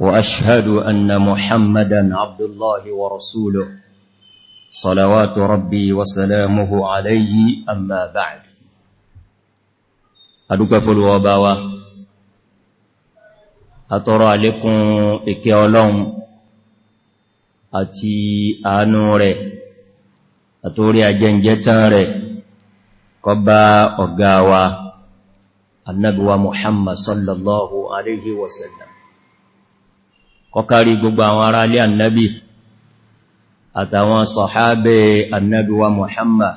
واشهد ان محمدا عبد الله ورسوله صلوات ربي وسلامه عليه اما بعد adúpẹ́ fólúwọ́ bá wá àtọrọ àlékún ìkẹ́ ọlọ́run àti àánú rẹ̀ àtórí ajẹ́njẹ́tán rẹ̀ kọ bá ọ̀gá wa annabuwa muhammad sallallahu alaihi wasallam kọkàrí gbogbo àwọn ará alé annabi àtàwọn sọ̀hábẹ̀ annabi wa muhammad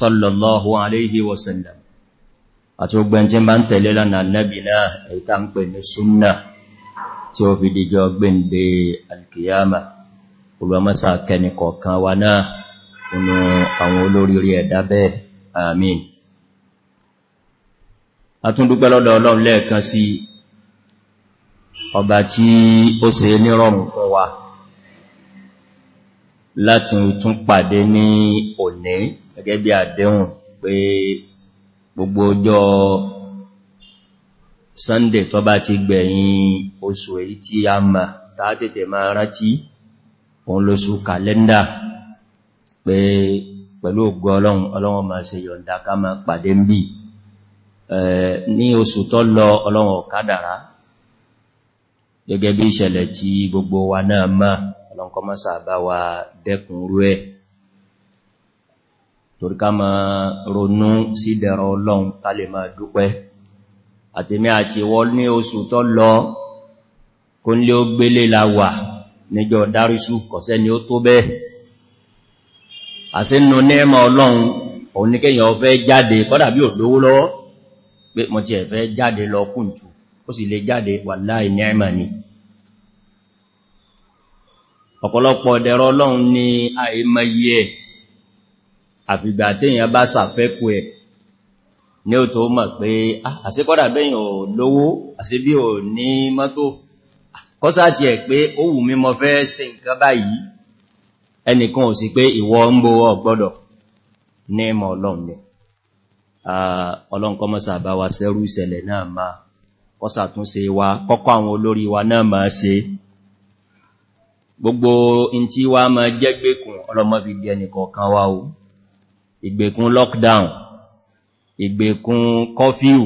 sallallahu alaihi wasallam àti ogbẹ̀n tí bá ń tẹ̀lé lọ́nà annabi náà ẹ̀ta ń pè ní súnnà tí ó fi dìjọ gbẹ̀ndẹ̀ alkiyama olùmọ́sà kẹni kọ̀ọ̀kan wa náà inú àwọn olóríire ẹ̀dá bẹ́ẹ̀ amin a ọlọ́run lẹ́ẹ̀kan sí ọba tí ó ṣe nírọ̀rùn fún wa láti tún pàdé ní òní gẹ́gẹ́ bí àdéhùn pé gbogbo ọjọ́ sunday tó bá ti gbẹ̀yìn oṣù èyí tí a mọ̀ tààtètè máa rántí òun lóṣù kàlẹ́ndà pé pẹ̀lú ògbò ọlọ́run ọlọ́run máa ṣe yọ̀ǹda ká máa pàdé ń bí ní oṣù tó lọ ọlọ́run ọ̀kádàrá gẹ́gẹ́ bí ìṣẹ̀lẹ̀ tí gbogbo wa náà máa ọlọ́nkọ́ mọ́sà bá wa dẹ́kun rú ẹ̀ torí ká ma ronú sídẹ̀rọ ọlọ́run ká lè máa dúpẹ́ àtèmi àti ìwọ ní oṣù tó lọ kó nílé ó gbélé la wà níjọ dárísù kọ̀sẹ́ ni ó tó bẹ́ẹ̀ àsínú ní ẹmọ ọlọ́run òun ní kéèyàn fẹ́ jáde kọ́dà bí ò lówó lọ́wọ́ pé mo ti ẹ̀fẹ́ jáde lọ kùnjù sì lè jáde wallahi ni'ma ni ọ̀pọ̀lọpọ̀ ọ̀dẹ̀rọ ọlọ́run ni àìmọye ẹ̀ àfìgbà tí èyàn bá sàfẹ́kù ẹ̀ ní ò tó mọ̀ pé ah, àṣíkọ́dà bẹ́yìn ò lówó àṣí bí ò ní mọ́tò kọ́sáàtì ẹ̀ pé ó wù mí mo fẹ́ ṣe nǹkan báyìí ẹnìkan ò sí pé ìwọ ń bó ọgbọ́dọ̀ ní mọ̀ ọlọ́run ni ah, ọlọ́run kọmọ́sà bá wa sẹ́rú ìṣẹ̀lẹ̀ náà máa kọ́sàtúnṣe wa kọ́kọ́ àwọn olórí wa náà máa ṣe gbogbo in tí wá máa jẹ́ gbékùn ọlọ́mọ fi di wá o ìgbèkùn lockdown ìgbèkùn curfew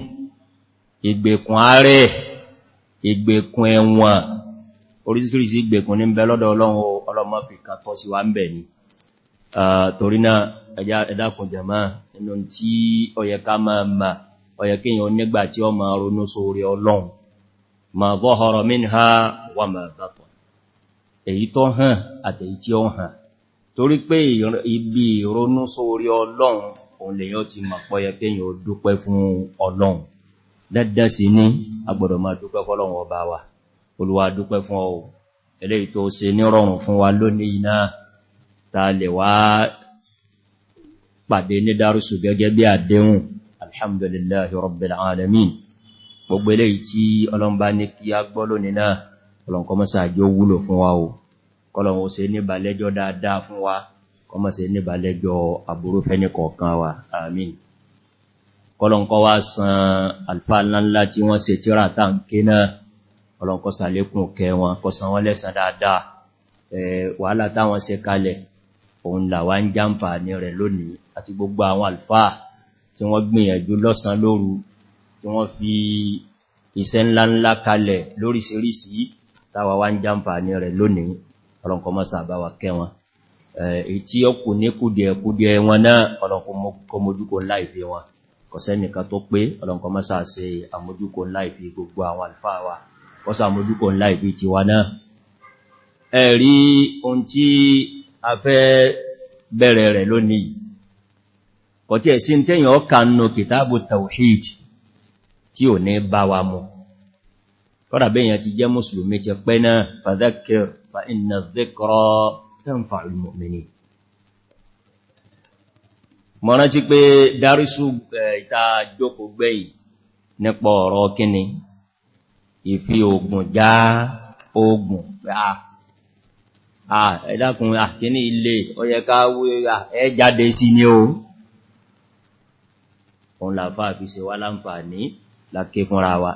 ìgbèkùn ààrẹ ìgbèkùn ẹ̀wọ̀n orísìírísìí ìgbèkùn ní bẹ lọ́dọ̀ ọlọ́run ọlọ́mọ fi kan tọ́ sí wa ń bẹ̀ ni torí náà ẹ̀dàkùn ọ̀yẹ̀kíyàn nígbà tí ọ ma ronú sórí ọlọ́run ma zahara minha wa ma batan èyí tó hàn àtèyí tí ó hàn torí pé ibi ìronú sórí ọlọ́run òun lèyàn ti ma pọ̀yẹ̀kíyàn ó dúpẹ́ fún ọlọ́run dáadáa sí ní agbọ̀dọ̀ ma dúpẹ́ fọ́lọ́run wa olúwa dúpẹ́ fún ọ eléyìí tó ṣe ní rọrùn fún ta lè wá pàdé ní dárúsù gẹ́gẹ́ alhamdulillahi rabbil alamin gbogbo eléyìí tí ọlọ́mbá ní kí a gbọ́ lónìí náà ọlọ́nkọ́ mọ́sá àjọ wúlò fún wa o kọlọ̀wọ́ ṣe níbalẹ́jọ́ dáadáa fún wa kọmọ́ ṣe níbalẹ́jọ́ àbúrú fẹ́ni kọ̀ọ̀kan wa amin kọlọ̀nkọ́ wá san alfa ńláńlá tí wọ́n ṣe tíra táǹkẹ́ náà ọlọ́nkọ́ sàlékùn kẹ wọn kọ san wọ́n lẹ́san dáadáa wàhálà táwọn gbogbo àwọn alfáà tí wọ́n gbìyànjú lọ́sàn lóru tí wọ́n fi iṣẹ́ ńláńlá kalẹ̀ lóríṣiríṣi táwa wá ń jàǹfà ní rẹ̀ lónìí ọlọ́nkọmọ́ sàbáwà kẹwọn ètí ọkù ní kùdìẹ̀kùdìẹ̀ wọn náà ọlọ́nkọmọ́júkò láìfí wọn kọ̀sẹ́nìkan tó pé ọlọ́nkọmọ́ sàṣe àmójúkò láìfí gbogbo àwọn àlfáà wa wọ́n sàmójúkò láìfí ti wa náà ẹ̀rí ohun tí a fẹ́ bẹ̀rẹ̀ rẹ̀ lónìí kò tí ẹ̀ sí tẹ́yìn ọkànnù kìtàbù tawhid tí ò ní bá wa mú kọ́dà bẹ́yàn ti jẹ́ mùsùlùmí ti pẹ́ náà fàdákir fa inna dhikra tanfa'ul mu'minin mo rántí pé dárísù ìta jókò gbẹ̀yìn nípa ọ̀rọ̀ kíni ìfi ogun já ogun ẹ̀dàkùn àkíní ilé ó yẹ ká wé ah, ẹjáde sí ni o òun làfá fi ṣe wá láǹfààní láké fúnra wa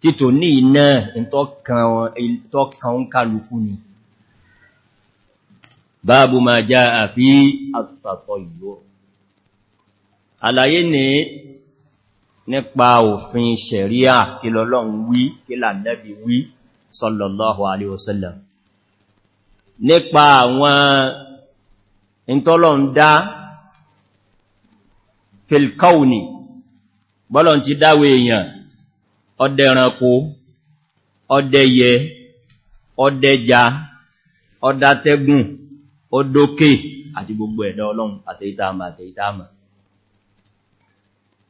títò ní iná ìtọ́kan kálukú ni báàbù máa já àfí àtàtọ̀ ìlú àlàyé ní nípa òfin ṣẹ̀ríà kí wí kí lànẹ́bí wí sallallahu alaihi wasallam nípa àwọn ìtọ́lọ́run dá filkauni bọ́lọ̀ ti dáwé èèyàn ọdẹ ẹranko ọdẹ yẹ ọdẹ ja ọdátẹ́gùn ọdókè àti gbogbo ẹ̀dá ọlọ́run àtẹ́ìtàmà àtẹ́ìtàmà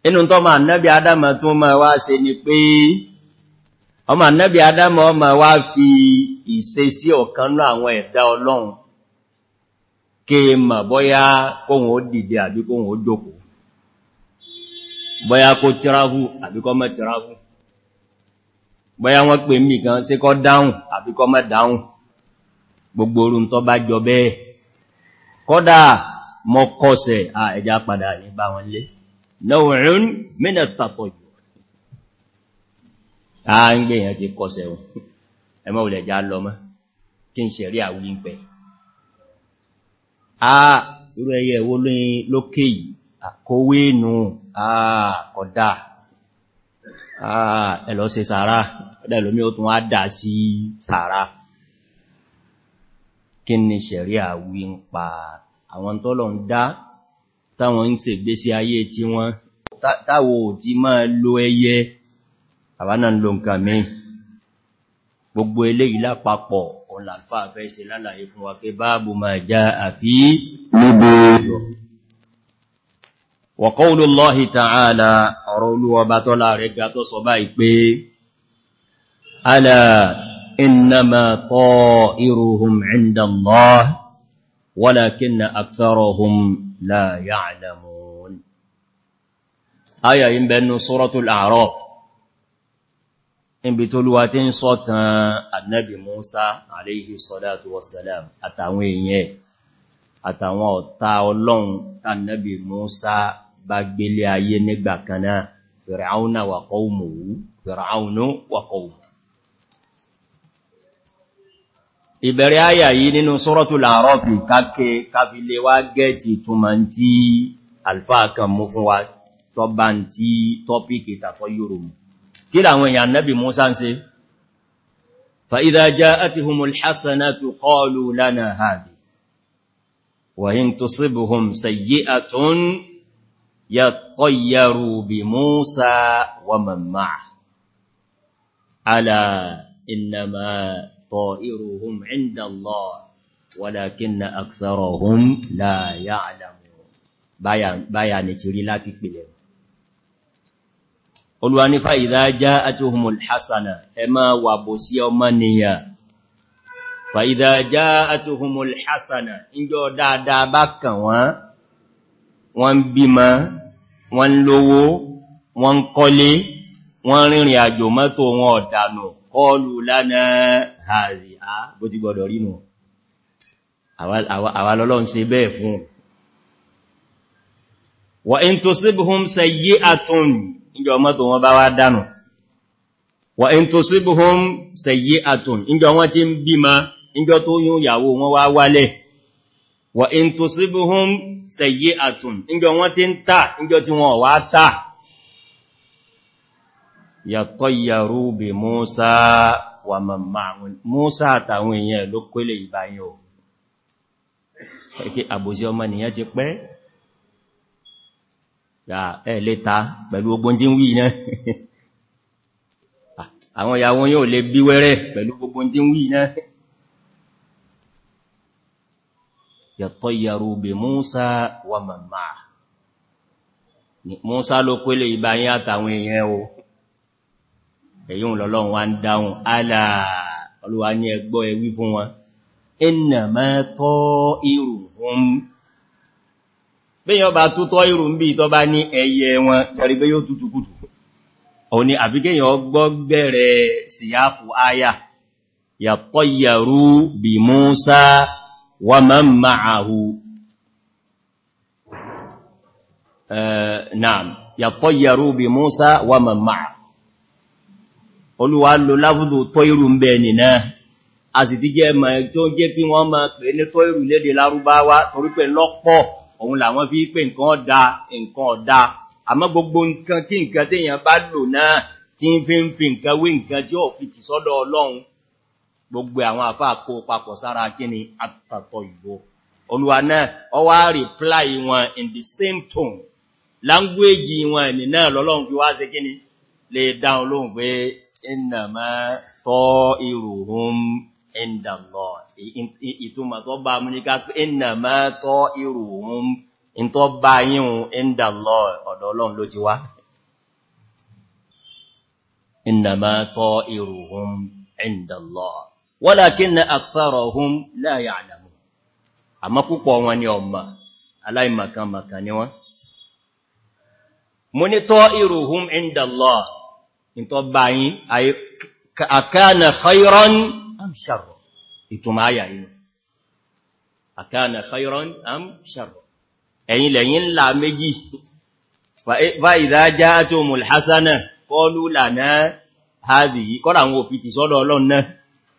inú tó ma nẹ́bí adámà tó ma wá ṣe ni pé ọmọ nẹ́bí adámà ọmọ wá fi ìṣe sí ọ̀kanú àwọn ẹ̀dá ọlọ́run kí ma bọ́yá kóhun ó dìde àbí kóhun ó jókòó bọ́yá kó tíráhù àbíkọ́ mọ́ tíráhù bọ́yá wọ́n pè mí kan sí kọ́ dáhùn àbíkọ́ mọ́ dáhùn gbogbo orun tó bá jọ bẹ́ẹ̀ kọ́dà mọ́ kọsẹ̀ à ẹja padà ní bá wọn lé lọ́wọ́rún mínẹ̀tàpọ̀ jù a ń gbé èyàn ti kọsẹ̀ wọn ẹmọ́ olè àkówé nù ah, àkọ̀dá ah, ẹ̀lọ́ se sàárá ẹ̀lọ́mí ó tún wá dà sí sàárá kí ni ṣẹ̀rí àwí ń pa àwọn tọ́lọ̀ ń dá táwọn ń se gbé sí ayé tí wọ́n táwò tí máa lo ẹyẹ àwánà lo nǹkan mí gbogbo eléyìí lápapọ̀ ọ̀làfà fẹ́ se lálàyé fún wa pé báàbù máa já àfí níbi وقول الله تعالى رولو وبطلا رقاتو صبايك ألا إنما طائرهم عند الله ولكن أكثرهم لا يعلمون آية ينبن سورة الأعراف إنبي تلواتين صوت النبي موسى عليه الصلاة والسلام أتعوين أتعوين أتعوين النبي موسى bá gbélé ayé nígbà kan náà fìràúnà wa qawmuhu fìràúnà wa qawmuhu ìbẹ̀rẹ̀ ayà yìí nínú Suratul A'raf káke káfilé wá gẹ́ẹ̀tì túnmà tí mú fún wa tọ́bá tọ́píkì tàfọ́ yóò فإذا جاءتهم الحسنة قالوا لنا هذه وإن تصبهم سيئة يطيروا بموسى ومن معه ألا إنما طائرهم عند الله ولكن أكثرهم لا يعلمون بيان تريلات بلين قلوان فإذا جاءتهم الحسنة إما وابوس ومنيا فإذا جاءتهم الحسنة إن جو دادا باكا وان wọ́n ń bímọ wọ́n ń lówó wọ́n ń kọ́lé wọ́n rìnrìn àjò mọ́tò wọn ọ̀dànù kọlù lánà àrí à bó ti gbọdọ̀ rínú àwà lọ́lọ́ ń ṣe bẹ́ẹ̀ fún wa in tusibhum sayyi'atun ìjọ mọ́tò wọn bá wá dànù wa in tusibuhum sayyi'atun injo won tin ta injo ti won wa ta ya tayyaru bi musa wa mamma musa ta won lo kwele ibayin o seki abuzi o mani ya ti pe ya eleta le ta pelu ogbon tin wi awon ya won yo le biwere pelu ogbon tin wi yatayyaru bi Musa wa man ma'a Musa ló pélé ìbáyín àtàwọn èèyàn o èyí ń lọ́lọ́run wá ń dáhùn alà olúwa ní ẹgbọ́ ẹwí fún wọn innama ta'iruhum bíyàn bá tó tọ́ ìrù ń bí tọ́ bá ní ẹyẹ wọn sẹ́rí pé yóò tútù kùtù òun ni àbíkẹ́yàn gbọ́ bẹ̀rẹ̀ síyáàpù áyà yatayyaru bi Musa wa man ma'ahu naam yatayyaru bi Musa wa man ma'ahu olúwa lò lábúdò tọ́ irú ń bẹ nìna a sì ti jẹ́ ma tó jẹ́ kí wọ́n ma pè ní tọ́ irú lédè lárúbáwá torípẹ̀ lọ́pọ̀ òun fi pè nǹkan ọ̀dá nǹkan ọ̀dá àmọ́ gbogbo nǹkan kí nǹkan téèyàn bá lò náà tí ń fi ń fi nǹkan wé nǹkan fi ti sọ́dọ̀ Ọlọ́run gbogbo àwọn àfáà kó papọ̀ sára kíni àtàtọ̀ ìbò olúwa náà ọ wá reply wọn in the same tone language wọn ẹni náà lọ́lọ́run fi wá sí kíni lè dáun lóhun pé innama ta'iruhum tó bá pé in tó bá yíhun ló ti wá walakinna aktharahum la ya'lamun àmọ́ púpọ̀ wọn ni ọmọ aláìmọ̀kànmọ̀kà ni wọ́n mo ní ta'iruhum inda Allah in tó bá yín akana khayran am sharra ìtumọ̀ ayà yìí akana khayran am sharra ẹ̀yin lẹ́yìn ńlá méjì fa idha ja'atumul hasana qalu lana hadhihi kọ́lá àwọn òfin ti sọ́dọ̀ ọlọ́run náà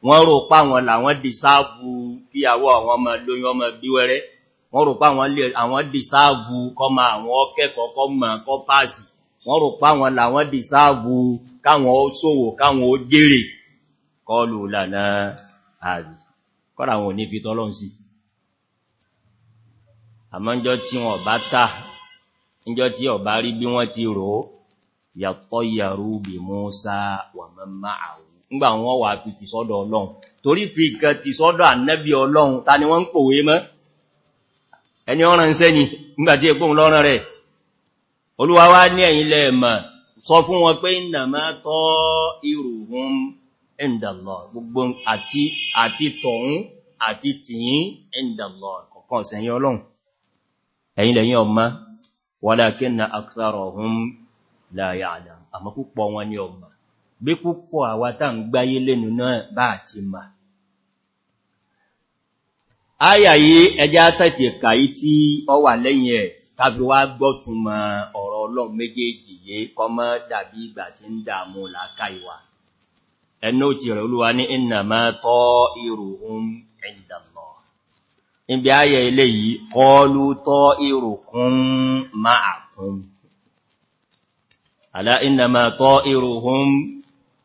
wọ́n rò pa wọn làwọn dìsáàbù kí àwọ́ àwọn ọmọ lóyún ọmọ bí wẹ́rẹ́ wọ́n rò pa àwọn dìsáàbù kọmọ àwọn ọkẹ́kọ̀ọ́ kọmọ kọ páàsì wọ́n rò pa wọn làwọn dìsáàbù káwọn ó ṣòwò káwọn ó jèrè kọlù lànà àbì ńgbà wọn wà fi ti sọ́dọ̀ ọlọ́run torí fi ìkan ti sọ́dọ̀ ànẹ́bí ọlọ́run ta ni wọ́n ń pòwe mọ́ ẹni ọ̀ràn ń sẹ́ni ńgbàtí ẹgbóhun lọ́rán rẹ̀ olúwa wá ní ẹ̀yìn lẹ́ẹ̀mọ̀ sọ fún wọn pé ìnà máa tọ́ ìrùhun ẹ̀ndàlọ̀ gbogbo àti àti tọ̀hún àti àmọ́ púpọ̀ wọn ni ọmọ bí púpọ̀ àwátà ń gbáyé lẹ́nu náà bá ti ma. Ayayi ẹja tẹ́tì kàí tí ọ wà lẹ́yìn ẹ̀ tàbí wá gbọ́tùmọ̀ ọ̀rọ̀ ọlọ́run méjèèjì yé kọmọ́ dàbí ìgbà tí ń dààmú làákà ìwà. Ẹnú ti rẹ̀ olúwa ní tọ́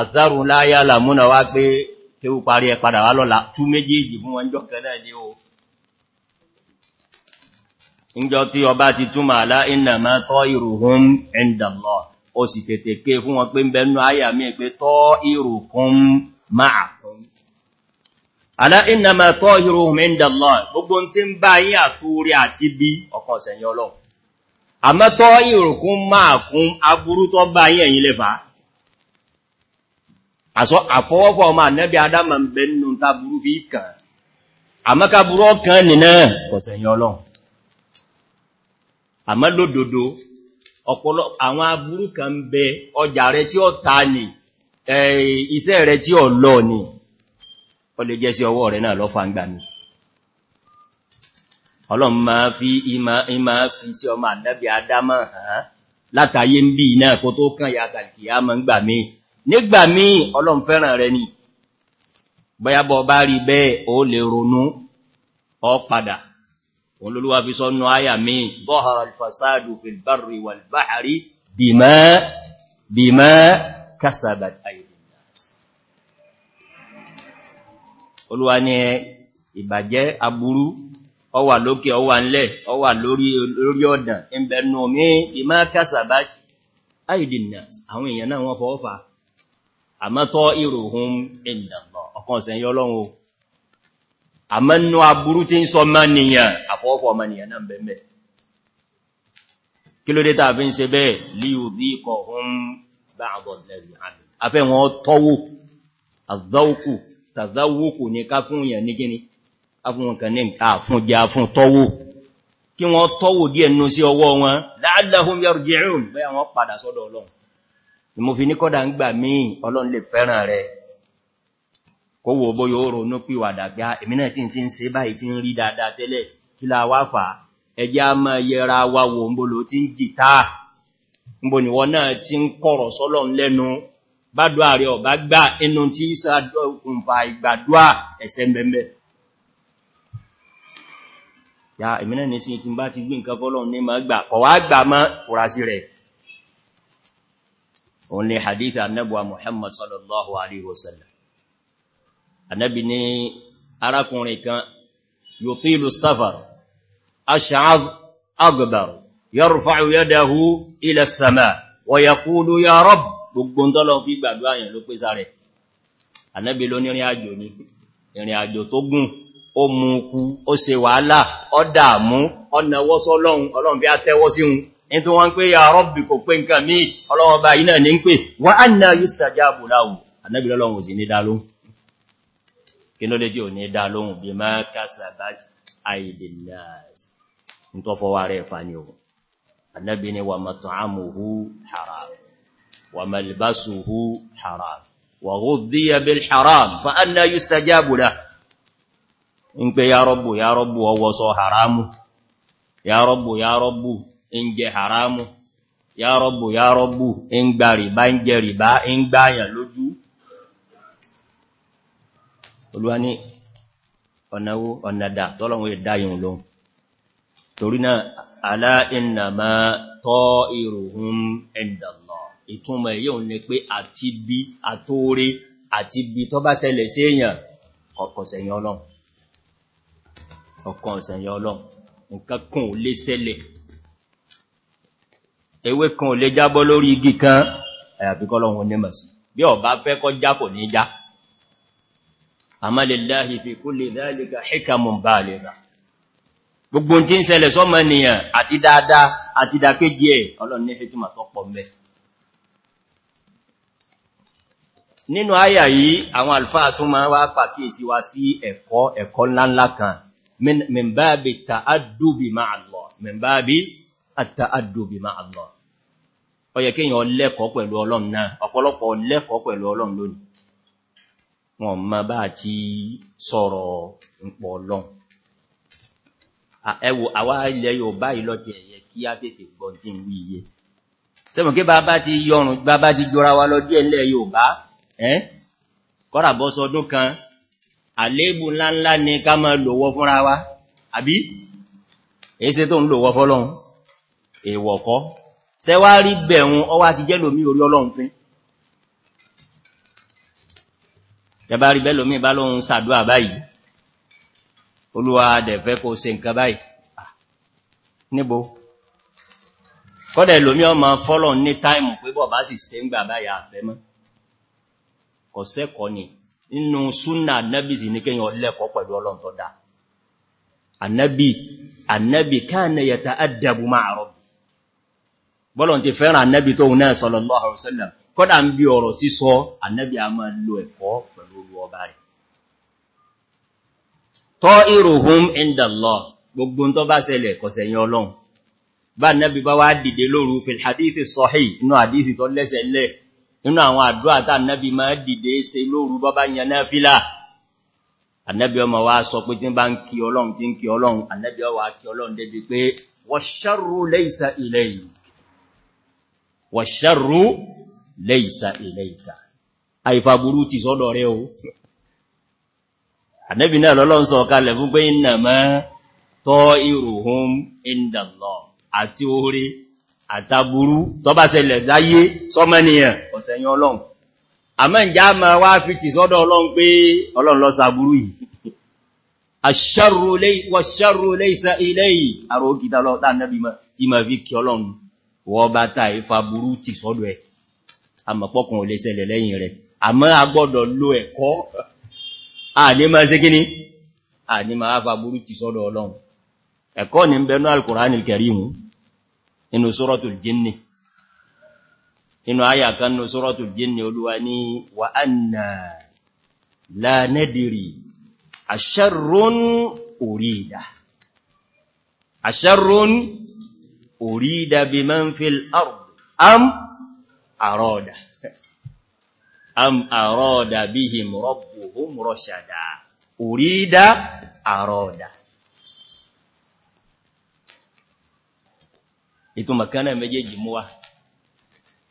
àtàrù láyá làmúnà wá pé kéwú parí ẹ padà wá lọ́la tú méjèèjì fún wọn jọ́kẹ́ náà ní o ìjọ tí ọba ti túnmà alá iná máa tọ́ ìrùhún ẹndàlọ́ ó sì tètè ké fún wọn pé ń bẹnu àyà mí pé tọ́ ìrùkún máa kún alá iná máa tọ́ ìrùhún ẹndàlọ́ gbogbo tí ń bá yí àtúrí àti bí ọkàn sẹ̀yìn ọlọ́ afọwọfọ ọmọ ànẹ́bí adáma ń nnụnụ ta burú fi kàn àmọ́ká burú ọkàn nìna kọ̀sẹ̀yìn ọlọ́run àmọ́ lódodo ọ̀pọ̀lọ àwọn aburú kan ń bẹ ọjà rẹ tí ọ ta ní iṣẹ́ rẹ tí ọ lọ ní ọ lè jẹ́ sí ọwọ́ rẹ náà fi nígbà míì ọlọ́run fẹ́ràn rẹ ni bọ́yábọ̀ bá rí bẹ́ẹ̀ ó lè ronú ọ padà olóluwà fi sọ́nú àyà míì bọ́hara alfasadu fil barri wal bahari bima bima kasabat aydin nas olúwa ni ìbàjẹ́ aburú ó wà lókè ó wà ńlẹ̀ ó wà lórí ọ̀dàn ìbẹ̀nù omi bima kasabat aydin àwọn èèyàn náà wọ́n fọwọ́fà àmọ́tọ́ ìròhun ìdàmọ̀ ọkàn ṣe yọ lọ́wọ́ àmọ́nú aburú tí ń sọ mọ́nìyàn àfọwọ́fọ́ mọ́nìyàn náà bẹ̀mẹ̀ kí ló dé tàbí ń ṣe bẹ́ẹ̀ líòdí kọ̀hún bá àbọ̀dẹ̀lẹ̀ kí wọ́n tọ́wò díẹ̀ nú sí ọwọ́ wọn láàdáhùn yọrùjẹ̀rùn bẹ́ẹ̀ wọ́n padà sọ́dọ̀ ọlọ́run mo fi ní kọ́dà ń gbà míì ọlọ́run lè fẹ́ràn rẹ̀ kó wo bó yóò ronú pìwàdà gbá ah, èmi náà tí ń ti ń ṣe báyìí tí ń rí dáadáa tẹ́lẹ̀ kí la wá fà ẹjẹ́ a máa yẹra wa wo mbolo tí ń gìtá mbò níwọ náà tí ń kọ̀rọ̀ sọ́lọ́run lẹ́nu bádùá rẹ̀ ọ̀bá gbà ya èmi náà ní sí kí n bá ti gbé nǹkan fọ́lọ́run rẹ̀ òun ni hadith annabuwa muhammad sallallahu alaihi wasallam annabi ni arákùnrin kan yutilu safar ash'ad agbar yarfa'u yadahu ila as-sama wa yaqulu ya rabb gbogbo ń tọ́lọ fi gbàdúrà yẹn ló pèsà rẹ̀ annabi ló ní ìrìn àjò ní ìrìn àjò tó gùn ó mú kú ó ṣe wàhálà ó dààmú ó nawọ́ ọlọ́run bí a tẹ́wọ́ sí in tó wọ́n pé ya rọ́bì kò pé nǹkan mí ọlọ́wọ́ bá iná ní ń pè wà anna yustajabu lahu ànábì lọ́lọ́wọ́ sí ní dálóhùn kí ló lè jí ò ní dálóhùn bí máa kasabat aidinas ní tó fọwà rẹ̀ fani o ànábì ni wa mat'amuhu haram wa malbasuhu ń pé ya rọ́bù ya rọ́bù ọwọ́ sọ haramu ya rọ́bù ya rọ́bù ń jẹ haramu ya rọ́bù ya rọ́bù ń gba rìbá ń jẹ rìbá ń gbáyàn lójú olúwa ní ọ̀nàwó ọ̀nàdà tọ́lọ̀wọ́ ìdáyìn lóhun torí náà alá ìnàmà tọ́ ìròhun ẹ̀dàlọ́ ìtumọ̀ èyí òun ni pé àti bí àtóórí àti bí tọ́ bá ṣẹlẹ̀ sí èyàn ọkọ̀ọ̀sẹ̀yàn ọlọ́run ewé kan ò lè jábọ́ lórí igi kan àyàfi kọ́lọ́hun ní màsí bí ọba fẹ́ kọ́ já kò ní já àmá lillahi fi kulli dhalika hikamun baligha gbogbo tí ń ṣẹlẹ̀ sọ́mọ ènìyàn àti dáadáa àti dákéjì ẹ̀ Ọlọ́run ní hikima tó pọ̀ mẹ́ min babi ta'addubi ma'a min babi at-ta'addubi ma'a ọyẹ kí èyàn lẹ́kọ̀ọ́ pẹ̀lú ọlọ́run náà ọ̀pọ̀lọpọ̀ lẹ́kọ̀ọ́ pẹ̀lú ọlọ́run lónìí wọn ma bá ti sọ̀rọ̀ pọ̀ ọlọ́run ẹwò àwa ilẹ̀ Yorùbá ìlọ ti ẹ̀yẹ kí á tètè gbọ́ iye èyí se tó ń sẹ́wà rí bẹ̀rún ọwá ti jẹ́ lómi orí ọlọ́run fín jẹba rí bẹ́lómi bá lóhun sàdúwà báyìí olúwa dẹ̀fẹ́ kó se nǹkan báyìí ah, níbo kọ́dẹ̀ lómi ọmọ fọ́lọ̀ ní táìmù pé bọ̀ bá sì se ń gbà báyìí àfẹ́ mọ́ kọ̀sẹ́kọ̀ ni nínú súnà nábì sí bọ́lọ̀ ti fẹ́ràn annabi tó hun náà sallallahu alaihi wasallam kọ́dà ń bí ọ̀rọ̀ sísọ annabi a máa lo ẹ̀kọ́ pẹ̀lú olú ọba rẹ̀ ta'iruhum indallah gbogbo tó bá ṣẹlẹ̀ kọ̀sẹ̀yìn ọlọ́run bá annabi bá wá dìde lóru fil hadithi sahih inú hadithi tó lẹ́sẹ̀ lẹ́ inú àwọn àdúrà tá annabi máa dìde ṣe lóru bọ́ bá wàṣẹ́rù lẹ́ìsà ilẹ̀ ìta àìfàbúrú ti sọ́dọ̀ rẹ̀ o ànẹ́bì náà lọ́lọ́n sọ kalẹ̀ fún pé iná mẹ́ tọ́ ìrùhún ìndàlọ́ àti orí àtàbúrú tọ́bá sẹlẹ̀ láyé sọ́mọ́nìyàn ọ̀sẹ̀yìn ọlọ́run àmọ́ ìjá ma wá fi ti sọ́dọ̀ wọ́n bá ta ìfà burú ti sọ́dọ̀ ẹ̀ àmọ̀pọ̀kùn ò lè ṣẹlẹ̀ lẹ́yìn rẹ̀ àmọ́ a gbọ́dọ̀ lo ẹ̀kọ́ àní máa ṣe kíní àní máa fà burú ti sọ́dọ̀ ọlọ́run ẹ̀kọ́ ní bẹnu alkùránì kẹrìm inú suratul jinni inú àyà kan asharrun urida asharrun أريد بمن في الأرض أم أراد أم أراد بهم ربهم رشدا أريد أراد ìtumọ̀ kan náà méjèèjì mú wá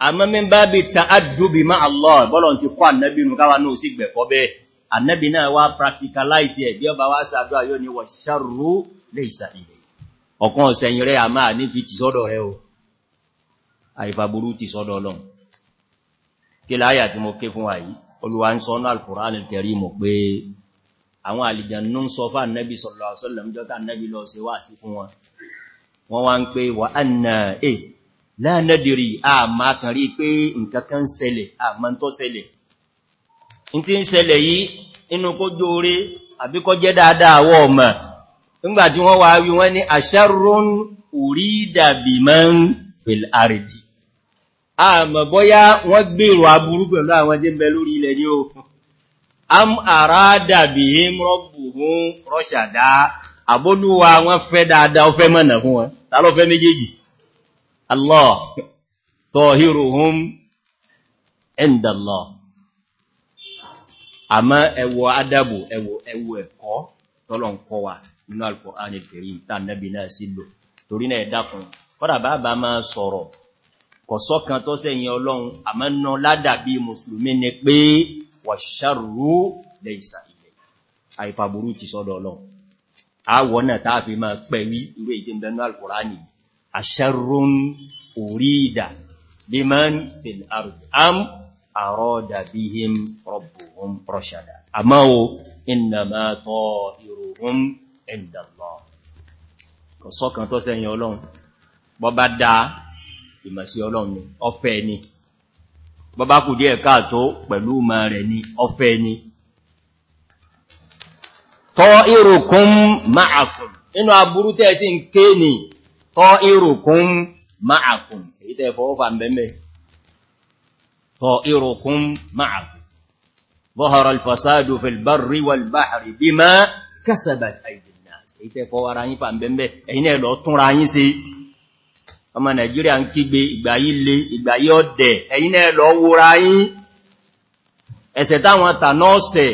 àmọ́ mí bá bí tààdùbí má Allah bọ́lọ̀ ti kọ́ ànábì nù káwà náà sí gbẹ̀kọ́ bẹ́ẹ̀ ànábì náà wá practicalize ẹ̀ bí ọba wá sàdọ́ ayọ́ ni wọ̀ ṣàrú lè ìsàìlẹ̀ ọ̀kan ọ̀sẹ̀yìn rẹ̀ a máa ní fi ti sọ́dọ̀ rẹ̀ o àìfàbúrú ti sọ́dọ̀ ọlọ́run kí láyà tí mo ké fún wa yìí olúwa ń sọ́nà alkùránì kẹrí mọ̀ pé àwọn àlìjànú ń sọ fáà nẹ́bí sọ̀lọ̀ àbíkọ́ jẹ́ dáadáa wọ́ ọmọ nígbàtí wọ́n wá wí wọ́n ní àṣẹ́rún orí dàbì máa ń pèl àrìdì àmọ̀ bọ́yá wọ́n gbèrò aburú pẹ̀lú àwọn jẹ́ bẹ lórí ilẹ̀ ní òkun am àrá dàbì rọ́bùhún rọ́ṣàdá àbódúwà wọ́n fẹ́ dáadáa ọfẹ́ mọ̀nà fún wọn tálọ́fẹ́ méjèèjì àmọ́ ẹwọ adàbò ẹwọ ẹ̀kọ́ tọ́lọ̀ ń kọ́ wa nínú Al-Qur'an al-Karim tá nẹ́bí náà sí lò torí náà ẹ̀dàkùn kọ́dà bàbá máa sọ̀rọ̀ kọ̀sọ́ kan tó sẹ́yìn ọlọ́run àmọ́nà ládàbí mùsùlùmí ni pé wàṣàrú lẹ́ìsà ilẹ̀ àìfàbúrú ti sọ́dọ̀ ọlọ́run àwọ̀ náà táà fi máa pẹ̀wí ìwé ìdínbẹ̀nú ẹ̀dà lọ kò sọ́kan tó sẹ́yìn ọlọ́run bọ́ bá dá ìmọ̀sí ọlọ́run ni ọfẹ́ ni bọ́ bá kù díẹ̀ káàtó pẹ̀lú ma rẹ̀ ni ọfẹ́ ni tọ́ ìrùkún ma'akùn inú aburú tẹ́ sí ń ké ni tọ́ ìrùkún ma'akùn èyí tẹ́ fọwọ́fà mẹ́mẹ́ tọ́ ìrùkún ma'akùn ظهر الفساد في البر والبحر بما كسبت أيدي èyí tẹ́ fọ́ ara yín fàmbẹ̀mbẹ̀ ẹ̀yin náà lọ túnra yín sí ọmọ nàìjíríà ń kígbe ìgbàyí le ìgbàyí ọ̀dẹ̀ ẹ̀yin náà lọ wúra yín ẹ̀sẹ̀ táwọn tàná ọ̀sẹ̀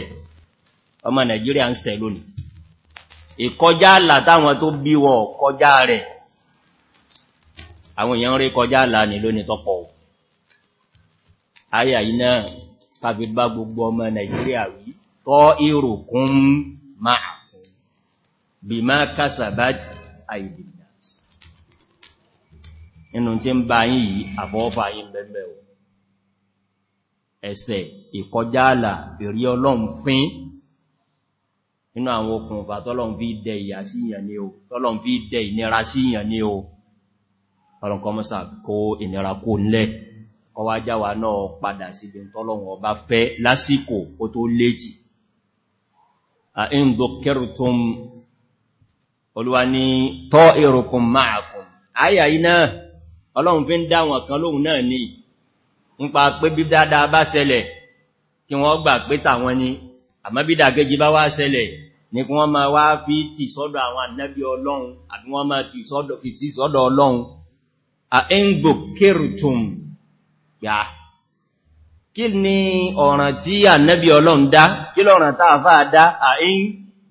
ọmọ nàìjíríà ń sẹ lónìí ìkọjá àlà táwọn tó bí wọ kọjá rẹ̀ àwọn èèyàn rí bima kasabat aydin nas nínú tí ń bá yín yìí àfọwọ́fà yín bẹ́ẹ̀ o ẹ̀ṣẹ̀ ìkọjá àlà ìrí ọlọ́run fín nínú àwọn okùnfà tọ́lọ́run fi dẹ ìyà sí ìyàn ni o tọ́lọ́run fi dẹ ìnira ni o ọlọ́run kọ́ mọ́sà kó ìnira kó nlẹ̀ ọwá jáwà náà padà síbi tọ́lọ́run ọba fẹ́ lásìkò kó tó léjì a olúwa ni tọ́ èrùkùn máàkùn ayà iná ọlọ́run fi ń dá wọn kan lóhun náà ni nípa pé bí dáadáa bá ṣẹlẹ̀ kí wọ́n gbà pé tàwọn ni àmọ́ bí dàgẹ́jì bá wá ṣẹlẹ̀ ní kí wọ́n máa wá fi tì sọ́dọ̀ àwọn ànábí ọlọ́run àbí wọ́n máa tì fi tì sọ́dọ̀ ọlọ́run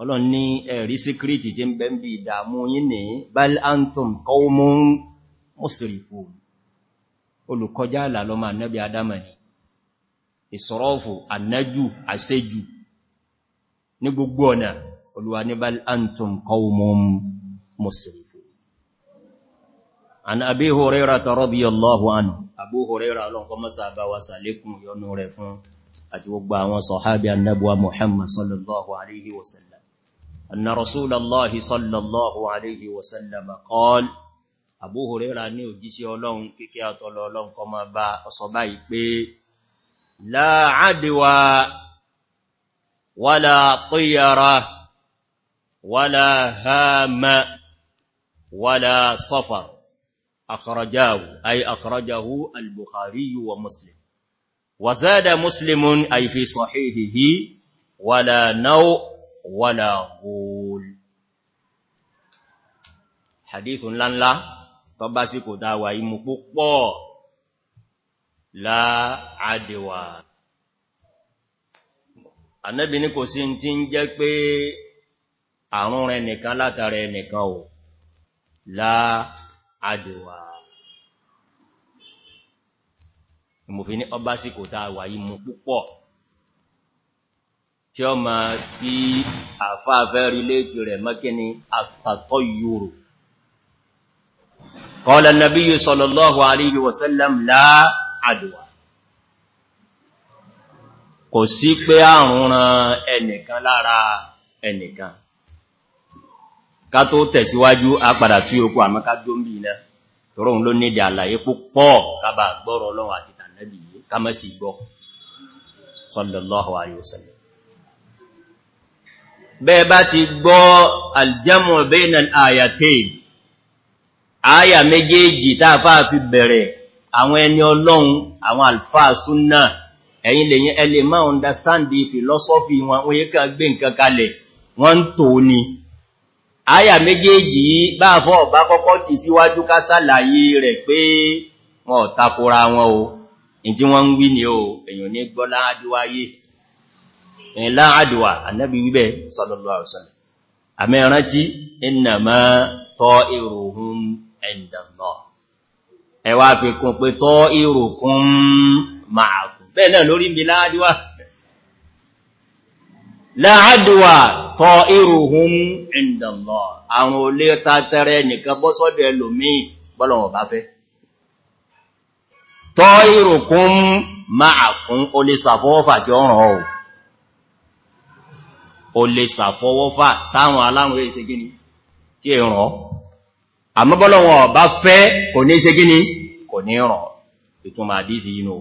ọlọ́n ní ẹ̀rí síkírìtì tí ń bẹ́ ń bí ìdàmú yín ní bal antum qawmun olùkọjá àlàlọ́mọ annabi adamani ìsọ̀rọ̀fù annájú àṣẹ́jù ní gbogbo ọ̀nà olùwà ní bal antum qawmun musrifun an abi hurairata radiyallahu anhu abu huraira ọlọ́nkọ́ mọ́sá bá wa sàlékún yọnu rẹ̀ fún àti gbogbo àwọn أن رسول الله صلى الله عليه وسلم قال أبو هريرة نيو جيسي أولون كيكي أطول أولون كما با أصبعي بي لا عدوى ولا طيرة ولا هام ولا صفر أخرجاه أي أخرجه البخاري ومسلم وزاد مسلم أي في صحيحه ولا نوء wala ghul hadithun ńláńlá tó bá sí kò dáwà imú púpọ̀ láàdẹ̀wà Ànábì ní kò sí tí ń jẹ́ pé àrùn rẹ nìkan látara ẹnìkan ò láàdẹ̀wà ìmòfin ní ọba sí kò dáwà imú púpọ̀ tí ó ma bí àfáàfẹ́ rí léètì rẹ̀ mọ́kíní àpàtọ́ yòrò kọ́lá nàbí yìí sọlọ́lọ́wọ́ àríyí wọ̀sẹ́lẹ̀m láàdùwà kò sí pé àrùn ran ẹnìkan lára ẹnìkan ká tó tẹ̀síwájú àpàdà tí ó kú àmọ́ká jómbì náà tọ́rọun ló nídẹ̀ àlàyé púpọ̀ kábà gbọ́rọ̀ ọlọ́run àti tànẹ́bì yìí ká mọ́ sí gbọ́ sọ́lọ̀lọ́wọ́ àríwọ̀sẹ̀lẹ̀ bẹ́ẹ̀ bá ti gbọ́ aljamu bainan ayatain aya méjèèjì tààfà fi bẹ̀rẹ̀ àwọn ẹni ọlọ́run àwọn alfáà súnnà ẹ̀yin lèyìn ẹlẹ́ máa understand the philosophy wọn oye kan gbé nǹkan kalẹ̀ wọ́n ń tò ní aya méjèèjì bá fọ́ ọ̀bá kọ́kọ́ ti síwájú ká sàlàyé rẹ̀ pé wọn ò takora wọn o ìjí wọ́n ń wí ni o èyàn ní gbọ́lá adúwáyé láàdùwà annabi wíbẹ̀ sallallahu alaihi wasallam àmì ìrántí innama ta'iruhum indallah ẹwà fi kún pé ta'irukum ma'akum bẹ́ẹ̀ náà lórí mi láàdùwà láàdùwà ta'iruhum indallah àwọn olè tàtẹrẹ nìkan bọ́ sọ́dọ̀ ẹlòmí bọ́lọ̀wọ̀ bá fẹ́ ta'irukum ma'akum olè o lè sàfọwọ́fà táwọn aláwọn èsẹ gíní tí è rán àmọ́bọ́lọ́wọ́ bá fẹ́ kò ní ṣe gíní kò ní rán ìtumà àdísì yínú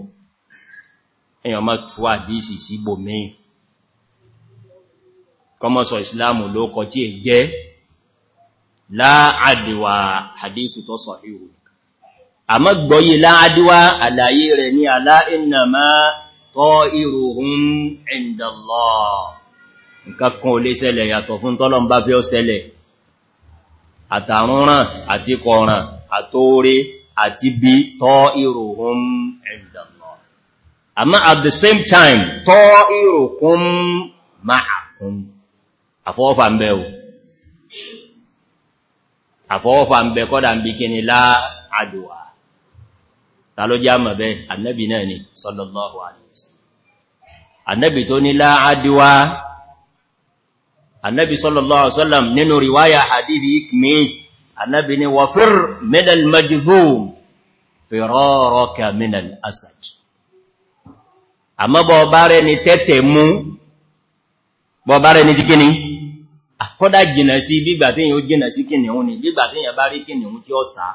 èyàn má tú àdísì sígbò mẹ́yìn kọmọ́sọ̀ ìsìláàmù ló kọ tí è jẹ́ láàdìwà àdísì tó sọ láàdíwà àlàyé rẹ̀ nǹkan kan ò lè ṣẹlẹ̀ yàtọ̀ fún tọ́lọ́n bá fẹ́ ó ṣẹlẹ̀ àtàrúnràn àti kọ̀ràn àtóórí àti bí tọ́ ìròhún ẹ̀dàmọ́ àmá at the same time tọ́ ìròkún máàkún àfọwọ́fà ń bẹ o àfọwọ́fà ń bẹ kọ́dà ń bí kíni láàdùwà ta ló já mọ̀ bẹ́ annabi náà ni láàdùwà annabi sallallahu alaihi wasallam nínú riwaya hadithi mi annabi ni wa fir min al majzum firaraka min al asad àmọ́ bó bá rẹ̀ ni tètè mú bó bá rẹ̀ ni jikini ah, àkọ́dá jìnà sí bígbà tí yíò jìnà sí kìnìún ni bígbà tí yíò bá rí kìnìún tí ó sá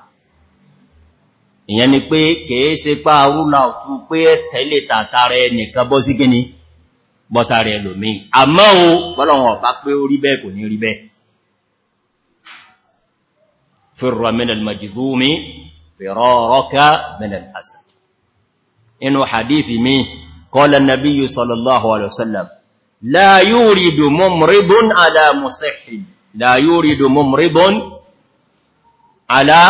ni pé kèé se pá rúlà òtú pé tẹ́lẹ̀ tàtàrẹ nìkan bọ́ sí kìnìún bọ́sàrẹ ẹlòmí àmọ́ o bọ́lọ̀wọ̀n ọ̀pá pé ó rí bẹ́ẹ̀ kò ní rí bẹ́ẹ̀ fẹ́rọ mẹ́lẹ̀l majidúmi fẹ́rọ rọ́ká mẹ́lẹ̀l asà inú hadithi mi kọ́lá nabíyù sallallahu alaihi wasallam la yuridu mumridun ala musihin la yuridu mumridun ala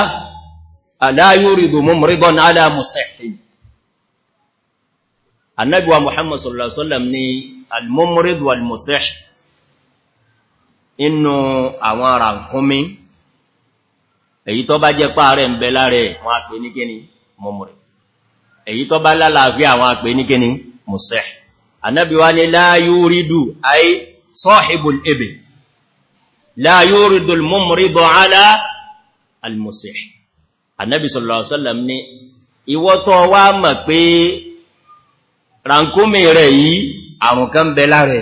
la annabi wa muhammad sallallahu alaihi wasallam ni al-mumrid wal musih inú àwọn rankumi èyí tó bá jẹ́ pa rẹ̀ ń bẹ lare wọ́n pè ní kíni mumrid èyí tó bá lálàáfíà wọ́n pè ní kíni musih annabi wa ni la yuridu ay sahibul ibi la yuridu al-mumrid ala al-musih annabi sallallahu alaihi ni ìwọ tó wá mọ̀ ràǹkómi rẹ̀ yìí àrùn kan bẹ lára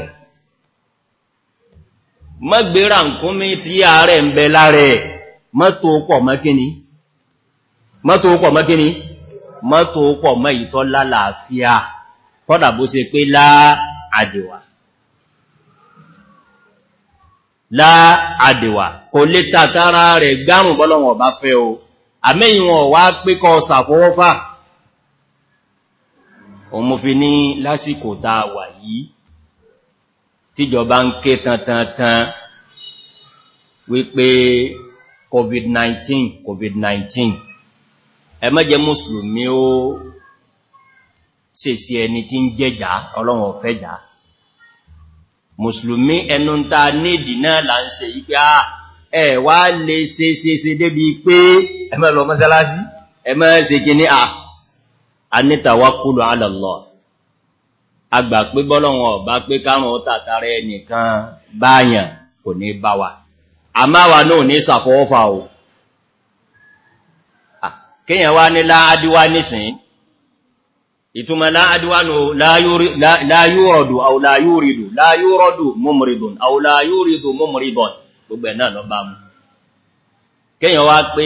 mọ́gbé ràǹkómi tí ààrẹ ń bẹ lára mọ́tò pọ̀ mọ́kíní mọ́tò pọ̀ mọ́kíní mọ́tò pọ̀ mọ́ ìtọ́ lálàáfíà kọ́dà bó ṣe pé láàdìwà láàdìwà kò lè tàtàrà rẹ̀ gbárùn bọ́lọ́wọ̀n bá fẹ́ o àmẹ́yìn wọn wá pé sàfọwọ́fà òun mo fi ní lásìkò tá a wà yìí tíjọba ń ké tantantan wípé covid-19 covid-19 ẹ má jẹ́ mùsùlùmí ó sèsì ẹni tí ń jẹjà ọlọ́run ọ̀fẹ́jà mùsùlùmí ẹnu ń ta nídì náà là ń se yí pé á ah, ẹ wá lè se se se débi pé ẹ má lọ mọ́sálásí ẹ má se kìíní à ah, anítàwákúlù alàlọ́ agbà pé bọ́lọ́wọ́n ọ̀bá pé káàmù tàtàrẹ nìkan báyàn kò ní bá wa a máa wà náà ní sàfọ́ọ́fà o kíyàn wá ní láàdíwá nìsìn ìtumọ̀ láàdíwá nù láyúrọ̀dù àwọn láyúrìdù láyúrọ̀dù múmùrìdùn àwọn láyúrìdù múmùrìdùn gbogbo ẹ̀ náà lọ bá mú kíyàn wá pé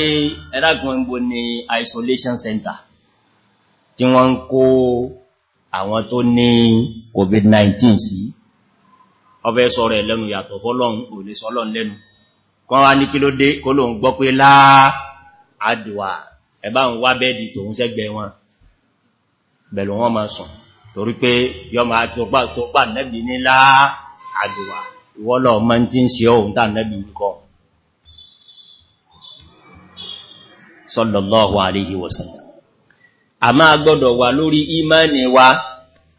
ẹlágùn gbogbo ni isolation center tí wọ́n ń kó àwọn tó ní covid-19 sí ọbẹ̀ sọ rẹ̀ lẹ́nu yàtọ̀ fọ́lọ́n òlè sọ́lọ́n lẹ́nu kọ́ wá ní kí ló dé kó lóun gbọ́ pé láà àdùwà ẹ̀bá ń wá bẹ́ẹ̀dì tòun sẹ́gbẹ̀ẹ́ wọn bẹ̀lú wọn máa sùn torí pé yọmọ àtọ́gbà tó pà se ohun tà nẹ́bì kọ́ sọ́lọ̀lọ́wọ́ àríhìwọ̀sàn a máa gbọ́dọ̀ wà lórí ìmáni wa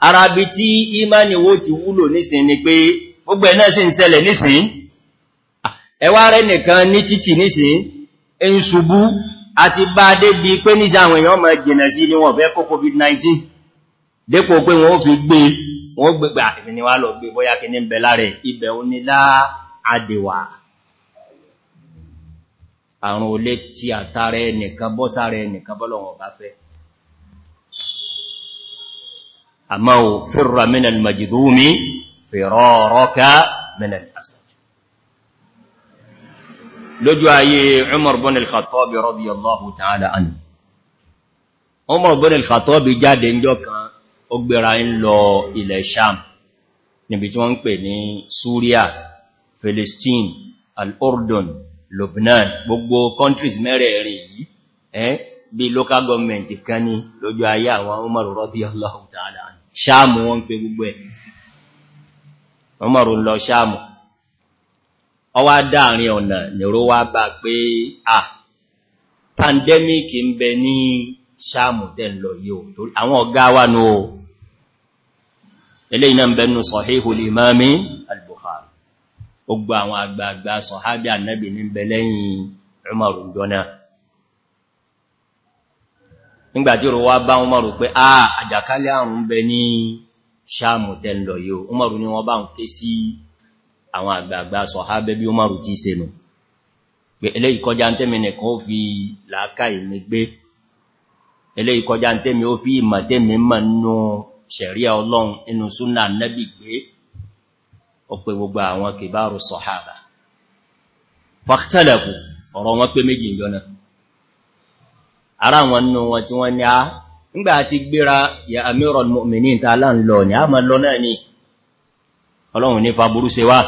arábi tí ìmáni wo ti wúlò nísìn ni pé gbogbo ẹ̀ náà sì ń ṣẹlẹ̀ nísìn ẹwà rẹ̀ nìkan ní títì nísìn ń ṣubú àti bá débi pé níṣẹ́ àwọn èèyàn máa jìnà sí ni wọ́n fẹ́ kó covid-19 dépò pé wọ́n fi gbé wọ́n gbégbé àfẹ́fẹ́ ni wá lọ gbé bóyá kí ní bẹ̀ láàrẹ̀ ibẹ̀ ó àmá ò fíra minal majidumi fìrọ́rọ́ká minal asad lójú ayé umar bin al-khattabi radiyallahu ta'ala anhu umar bin al-khattabi jáde ń jọ kan ó gbéra ń lọ ilẹ̀ sham níbi tí wọ́n ń pè ní syria philistine al-urdun lubnan gbogbo countries mẹ́rẹ̀ẹ̀rin yìí eh bí local government kan ní lójú ayé àwọn umar radiyallahu ta'ala anhu ṣáàmù wọ́n ń pe gbogbo ẹ̀ ọmọrùn lọ ṣáàmù ọ wá dáàrin ọ̀nà nìró wá bá pé à pandemiki ń bẹ ní ṣáàmù tẹ́n lọ yíò àwọn ọ̀gá wà ní o eléyìí náà ń bẹnu sahihul imami al-Bukhari gbogbo àwọn àgbààgbà sọ̀hábí annabi ní bẹ lẹ́yìn Umaru jọ náà nígbàtí ro wá bá Umaru pé a àjàkálẹ̀ àrùn bẹ ní Ṣáàmù tẹ́lọ yóò Umaru ni wọ́n bá ń ké sí àwọn àgbààgbà sọ̀hábẹ́ bí Umaru ti ṣe nù pé eléyìí kọjá ń nìkan ó fi làákà ìmì gbé eléyìí kọjá fi ara wọn nù wọn tí wọ́n ní ah, a ńgbà ti gbéra ya amírọ̀lù mọ̀mìnì ta aláǹlọ ni a ma lọ náà ni ọlọ́run ní faburú se wá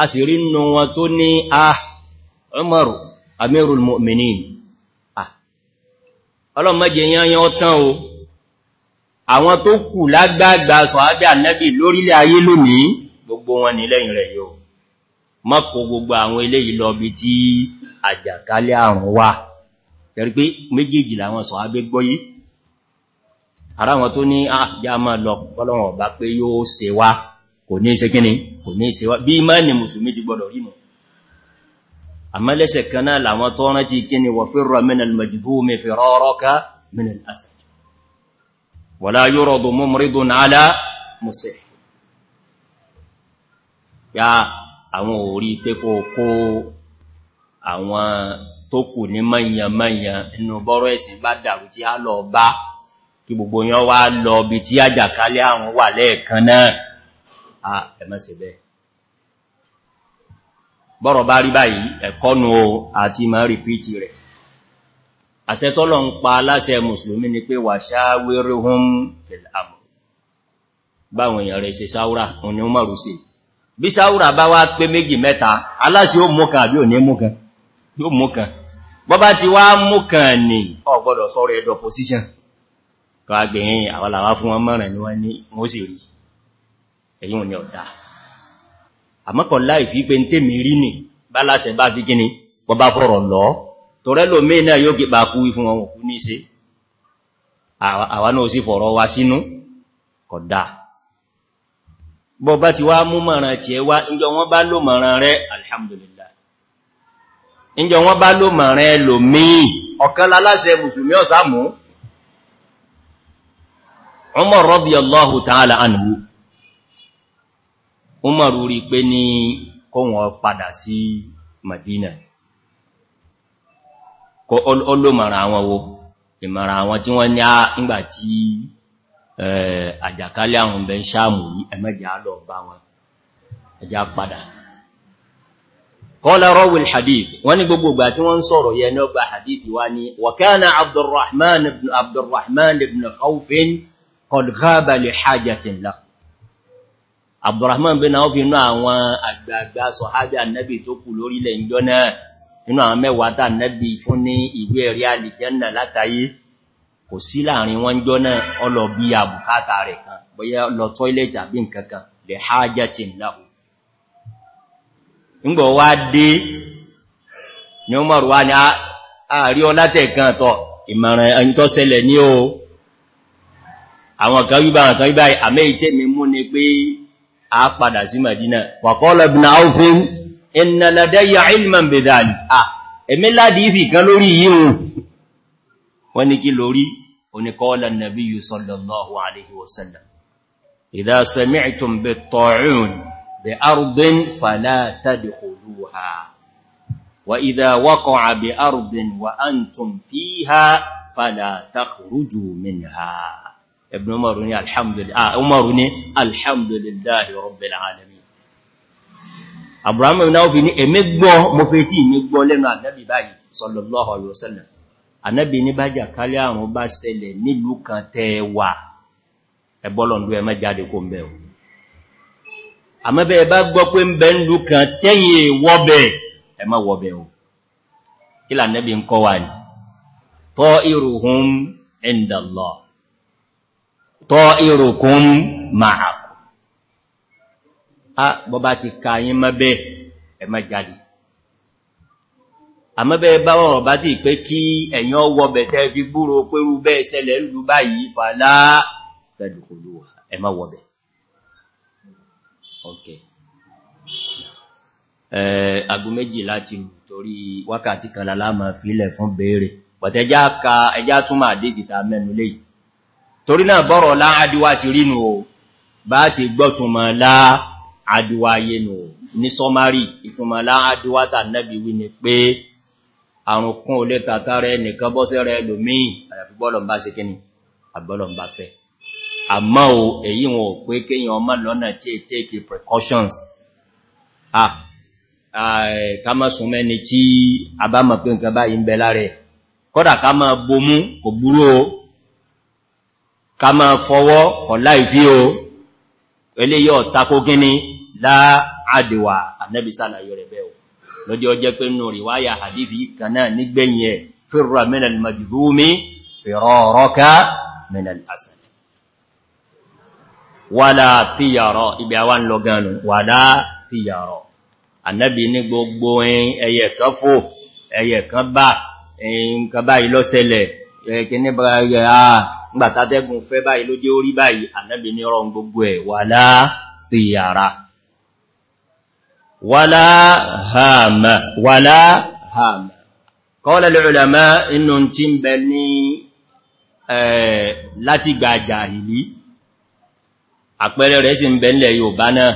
a sì rí nù wọn tó ní a ah, Umaru amírọ̀lù mọ̀mìnì ọlọ́mọdé yányán tán o àwọn tó kù lágbàgbà sọ̀hábí ànábì lórílẹ̀ ayé lónìí gbogbo wọn ní lẹ́yìn rẹ̀ yóò mọ́kò gbogbo àwọn eléyìí lọ bí tí àjàkálẹ̀ àrùn wà ẹ̀rí pé méjèèjì làwọn sọ abẹ́ gbọ́yí ara wọn tó ní àjá ah, máa lọ pọ́lọ́wọ̀n bá pé yóò ṣe wá kò ní ṣe kíni kò ní ṣe wá bí ìmáàni mùsùlùmí ti gbọdọ̀ rí mọ̀ àmọ́ lẹ́sẹ̀ kan náà làwọn tó rántí kíni wà firra minal majdhumi firaraka minal asad wala yuradu tó kù ní mọ́yànmọ́yàn inú bọ́rọ̀ ẹ̀sìn bá dàrú tí a lọ bá kí gbogbo yán wá lọ bí tí àjàkálẹ̀ àrùn wà lẹ́ẹ̀kan náà a ẹ̀mọ́sẹ̀ bẹ́ẹ̀ bọ́rọ̀ bá rí báyìí ẹ̀kọ́nu àti ma rìpítì rẹ̀ àṣẹ tọ́lọ̀ ń pa aláṣẹ mùsùlùmí ni pé wà ṣáwérí hún fìlàmù ni ó bọ́bá ti wá mú kàn ní ọgbọ́dọ̀ sọ́rọ̀ ẹ̀dọ̀ position kọ́ agbẹ̀yìn àwọ́làwá fún wọn mọ́rin ni wọ́n ní wọ́n sì rí èyí wọn ni ọ̀dá àmọ́kọ̀ láì fi pé ń tèmi rí nì bá láṣẹ bá fi gíní bọ́bá fọ́rọ̀ lọ torẹ́ lò mẹ́ wa sínú kọ̀dá bọ́bá alhamdulillah ìjọ wọ́n bá ló mọ̀rin ẹlòmíì ọ̀kan láláṣẹ mùsùlùmí ọ̀sámú Umar radiyallahu ta'ala anhu Umar rí pé ní kọwọn padà sí Madina kọ olómọ̀ràn àwọn wo ìmọ̀ràn àwọn tí wọ́n ní á ńgbàtí àjàkálẹ̀ àwọn bẹ̀ ń sáàmù ẹ̀mẹ́jà ẹmẹ́jà lọ bá wọn ẹjá padà kọ́lá rọ́wìl hadith wọ́n ní gbogbo ìgbà tí wọ́n sọ̀rọ̀ yẹ ní ọgbà hadith wá ní wàkánà abdurrahman ibn haufin kọlgába lè hajjatin lá abdurrahman bin haufin inú àwọn àgbààgbà sọ̀hábí annabi tó kù lórílẹ̀ ìjọ náà inú àwọn mẹ́wàá tà annabi fún ní ìwé ẹ̀rí alìjẹ́nà látayé kò sí láàrin wọn jọ náà hajjatin láhù ńgbọ̀ wá dé ní ó mọ̀rọ̀ wá ní ààrí ọlátẹ̀kan tọ ìmọ̀ràn ẹni tó ṣẹlẹ̀ ní o àwọn kan wíbà àwọn kan wíbà àmẹ́ ìtẹ́ mi mú ni pé a padà sí Madina waqala ibn Awfin inna ladayya ilman بأرض فلا تدخلوها وإذا وقع بأرض وأنتم فيها فلا تخرجوا منها ابن عمر الحمد لله آه عمر الحمد لله رب العالمين Abraham ibn Auf ni èmi gbọ́ mo fẹ́ ti mi gbọ́ lẹ́nu Ànábì báyìí sallallahu alaihi wasallam Ànábì ní bájà kálẹ̀ àrùn bá ṣẹlẹ̀ nílùú kan tẹ́ wà ẹ bọ́ lọ́ndu ẹ jáde kó ńbẹ̀ o àmọ́ bẹ́ẹ̀ bá gbọ́ pé ń bẹ ń lú kan tẹ́yìn wọ́bẹ̀ ẹ má wọ́bẹ̀ o nẹ́bí ń kọ́ wà ní tọ́ ìrùhún ẹ̀ndàlọ́ tọ́ ìrùkún máa a bọ́bá ti ka yín mọ́ bẹ́ẹ̀ ẹ jáde àmọ́ bẹ́ẹ̀ bá bá ti pé kí ẹ̀yàn wọ́bẹ̀ tẹ́ fi gbúrò pérú bẹ́ẹ̀ báyìí fàlá ẹ ok agbó méjì láti torí wákàtí kan lálámà fílẹ̀ fún béèrè pàtẹjá ka ẹjá tún máa dìgìta mẹ́nu lè torí náà bọ́rọ̀ láàdíwá ti rínú o bá ti gbọ́tùnmọ̀ láàdíwá yẹnu ní sọmárì ìtùnmọ̀ láàdíwá tà nẹ́bí wí ni pé àrùn kún olé tàtàrẹ nìkan bọ́sẹ̀rẹ̀ ẹlòmíì àyàfi bọ́lọ̀ ń bá se kíni àbọ́lọ̀ ń bá fẹ́ àmọ́ o èyí wọn ò pé kíyàn ọmọ lọ́nà tí è take precautions ah ká mọ́ sún mẹ́ni tí a bá mọ̀ pé nǹkan báyìí ń bẹ láre kọ́dà ká mọ́ bomú kò burú o ká mọ́ fọwọ́ kọ̀ láìfí o eléyọ tako gíní láàdìwà ànẹ́bìsàlàyé rẹ̀ bẹ́ o lódí ọjẹ́ pé nù ríwáyà hadithi kan náà nígbẹ̀yìn ẹ̀ fẹ́rọ mẹ́nà al-majdhumi wàlá tíyàrọ̀ ibi àwà ń lọ gánù wàlá tíyàrọ̀ annabi ní gbogbo ẹyẹ kan fò ẹyẹ kan bá nǹkan báyìí lọ́sẹlẹ̀ ẹ̀kẹ́ni bá yẹ àà ngbàtàtẹ́gùn fẹ́ báyìí ló jẹ́ orí báyìí annabi ní rọ gbogbo ẹ̀ wàlá tíyàrá wàlá hàmà wàlá hàmà àpẹẹrẹ rẹ̀ sì ń bẹ nílẹ̀ Yorùbá náà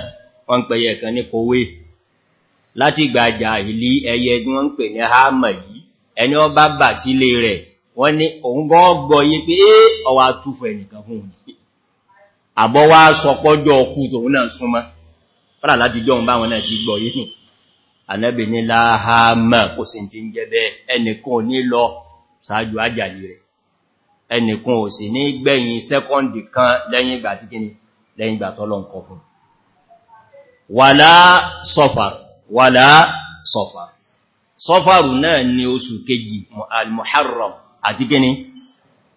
wọ́n ń pẹyẹ kan ní kowé láti gbàjà ìlí ẹyẹ tí wọ́n ń pè ní hámà yìí ẹni ọ bá bà sílé rẹ̀ wọ́n ní òun gọ́ gbọ́ yí pé ọwà túfọ̀ ẹnìkan fún òun àbọ́wá sọpọ́jọ́ ọkú tòun náà súnmọ́ sí ní gbẹ̀yìn sẹ́kọ́ndì kan lẹ́yìn ìgbà tí kíni lẹ́yìn ìgbà tọ́lọ ń kọ fún wàlá sọfàr wàlá sọfàr sọfàrù náà ni oṣù kejì al-muharram àti kíni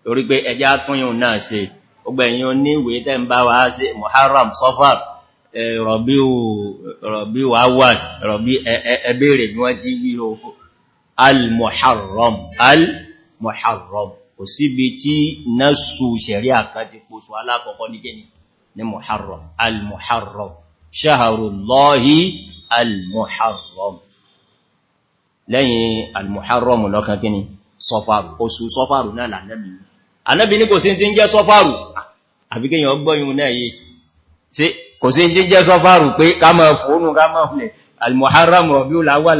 torí pé ẹjá túnyìn náà se ọgbẹ̀yìn oní ìwé tẹ́ ń bá wá sí muharram sọfàr rọ̀bí wàwàl rọ̀bí ẹbẹ̀rẹ̀ bí wọ́n ti wí al-muharram al-muharram ní muharram al-muharram shaharullahi al-muharram lẹ́yìn al-muharram lọ́kan kíni sọfàrù oṣù sọfàrù náà lànẹ́bì anẹ́bì ní kò sí ti ń jẹ́ sọfàrù àbíkẹ́yàn ọgbọ́yìn náà yìí kò sí ti ń jẹ́ sọfàrù pé ká máa fòónù ká máa fìlẹ̀ al-muharram rọ̀bí láwà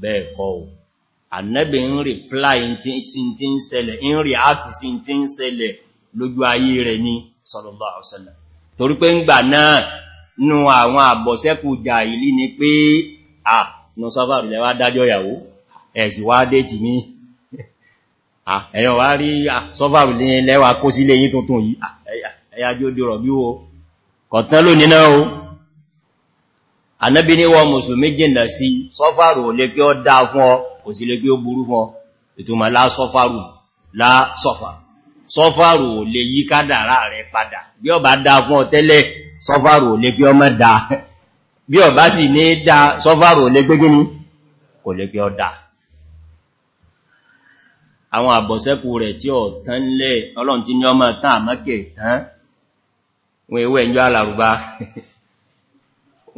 bẹ́ẹ̀ kọ́ o ànẹ́bì ń reply sí tí ń ṣẹlẹ̀ ń react sí tí ń ṣẹlẹ̀ lójú ayé rẹ̀ ní sallallahu alaihi wasallam torí pé ń gbà náà nú àwọn àbọ̀sẹ́kù jà ìlú ni pé à nù sáfàrì lẹ́wà dájọ́ ìyàwó ẹ̀sì wá dé ti ní ẹ̀yàn wá rí sọ́fàrì lẹ́wà kó sílé yí tuntun yìí ẹ̀yà jí ó dìrọ̀ o kọ̀tán lónìí náà o ànábí ní wọ́n mùsùlùmí jìnà sí sọ́fàrù ò lè kí ó dá fún ọ kò sí lè kí ó burú fún ọ ìtumọ̀ lá sọ́fàrù lá sọ́fà sọ́fàrù ò lè yí kádàrá rẹ padà bí ọ bá dá fún ọ tẹ́lẹ̀ sọ́fàrù ò lè kí ọ mọ́ dá bí ọ bá sì ní dá sọ́fàrù lè gbé gíní kò lè kí ọ dá àwọn àbọ̀sẹ́kù rẹ̀ tí ọ tán lẹ́ ọlọ́run tí ní ọmọ tán àmọ́kẹ̀ tán wọn ewé ẹ̀yọ́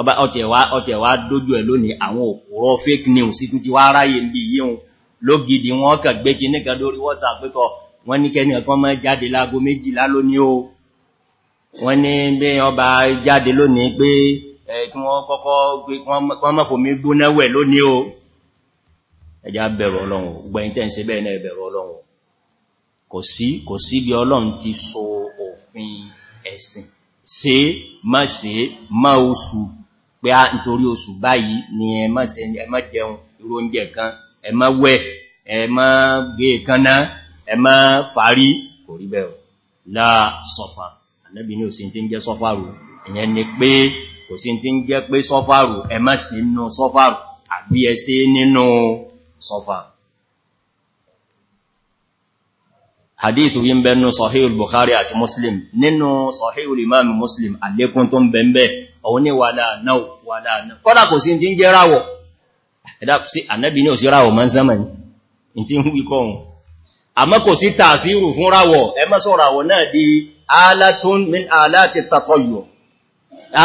ọba ọ̀tẹ̀ wá dójú ẹ̀ lónìí àwọn òkúrọ̀ fake news sí tún ti wá ráyè bí yíhun lógidi wọ́n kà gbé kí níkan lórí whatsapp pẹ́kọ̀ wọ́n ní kẹ́ni ẹ̀kan mọ́ jáde láago méjìlá lónìí o wọ́n ní bí ọba jáde lónìí pé kí wọ́n kọ́kọ́ pé wọ́n mọ́ fòmí gbóná wẹ̀ lónìí o ẹjá bẹ̀rù sí kò sí oṣù pé á ah, nítorí oṣù báyìí ni ẹmọ́ jẹun irú oúnjẹ kan ẹmọ́ wẹ̀ ẹmọ́ gé kaná ẹmọ́ fàárí kò rí bẹ́ẹ̀ láà sọfà ànábì ní òsìn tí ń jẹ́ sọfàrù ìyẹn ni pé kò sí tí ń jẹ́ pé sọfàrù ẹmọ́ sí nínú sọfàrù àbí ẹsẹ́ nínú sọfàrù hadithu yí ń bẹ nínú sahihul àti muslim nínú sahihul imam òun ní wàdà náà wàdà náà kọ́dà kò sí ti ń jẹ́ ráwọ̀ ẹ̀dá sí ànábì ní òsí ráwọ̀ máa ń sánmà ní tí ń wí kọ́ ohun àmọ́ kò sí tààfíìrù fún ráwọ̀ ẹ má sọ ráwọ̀ náà di alatun min alati tatoyo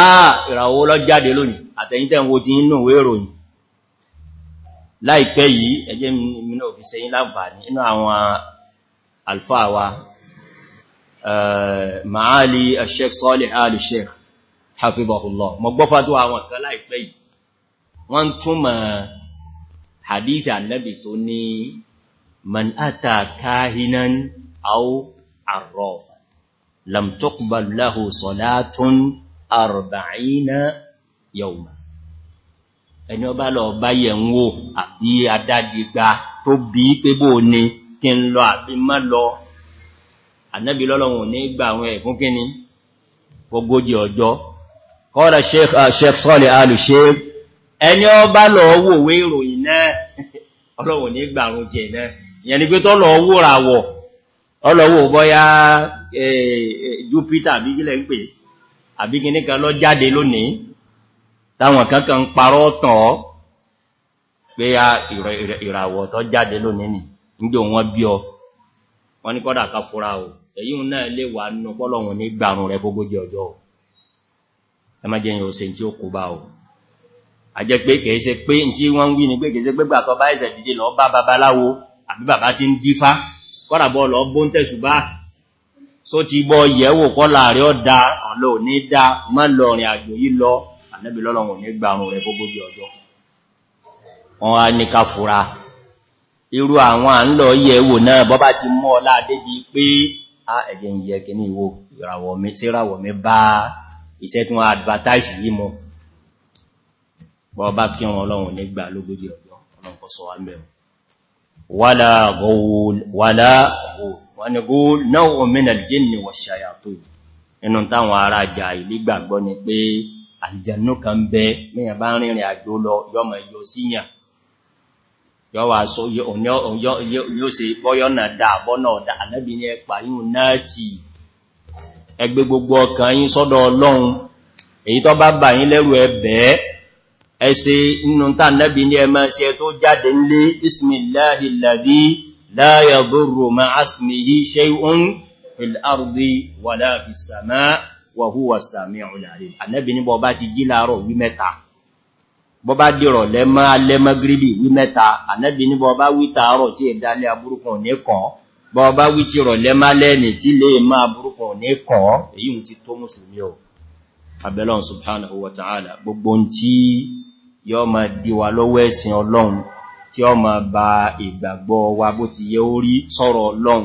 ah ìràwọ̀ lọ jáde lónìí maali al-sheikh Salih al-sheikh hafibahullah mọ̀ gbọ́fàtí àwọn kan láìpẹ́ yìí wọ́n ń túnmọ̀ hadith annabi tó ní man ata kahinan au arrafa lam tuqbal lahu salatun arba'ina yawma ẹni ọba lọ bá yẹ̀ ń wò àbí adádigba tó bí pé bó ní kí ń lọ àbí má lọ annabi lọ́lọ́run ní gbà àwọn ẹ̀kún kíni fógójì ọjọ́ kọ́lá sheikh sọ́lẹ̀ uh, alùsheim ẹni ọ bá lọ wò wé ìròyìn náà ọlọ́wọ̀ ní gbàrún jẹ náà ìyẹn ni pé tó lọ wó ra ọlọ́wọ̀ bọ́yá jupiter àbí gílẹ̀ ń pè àbí kí níkan lọ jáde lónìí táwọn kankan parọ́ tàn pé ya ìràwọ̀ tó jáde lónìí nì nígbò wọn bí ọ wọ́n ní kọ́dà ká fúra ò èyí náà lè wà ẹ má jẹyìn òsè tí ó kó bá o àjẹ́ pé kẹ̀ẹ́sẹ́ pé tí wọ́n ń wí ni pé kẹ̀ẹ́sẹ́ pé gbàtọ̀ bá ẹ̀sẹ̀ dìde lọ bá babaláwo àbí bàbá ti ń dífá kọ́ràbọ́ lọ bó ń tẹ̀sùbá só ti bọ́ yẹ̀wò kọ́ láàrin ọ̀dá ọ̀lọ́ iṣẹ́ tí wọ́n advertise yìí mọ́ bọ́ọ̀bá kí wọn ọlọ́run nígbà lógójì ọjọ́ ọlọ́pọ̀ sọ wọ́n mẹ́rin wàlá góòl wọ́n ni góòl náà mẹ́nà jẹ́ni wà bẹ mẹ́yàn bá rìnrìn àjò lọ yọ́mọ̀ yóò síyàn yọ́wà só yóò se bọ́yọ́nà dáa ọ̀dá àlẹ́bìnrin ẹ̀pà yíò náà ti ẹgbẹ́ gbogbo ọkàn yín sọ́dọ̀ ọlọ́run èyí tó bá bà yín lẹ́rù ẹ̀bẹ̀ ẹsẹ inú tàn nẹ́bí ní ẹmọ ṣe tó jáde nílé ismillahi alladhi la dìrọ̀ lẹ́mọ́ alẹ́mọ́ gíríbì wí mẹ́ta Ànábì bá wí tí ẹ̀dálẹ́ aburúkùn ní kan bọ́ bá wí ti rọ̀lẹ́ má lẹ́ni tí lè máa burúkọ ní kọ́ èyí ti tó mùsùlùmí ọ̀ abẹ́lọ́n subhanahu wa ta'ala gbogbo tí yọ ma di wa lọ́wọ́ ẹ̀sìn ọlọ́run tí ọ ma ba ìgbàgbọ́ wa bó ti yẹ orí sọ́rọ̀ ọlọ́run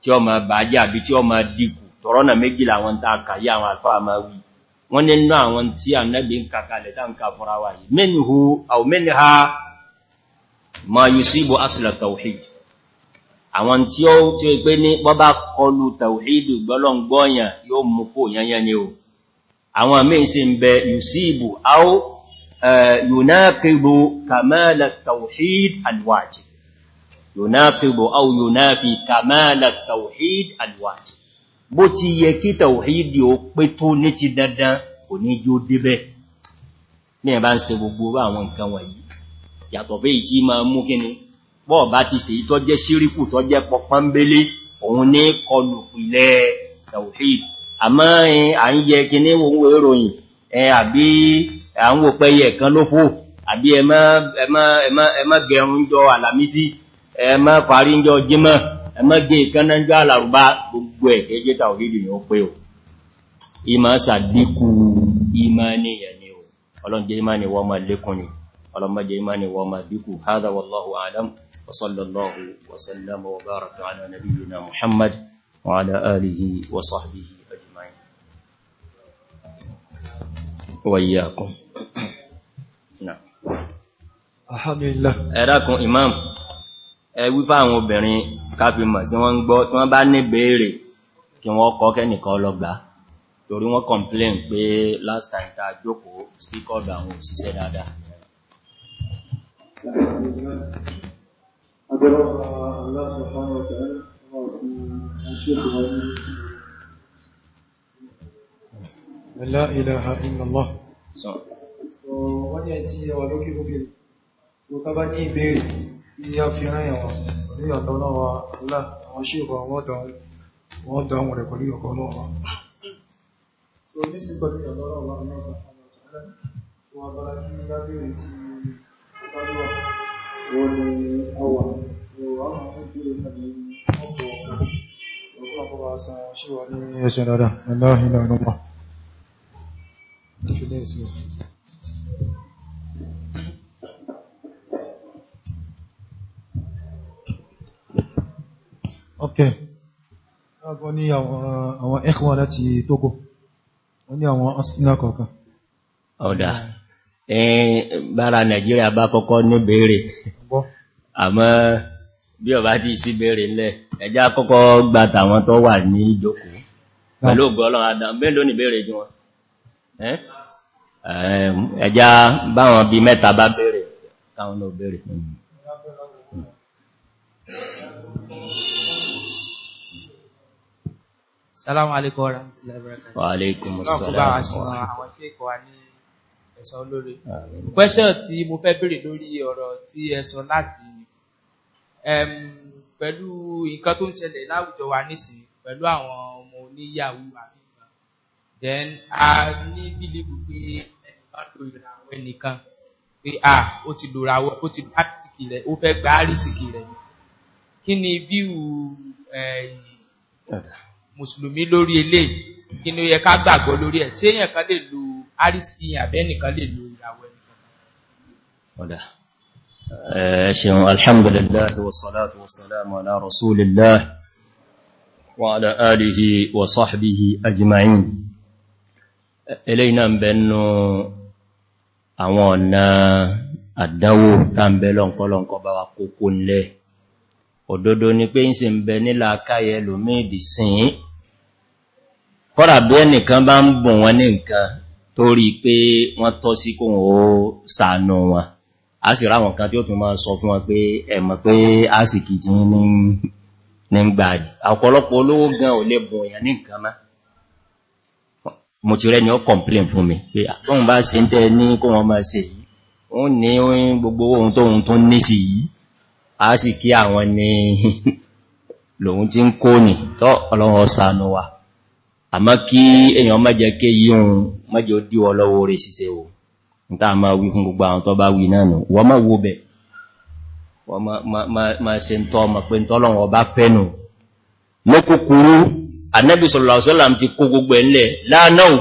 tí ọ ma bà jẹ́ àbí tí ọ ma dìkù tọ́rọ́nà méjìlá àwọn tá kàyí àwọn alfáà ma wí wọ́n nínú àwọn tí ànẹ́bí ń kàkalẹ̀ tá ń ka fúnra wa yìí minhu ma yusibu asla tawhid àwọn tí ó tí ó pé ní bọ́bá kọlu tàwíìdù gbọ́lọ̀ngbọ́yàn yóò mú kó yányán ni o àwọn míì sí ń bẹ yusibu au yunaqibu kamala tàwíìd alwajib yunaqibu au yunafi kamala tàwíìd alwajib bó ti yẹ kí tàwíìdì ó pé tó ní ti dandan kò ní jí débẹ̀ ní ẹ̀bá ń ṣe gbogbo àwọn nǹkan wọ̀nyí yàtọ̀ bẹ́ẹ̀ tí máa mú kíni bọ́ bá ti ṣe tó jẹ́ síríkù tó jẹ́ pọ̀pọ̀mbélé òun ní kọlùpìlẹ̀ tawhid àmọ́ à ń yẹ kí ní ohun èròyìn àbí àwọn òpẹyẹ kan ló fò àbí ẹmọ́ gẹrun jọ àlàmísí ẹmọ́ farí jọ jímọ̀ ẹmọ́ gẹ ìkaná jọ àlàrùbá gbogbo ẹ̀ ni ó o ìmọ̀ sàdíkù ni ẹ̀ ọlọ́njẹ́ ìmọ̀ ni wọ́n mọ̀ lékún ni ọlọ́mọdé ìmáni wọ ma díkù hádà wallahu alam wa sallallahu wa sallama wa baraka ala nabiyyina muhammad wa ala alihi wa sahbihi ajma'in wa iyyakum na'am alhamdulillah ẹ̀dàkùn imam ẹwí fáwọn obìnrin káfimọ̀ sí wọ́n ń gbọ́ tí wọ́n bá ní béèrè kí wọ́n kọ́ kẹ́nìkan ọlọ́gbà torí wọ́n complain pé last time ta jókòó speak up àwọn òṣìṣẹ́ dáadáa Adọ́rọ̀ Allah subhanahu wa ta'ala wà sí aṣíkò wà ní La ilaha illallah. So, wọ́n yẹ tí ẹwà lókè lókè tí ó kábá ní ìbéèrè ní a fi rán ẹ̀wọ̀n pẹ̀lú ọ̀dọ́ náà wà Allah àwọn ṣíkò àwọn ọ̀dọ̀ rẹ̀ pẹ̀lú ọ̀kọ̀ náà wà. So, ní sí pẹ̀lú ọ̀dọ́ náà wa ta'ala wà bára kí wo ni ọwà yóò àwọn ìbílẹ̀ tàbí ọkọ̀ ọkọ̀ ọ̀sán ṣíwà ní ẹ̀ṣẹ̀ dada aláhìlá ọ̀nà ìfilẹ̀ ìsinmi Okay. Wọ́n ní àwọn ẹ̀kọ́ láti Togo, wọ́n ní àwọn ọ̀sìnà kọ̀ọ̀kan. Ọ̀dá. Eh, bára nàìjíríà bá kọ́kọ́ ní béèrè àmọ́ bí ọba ti sí béèrè lẹ́ ẹjá kọ́kọ́ gba tàwọn tó wà ní ìjókòó pẹ̀lú ògbọ́lọ́n adam mélòó ní béèrè eh? jí wọn ẹjá báwọn bí mẹ́ta bá béèrè káwọn náà béèrè Salamu alaikum wa rahmatullahi wa barakatuh. Wa alaikum assalam. Ọkùnbá àṣìwọ̀n àwọn ṣe kọwa ní ẹ̀sán olóore question tí mo fẹ́ béèrè lórí ọ̀rọ̀ tí ẹ sọ láti pẹ̀lú nǹkan tó ń ṣẹlẹ̀ láwùjọ wa nísìnyí pẹ̀lú àwọn ọmọ oníyàwó àbí nǹkan then a ní bílíìbù pé ẹnì kan lo ìràwọ̀ ẹnìkan pé a ó ti lo ìràwọ̀ ó ti bá rìsìkì rẹ̀ ó fẹ́ gba rìsìkì rẹ̀ ni kí ni bíu mùsùlùmí lórí eléyìí kí ni ó yẹ ká gbàgbọ́ lórí ẹ̀ ṣé èèyàn kan lè lo àrísìkí àbẹ́nìkan lè lo ìyàwó ẹnìkan. ọ̀dà ẹ ṣeun alhamdulillah wasalatu wasalamu ala rasulillah wa ala alihi wa sahbihi ajma'in eléyìí náà ń bẹnu àwọn ọ̀nà àdánwò tá ń bẹ lọ́nkọ́lọ́nkọ́ bá wa kókó nílẹ̀ òdodo ni pé ń sì ń bẹ nílà káyẹ lòmí ìdìsìn kọ́rà bí ẹnìkan bá ń bùn wọn ní nǹkan torí pé wọ́n tọ́ sí kò ó sàánú wọn a sì ráwọn kan tí ó tún máa sọ fún wọn pé ẹ̀mọ̀ pé a sì kì jí ní gbàdì ọ̀pọ̀lọpọ̀ olówó gan ò lè bùn èèyàn ní nǹkan má mo ti rẹ́ ni ó complain fún mi pé àtọ́hun bá se ń tẹ́ ní kó wọn máa se yìí ó ní gbogbo ohun tóhun tó ní sí yìí a sì kí àwọn ni lòun ti ń kó nì tọ́ ọlọ́run ọ̀sánú wa àmọ́ kí èyàn mẹ́jẹ ké yíun mẹ́jẹ ó díwọ lọ́wọ́ rẹ̀ síse o n tàà máa wí fún gbogbo àwọn tó bá wí náà nù wọ́n má wo bẹ̀ wọ́n má se ń tọ́ ọmọ pé ń tọ́lọ́wọ́ bá fẹ́nu lókùkúrú anẹ́bì sọ̀rọ̀lọ́sọ́làm ti kó gbogbo ẹ̀lẹ̀ láàánáà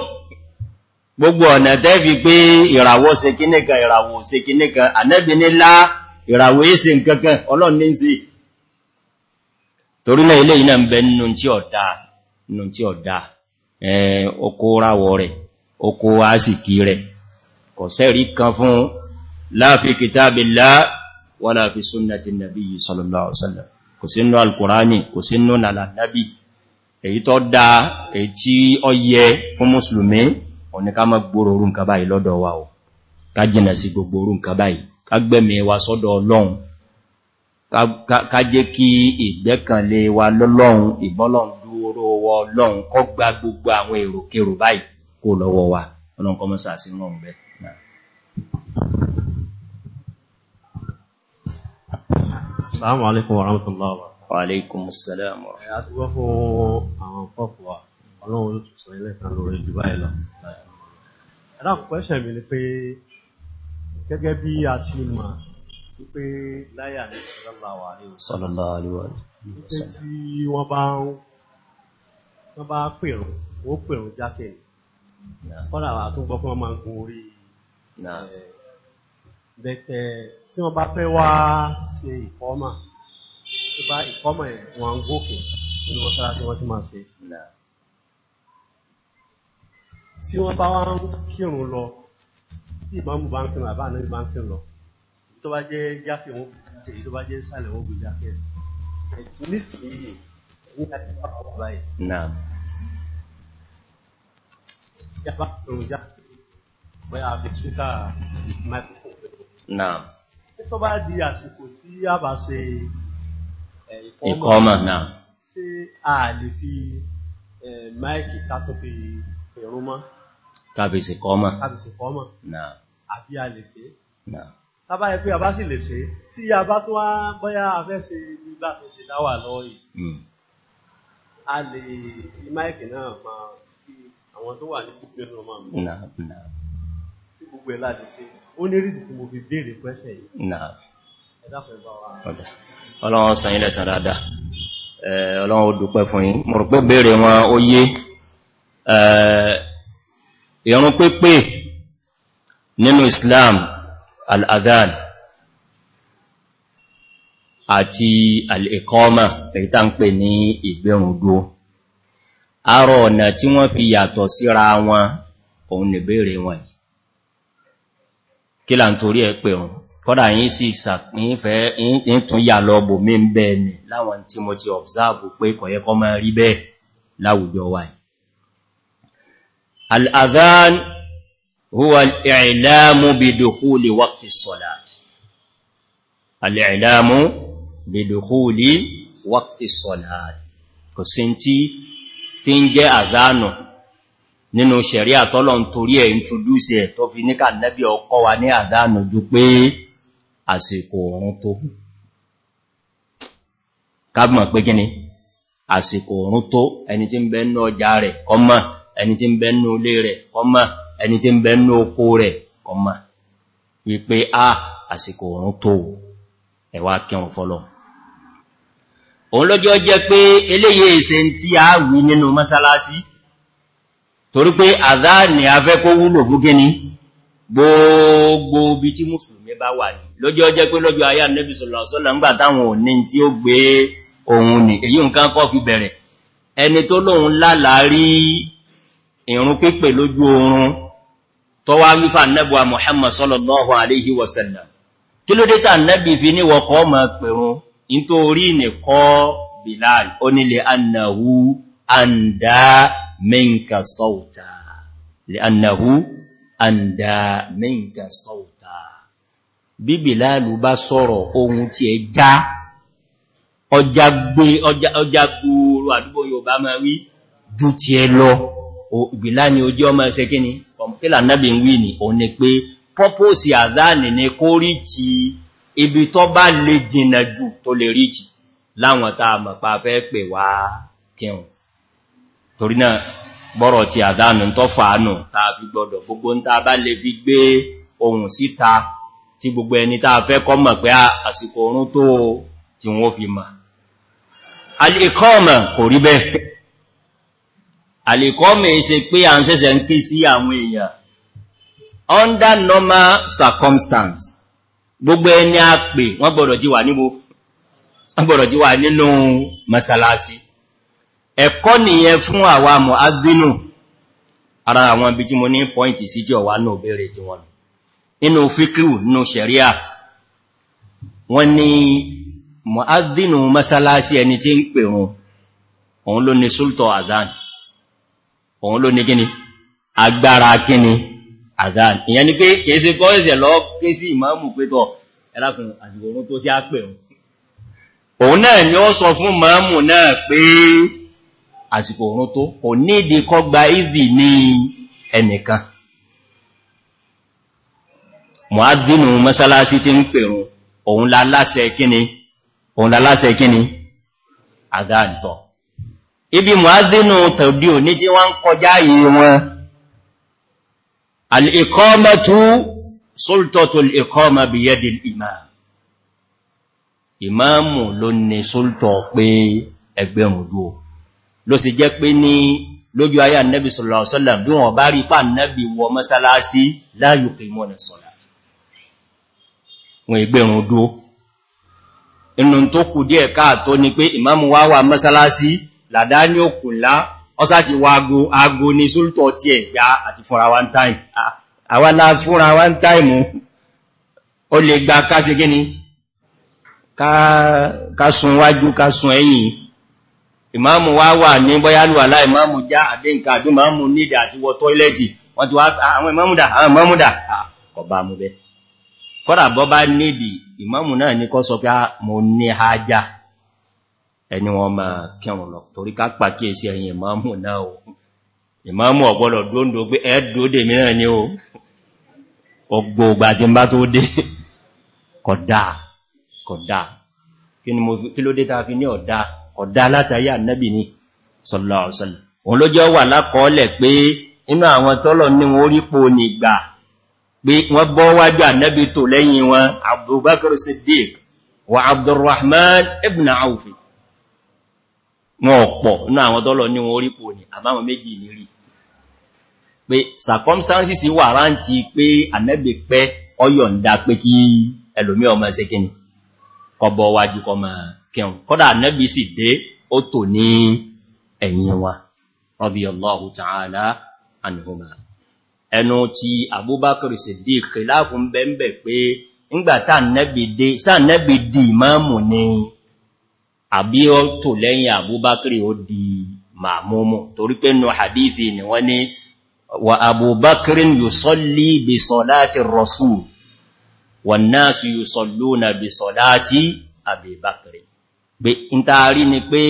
gbogbo ọ̀nà tẹ́fi pé ìràwọ̀ se kíníkan ìràwọ̀ se kíníkan anẹ́bì ní lá ìràwọ̀ èsì nkankan ọlọ́ni ń sí torí náà ilé ìnà ń bẹ nínú tí ọ̀dá oko ráwọ̀ rẹ̀ oko aṣìkí rẹ̀ kò sẹ́rí kan fún la fi kitabillah wala fi sunnati nabiyyi sallallahu alaihi wasallam kò sínú alkùránì kò sínú nàlànàbí èyí tó dá èyí tí ó yẹ fún mùsùlùmí òní ká má gbòrò orú nǹkan báyìí lọ́dọ̀ wa o ká jìnà sí gbogbo orú lọ́wọ́ ọlọ́run kọ́ gba gbogbo àwọn èròkèrò báyìí kó lọ́wọ́ wa ọlọ́run kọ́ mọ́sá sí wọn bẹ́ẹ̀. Assalamu alaikum wa rahmatullahi wa barakatuh. Wa alaikum assalam. Ẹ̀yà tó bá fún àwọn pọ́pù wa, ọlọ́run ló gẹ́gẹ́ bí a ti mọ̀ wípé láyà ní sallallahu alaihi wasallam. Sallallahu alaihi wasallam. Wípé tí wọ́n bá ń tó bá pèrún ó pèrún jákè kọ́dà wa tó gbọ́ pé wọ́n máa ń gun orí bẹ́tẹ̀ tí wọ́n bá fẹ́ wá ṣe ìkọ́mà tó bá ìkọ́mà yẹn wọ́n ń gòkè nínú mọ́ṣáláṣí wọ́n ti máa ṣe tí wọ́n bá wá ń kírun lọ tí ìmáàmù bá ń kírun àbá àná ìbá ń kírun lọ tó bá jẹ́ jáfe wọn èyí tó bá jẹ́ sálẹ̀ wọn gbé jáfe ẹ̀ ní sèyí ní àti bàbá bàbá yìí. يا رجع bóyá fi twitter microphone. náà. tó bá di àsìkò tí a bá ṣe ìkọ́mọ̀ náà. ṣé a lè fi máìkì ká tó fi pèrún mọ́. kábí sí kọ́mọ̀. kábí sí kọ́mọ̀. náà. àbí a lè ṣe. náà. tábà yẹ a bá sì lè ṣe tí a bá tó wá a fẹ́ ṣe nígbà tó ṣe dáwà lọ́wọ́ yìí. a lè fi máìkì náà máa àwọn tó wà ní gbogbo ẹnu ọmọ mi. nà nà. sí gbogbo ẹ láti ṣe ó ní rísì tí mo fi béèrè pẹ́ṣẹ̀ yìí. nà. ẹ dákun ẹ bá wa. ọlọ́run sàn yín lẹ́sàn dáadáa ọlọ́run ó dúpẹ́ fún yín mo rò pé béèrè wọn ó yé ìrun pípé nínú Islam al-adhan àti al-iqama èyí tá ń pè ní ìgbérùn dúó arọ ọ̀nà tí wọ́n fi yàtọ̀ síra wọn òun nìbéèrè wọn kí là ń torí ẹ pé òun kọ́dà yín sí ìsàkínfẹ́ yín yà lọ bò mí ń bẹ́ ẹni láwọn tí mo ti observe pé kọ̀yẹ́ máa rí bẹ́ẹ̀ láwùjọ wa kò sí tí tí ń jẹ́ àdánù nínú ṣẹ̀rí àtọ́lọ̀ ẹ̀ introduce ẹ̀ tó fi níkà nẹ́bí ọkọ́ wa ní àdánù ju pé àsìkò oòrùn tó kágbọ̀n pé gíní àsìkò oòrùn tó ẹni tí ń bẹ nú ọjà rẹ̀ kọmọ ẹni tí ń rẹ̀ ẹni a ah, àsìkò tó ẹwà òun lọ́jọ́ jẹ́ pé eléyè èsè tí a wí nínú mọ́sálásí torí pé àdá ni a fẹ́ kó wúlò fún kíní gbogbo bí tí mùsùlùmí bá wà ní lọ́jọ́ jẹ́ pé lọ́jọ́ ayá nẹ́bí sọ̀lọ̀sọ́lọ̀ ńgbà wífà nẹ́bùwa Muhammad sallallahu alaihi wasallam kí ló dé tà nẹ́bì fi níwọ̀kọ́ mọ̀ pẹ̀rún nítorí nìkọ́ bilal ó nílé annahu anda minka sauta lè annahu anda minka sauta bí bilal bá sọ̀rọ̀ ohun tí ẹ já ọjà gbé ọjà gbòòrò àdúgbò yorùbá máa wí jù ti ẹ lọ ìgbìlá ni ojú ọmọ ẹsẹ kí ni kọmkílà náà ń wí ni òun ni pé pọ́pọ́sì àdáàni ni kó rí ti ibi tó bá lè jìnà jù tó lè rí jì láwọn tàà mọ̀ pa fẹ́ pè wá kíhùn torí náà bọ́rọ̀ ti àdánù tó fàánù tàà fi gbọdọ̀ gbogbo ń tàà bá lè fi gbé ohun síta tí gbogbo ẹni tàà fẹ́ kọ́ mọ̀ pé ah, àsìkò oorun tó tí wọ́n fi mọ̀ under normal circumstance gbogbo ẹni a pè wọ́n gbọ́dọ̀ jí wà níbo wọ́n gbọ́dọ̀ jí wà nínú masalasi ẹ̀kọ́ nìyẹn fún àwa mọ̀ adínú ara àwọn ibi tí mo ní pọ́ìntì sí jẹ́ ọ̀wà náà bèèrè tí wọ́n nínú fíkíù nínú sẹ̀ríà wọ́n ní mọ̀ adínú masalasi ẹni tí ń pè wọn òun ló ní sultan adán òun ló ní gíní agbára gíní àdán ìyẹn ni pé kèése kọ́ ẹ̀sẹ̀ lọ ké sí ìmáàmù pé tọ́ ẹlákùn àsìkò orun tó sí ápẹ̀ òun náà ni ó sọ fún máàmù náà pé àsìkò orun tó kò nídi kọ́ gba ìzì ní ẹnìkan mọ̀ádínú mọ́sálásí ti ń pèrún òun láláṣẹ kíni òun láláṣẹ kíni àdáàntọ̀ ibi mọ̀ádínú tẹ̀dí al'ikọ́mọ̀tú sóltọ̀tù al'ikọ́mọ̀ bí yẹ́dì imam imamu ló ní sóltọ̀ pé ẹgbẹ̀rún dúó ló sì jẹ́ pé ní lójú ayé annabi sallallahu alaihi wasallam bí wọ́n bá rí pa annabi wọ mọ́sálásí la yuqimuna salat wọn ìgbẹ̀rún dúó inú tó kù díẹ̀ káà tó ní ọsá ti wọ ago ago ni sólútọ̀ tí ẹ̀ gbá àti fúnra one time àwa la fúnra one time o lè gba káṣe gíní ká sun wájú ká sun ẹ̀yìn ìmáàmù wá wà ní bọ́yálù àlá ìmáàmù já àdínkà àbí ìmáàmù nídà àti wọ tọ́ílẹ̀tì wọ́n ti wá àwọn ìmáàmùdà àwọn ìmáàmùdà kọba mú bẹ́ kọ́dà ẹni wọn máa kẹrùn lọ torí ká pàkíyèsí ẹ̀yìn ìmáàmù náà o ìmáàmù ọ̀gbọ́dọ̀ dóndó pé ẹ́dò dè mìíràn ní o ọgbò ògbà tí ń bá tó dé kódà kódà kí ló dé ta fi ní ọ̀dá ọ̀dá látàyà nẹ́bì ni sallallahu alaihi wasallam òun ló jẹ́ wà lákọọ́lẹ̀ pé inú àwọn tọ́lọ̀ ní wọn orípo nìgbà pé wọ́n bọ́ wájú ànẹ́bì Siddiq wa Abdurrahman ibn Awfi wọn ọ̀pọ̀ ní àwọn tọ́lọ ní wọn orípò ní àbáwọn méjì ní rí pé circumstances wà rántí pé ànẹ́bì pẹ́ ọyọ̀ ń dá pé kí ẹlòmí ọmọ ẹsẹ́ kí ni wájú kọmọ kẹun dé ó tò ní ẹ̀yìn wa rọ́bí allahu àbí ó tò lẹ́yìn àbúbákìrì ó di màmúmù torí pé nù hadithi ni wọ́n ni wa abúbákìrín yusolli bí sọláti rasul wọn náà su yusolluna bí sọláti àbíbákìrì pé in taari ni pé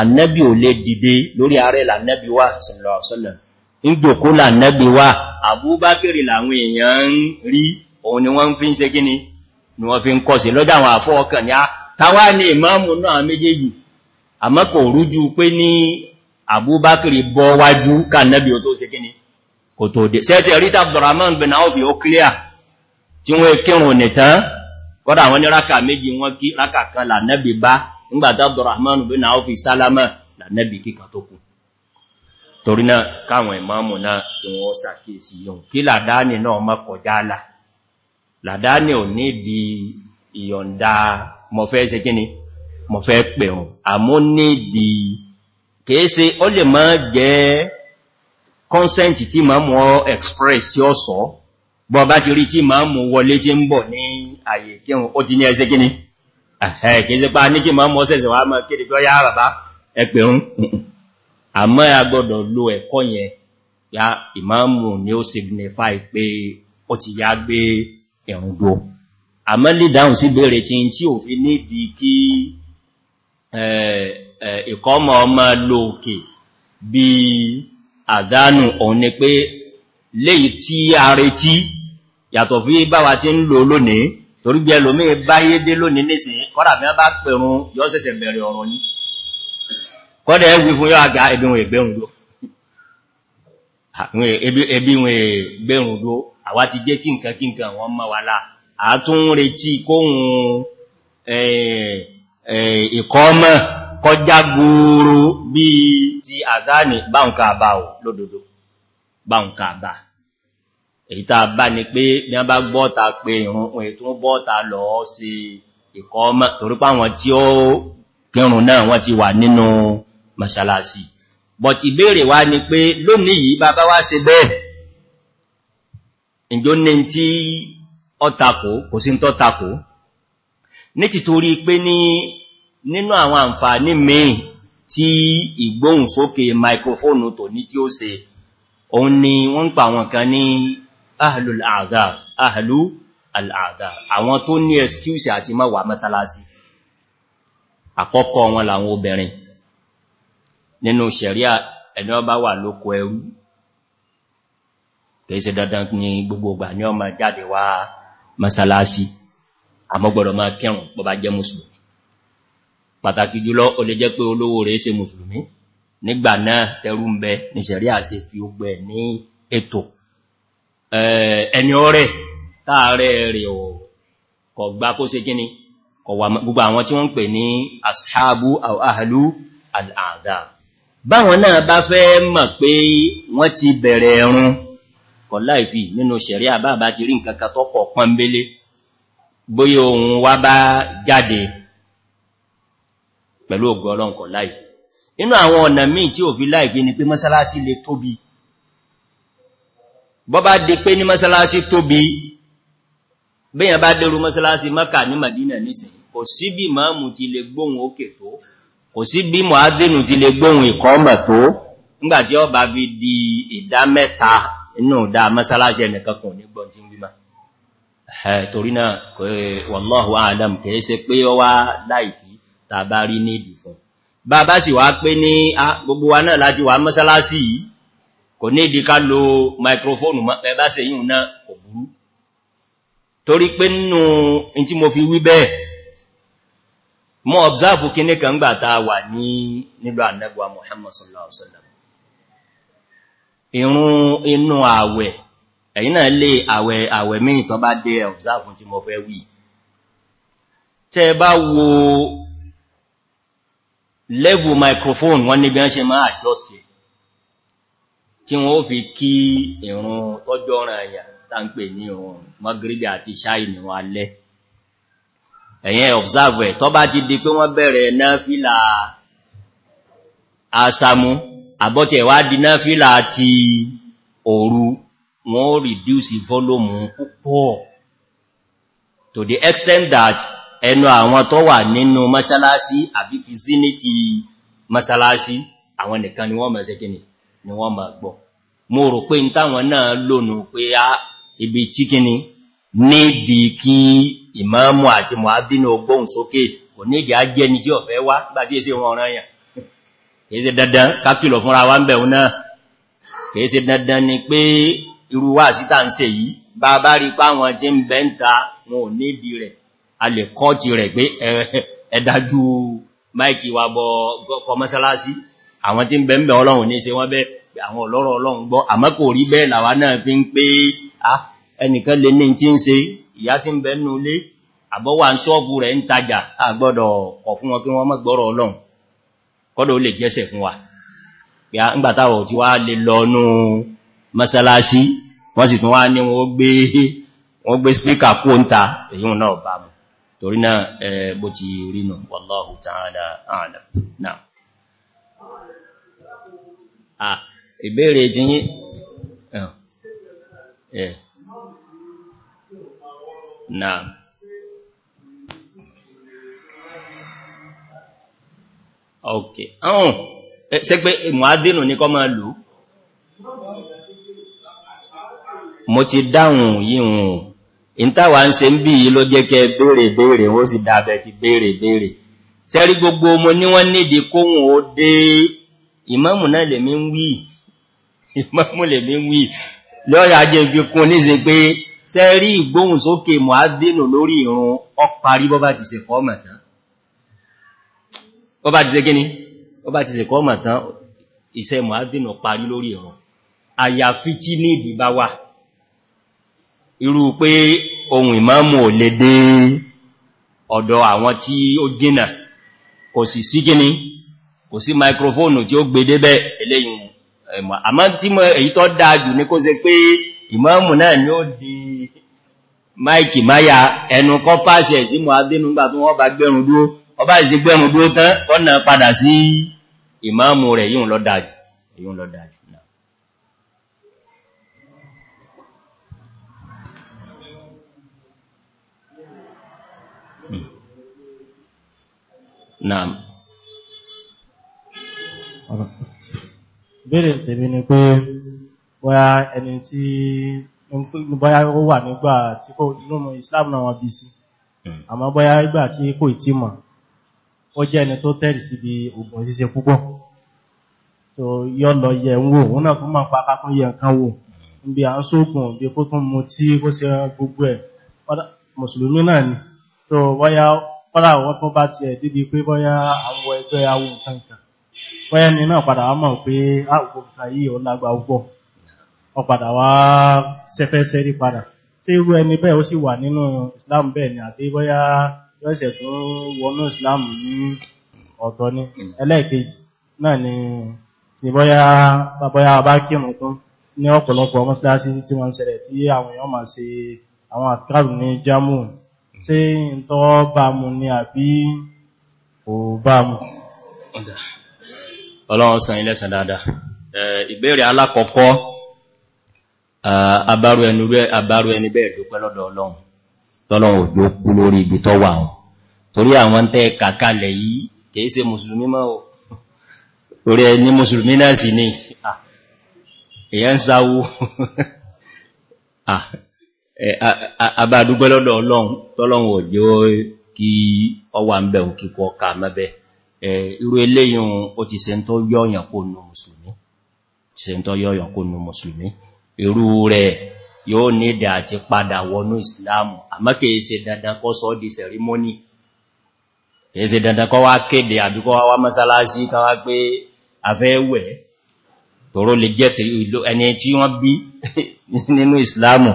annabi ò lè dìde lórí ààrẹ lànàbí wà sọ̀rọ̀sọ̀lọ̀ ń jòkó lànàbí wà àbúbákìrì làwọn èèyàn ń rí ni wọ́n tàwà ní ìmáàmù náà méjèèjì àmọ́ kò rújú pé ní àbúbákìrì bọ́ wájú kànẹ́bì ò tó ṣe kíni kò tó dé sẹ́tẹ̀ ríta abdurrahman bin auf ó clear tí wọ́n kírùn nìtán kọ́dà wọ́n ní rákà méjì wọ́n kí rákà kan lànẹ́bì bá nígbàtà abdurrahman bin auf sálámà lànẹ́bì kíkà tó kù torí náà káwọn ìmáàmù náà tí mọ̀ fẹ́ ṣe kíni mọ̀ fẹ́ pẹ̀ ọ̀ àmọ́ ní di kèése ó lè máa jẹ́ consent tí ma mú ọ express tí ó sọ bọ́ bá ti rí tí ma mú wọlé tí ń bọ̀ ní àyè kírun ó ti ní ẹsẹ́ kíní kèése pa ní kí ma mú ọsẹ̀sẹ̀ wá mọ́ kéde gbọ́ ni ó signify pé ó ti yá gbé ẹ̀rùn dúó àmọ́ lè dáhùn sí bèèrè tí tí ò fi níbi kí ìkọ́mọ̀ ọmọ lóòkè bí àdánù òun ni pé léyìí tí a retí yàtọ̀ fí báwa ti ń lò lónìí torí bí ẹlòmí báyé dé lónìí nísìn kọ́dà bí bá pẹ̀rún yọ́ sẹ̀sẹ̀ bẹ̀rẹ̀ ọ̀rọ̀ ní kọ́dà ẹgbì fún yọ́ àgbà ẹbí wọn ìgbẹ̀rún ti jẹ́ kí nǹkan kí nǹkan wọn mọ́ wa láà àtún retí kóhun ìkọ́mọ̀ kọjá gbòòrò bí ti àdáni báǹkà bá ò lódòdó báǹkà bá èyí tá bá ní pé ní a bá gbọ́ta pé ìrun ohun ètò bọ́ta lọ sí ìkọ́mọ̀ torípá wọn tí ó kírun náà wọ́n ti wà nínú mọ́ṣálásí but ìbéèrè wá ni pé lónìí bàbá wá ṣe bẹ́ẹ̀ ìjó ní tí ọ́tàkó kò sí tó tàkó ní títorí pé ní nínú àwọn àǹfààní mìí tí ìgbóhùn sókè maikrofóònù tó ní tí ó se òun ni wọ́n ń pa àwọn kan ní ahlu al-adhar ahlu al-adhar àwọn tó ní excuse àti má wá mọ́sálásí àkọ́kọ́ wọn làwọn obìnrin nínú ṣẹ̀ríà ẹni ó wà lóko ẹrú kìí ṣe dandan ní gbogbo ní ó jáde wá masalasi àmọ́ gbọ́dọ̀ máa kẹrùn bọ́bá jẹ́ mùsùlùmí pàtàkì jùlọ o lè jẹ́ pé olówó rẹ̀ ṣe mùsùlùmí nígbà náà tẹrù ń bẹ ní ṣẹ̀rí àṣẹ fi ogbẹ̀ ní ètò ẹni ọ̀rẹ́ táàrẹ rẹ̀ kọ̀ gbá kó ṣe kíni gbogbo àwọn tí wọ́n pè ní ashabu aw ahlu al-adab báwọn náà bá fẹ́ kọ̀ láìfì nínú ṣẹ̀rí àbábá ti rí nǹkan kan kọ̀ pọ́nbélé ohun wá bá jáde pẹ̀lú ògbọ́ ọlọ́nkọ̀ láìfi. inú àwọn ọ̀nà míì tí ò fi láìfi ni pé mọ́sálásí lè tóbi bọ́ bá di pé ní mọ́sálásí tóbi bá dẹrù mọ́sálásí mọ́kà ní Madina kò sí bí inú dá mọ́sálásí ẹnìkan kan ní gbọ́n tí ń wímá torí náà wallahu Adam, kìí ṣe pé ó wá láìfí tàbá rí ní ìdì fún bàbá sì wá pé ní gbogbo wa náà láti wà mọ́sálásí yìí kò ní ìdí ká lo microphone ẹbá se yìí náà kò burú torí pé nínú in tí mo fi wí bẹ́ẹ̀ mo observe kíní kan gbà ta wà ní nílò Muhammad sallallahu alaihi ìrun inú awe, ẹ̀yin náà lè awe àwẹ̀ mí ìtọ́ bá dé observe tí mo fẹ́ wí tẹ́ bá wo level microphone wọ́n níbi ẹ́ ṣe máa adjust e, tí wọ́n ó fi kí ìrun tọ́jọ́ ọ̀ràn àyà táǹpè ní ìrun magribi àti ṣáì ní wọn alẹ́ ẹ̀yin observe ẹ̀ tọ́ bá ti di pé wọ́n bẹ̀rẹ̀ náà fílà asamu àbọ́tí ẹ̀wà dínà fílà àti òru wọ́n reduce volume púpọ̀ to the extent that ẹnu àwọn tó wà nínú mọ́ṣálásí àbí vicinity mọ́ṣálásí àwọn nìkan ni wọ́n mọ̀ ṣe kíni ni wọ́n mọ̀ gbọ́ mo rò pé n táwọn náà lónú pé á ibi tí kíni níbi kí ìmáàmù àti mọ̀ábínú ọgbóhùn sókè kò níbi á jẹ́ ni tí ọ̀fẹ́ wá gbàdí èsì wọn ọ̀ranyàn kìí ṣe dandan kákìlọ̀ fúnra wa ń bẹ̀rún náà kìí ṣe dandan ni pé irú wà síta ń ṣe yìí bá bá rí páwọn tí ń bẹ́ ń ta wọn ò níbi rẹ̀ a lè kọ́ ti rẹ̀ pé ẹ̀dájú máìkì wa bọ kọmọ́sálásí àwọn tí ń bẹ̀ ń bẹ̀ ọlọ́run ní ṣe wọ́n bẹ́ àwọn ọlọ́rọ̀ ọlọ́run kọ́dọ̀ ó lè jẹ́sẹ̀ fún wa ya ń gbàtàwọ̀ tí wá lè lọ́nú mọ́sálásí wọ́n sì tún wá ní wọ́n gbé spíkà kú ń ta èyí ok ọ̀hún oh, eh, ṣe pé mọ̀ádínù ní kọ́ máa lò mo ti dáhùn yíhun ìntàwà ń ṣe ń bí yí ló jẹ́ kẹ béèrè béèrè wọ́n sì dábẹ̀ ti béèrè béèrè sẹ́rí gbogbo mo ní wọ́n nídi kóhùn ó dé ìmámù náà lèmi ń wí ìmámù lèmi ń wí lọ́yà jẹ́ fi kún ní ṣe pé sẹ́rí ìgbóhùn sókè mọ̀ádínù lórí ìrun ọ bọ́bá ti ṣe fọ́ ó bá ti ṣe gíní ó bá ti ṣe kọ́ mọ̀ tán iṣẹ́ mọ̀ádìnà parí lórí ìran àyàfi tí ní ìdìbá wà irú pé ohun ìmáàmù ò lè dé ọ̀dọ̀ àwọn tí ó jìnà kò sì sí gíní kò sí maikrofóònù tí ó gbé débẹ̀ eléyìn máìkì máyà ẹnu kọ́ pàṣẹ sí mọ̀ádìnà nígbà tó wọ́n bá gbẹ̀rún dúró ọba ìsìgbẹ́rùn dúó tán kọ́nà padà sí ìmáàmù rẹ̀ yíò lọ dájú yíò lọ dájú náà béèrè tèmi ni pé bóyá ẹni tí bóyá ó wà nígbà tí kò nínú Islam náà wọ́n bí sí hmm. àmọ́ bóyá ìgbà tí kò ì tí mọ̀ ó jẹ́ ẹni tó tẹ́rì síbi ògùn ṣíṣe púpọ̀ so yọ́ lọ yẹ ń wò òun náà tún máa pàkà tún yẹ nǹkan wò bí a ń sóògùn bí kó tún mu tí kó ṣe gbogbo ẹ̀ mùsùlùmí náà ni so bóyá kọ́lá àwọn tó bá tiẹ̀ débi pé bóyá àwọn ẹgbẹ́ awo nǹkan kan ni náà padà wá mọ̀ pé àwòkọ́ ah, nǹkan yìí ó lágbà púpọ̀ ó padà wá sẹfẹ́sẹ́rí padà tí irú ẹni bẹ́ẹ̀ ó sì wà nínú Islam bẹ́ẹ̀ ni àbí bóyá lọ́sẹ̀ tó wọnú ìsìláàmù ní ọ̀tọ̀ ní ẹlẹ́ẹ̀kejì náà ni tí bọ́yá bọ́yá bá kírun tó ní ọ̀pọ̀lọpọ̀ mọ́síláṣí tí wọ́n ṣẹlẹ̀ tí àwọn èèyàn máa ṣe àwọn àkàrù ní jámù tí ń tọ́ bá mu ni àbí kò bá mu. ọlọ́run san ilẹ̀ sàn dáadáa ìbéèrè alákọ̀ọ́kọ́ abárú ẹni bẹ́ẹ̀ dúpẹ́ lọ́dọ̀ tọ́lọ́run òjò kú lórí ibi tọ́wà wọn torí àwọn tẹ́ kàkalẹ̀ yìí kìí ṣe mùsùlùmí máa o orí ẹni mùsùlùmí náà sì ní èyàn ń sáwó àbádúgbẹ́ lọ́dọ̀ ọlọ́run tọ́lọ́run òjò kí ọwà ń bẹ̀rún kíkọ́ ọkà mẹ́bẹ̀ irú eléyìn ó ti ṣe ń tọ́ yọ́yàn kó nù mùsùlùmí irú rẹ̀ yóò nídẹ̀ àti padà wọnú ìsìláàmù àmọ́ kìí ṣe sọ́ di sẹ̀rímọ́nì kìí ṣe dandan kọ́ wá kéde àbí kọ́ wá mọ́sálásí káwá pé afẹ́wẹ̀ tòrò lè jẹ́ ẹni tí wọ́n bí nínú ìsìláàmù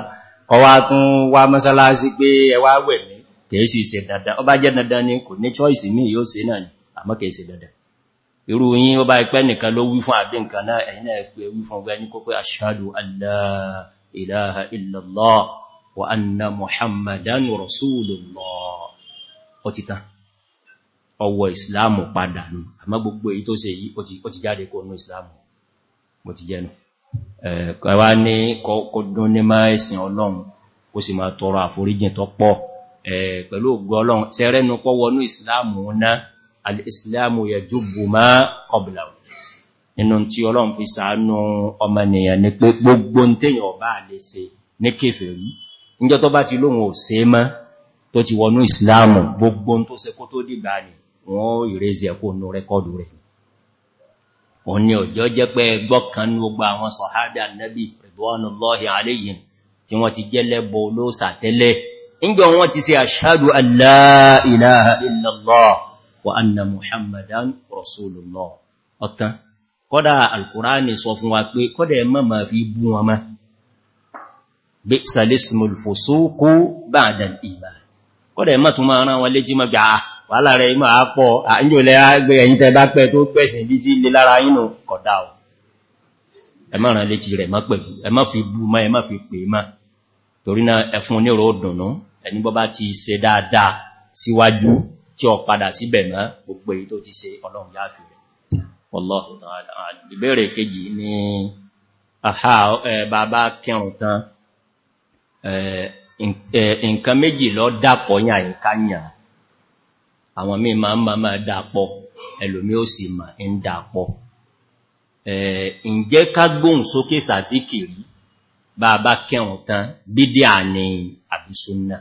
kọ́ wá tún wá mọ́sálásí pé ẹwà wẹ̀ mí kìí sì ṣe dandan ọba jẹ́ dandan ni kò ní choice mi yóò ṣe náà ni àmọ́ kìí ṣe dandan irú yín ọba ipẹ́ nìkan ló wí fún àbí nǹkan náà ẹ̀yìn náà ọwọ́ ìsìláàmù padà nù àmọ́ gbogbo èyí tó ṣe yìí ó ti jáde kó nú ìsìláàmù mo ti jẹ́nu ẹ̀kọ́wà ní kọ́kọ́dún ní máa ẹ̀sìn ọlọ́run ó sì máa tọrọ àforíjìn tó pọ̀ pẹ̀lú ògbọ́ ọlọ́run tẹ́rẹ́nu pọ́ wọnú ìsìláàmù ná alìsìláàmù yẹ jùbù má kọbìlà nínú tí ọlọ́run fi sàánú ọmọnìyàn ní pé gbogbo tẹ́yìn ọba lè wọ́n ìrẹsì ẹ̀kọ́ nù rẹ́kọ́dù rẹ̀ òun ni òjò jẹ́ pé gbọ́kanú gbogbo àwọn sọ̀hádà nẹ́bí ridwanullahi alayhim tí wọ́n ti jẹ́ lẹ́bọ̀ olóòsà tẹ́lẹ̀ ìjọ wọ́n ti ṣe ashhadu an la ilaha illallah wa anna muhammadan rasulullah ọ̀tán kọ́dá alkùránì sọ fún wa pé kọ́dá ẹmọ́ ma tún máa rán wọn léjí gbàá wàhálà rẹ̀ ìmọ̀ àápọ̀ àjòlẹ̀ àgbẹ̀ ẹ̀yìn tẹ bá pẹ́ tó pẹ̀sìn bí ti lè lára inú kọ̀dá ọ̀ ẹmọ́ràn létí rẹ̀ pẹ̀lú fi bú ma fi pè má torí náà ẹfún onírò dùnnú ẹni bọ́ bá ti dáadáa ọ padà síbẹ̀ gbogbo èyí tó ti ọlọ́run rẹ̀ méjì lọ dàpọ̀ yàn àwọn míì máa ń máa dàpọ̀ ẹlòmí ó sì máa ń dàpọ̀ ǹjẹ́ ká gbóhùn sókè sàtíkìrí bá bá kẹwọ̀n tán bídíà ní àbísúnnà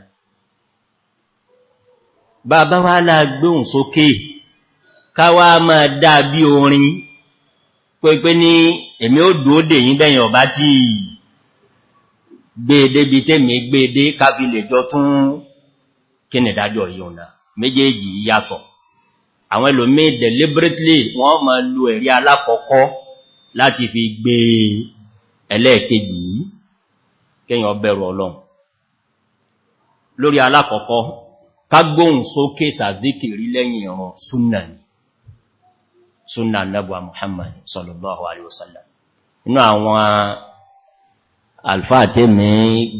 bá bá wá láà gbóhùn sókè káwà máa dá bí orin pẹ́pẹ́ ní èmi ó dúó dè yí bẹ́yìn ọ̀bá tí gbéèdé e bí tẹ́mi gbéèdé e kábílẹ̀ jọ tún kí nìdájọ́ yíò náà méjèèjì yàtọ̀ àwọn ẹlòmí deliberately wọ́n ma lo ẹ̀rí alákọ̀ọ́kọ́ láti fi gbé ẹlẹ́ẹ̀kejì yìí kéèyàn bẹ̀rù ọlọ́run lórí alákọ̀ọ́kọ́ kágbóhùn sókè sàdíkìrí lẹ́yìn ìran súnnà ni súnnà nabuwa muhammad sallallahu alaihi wasallam inú àwọn alfáà tí mi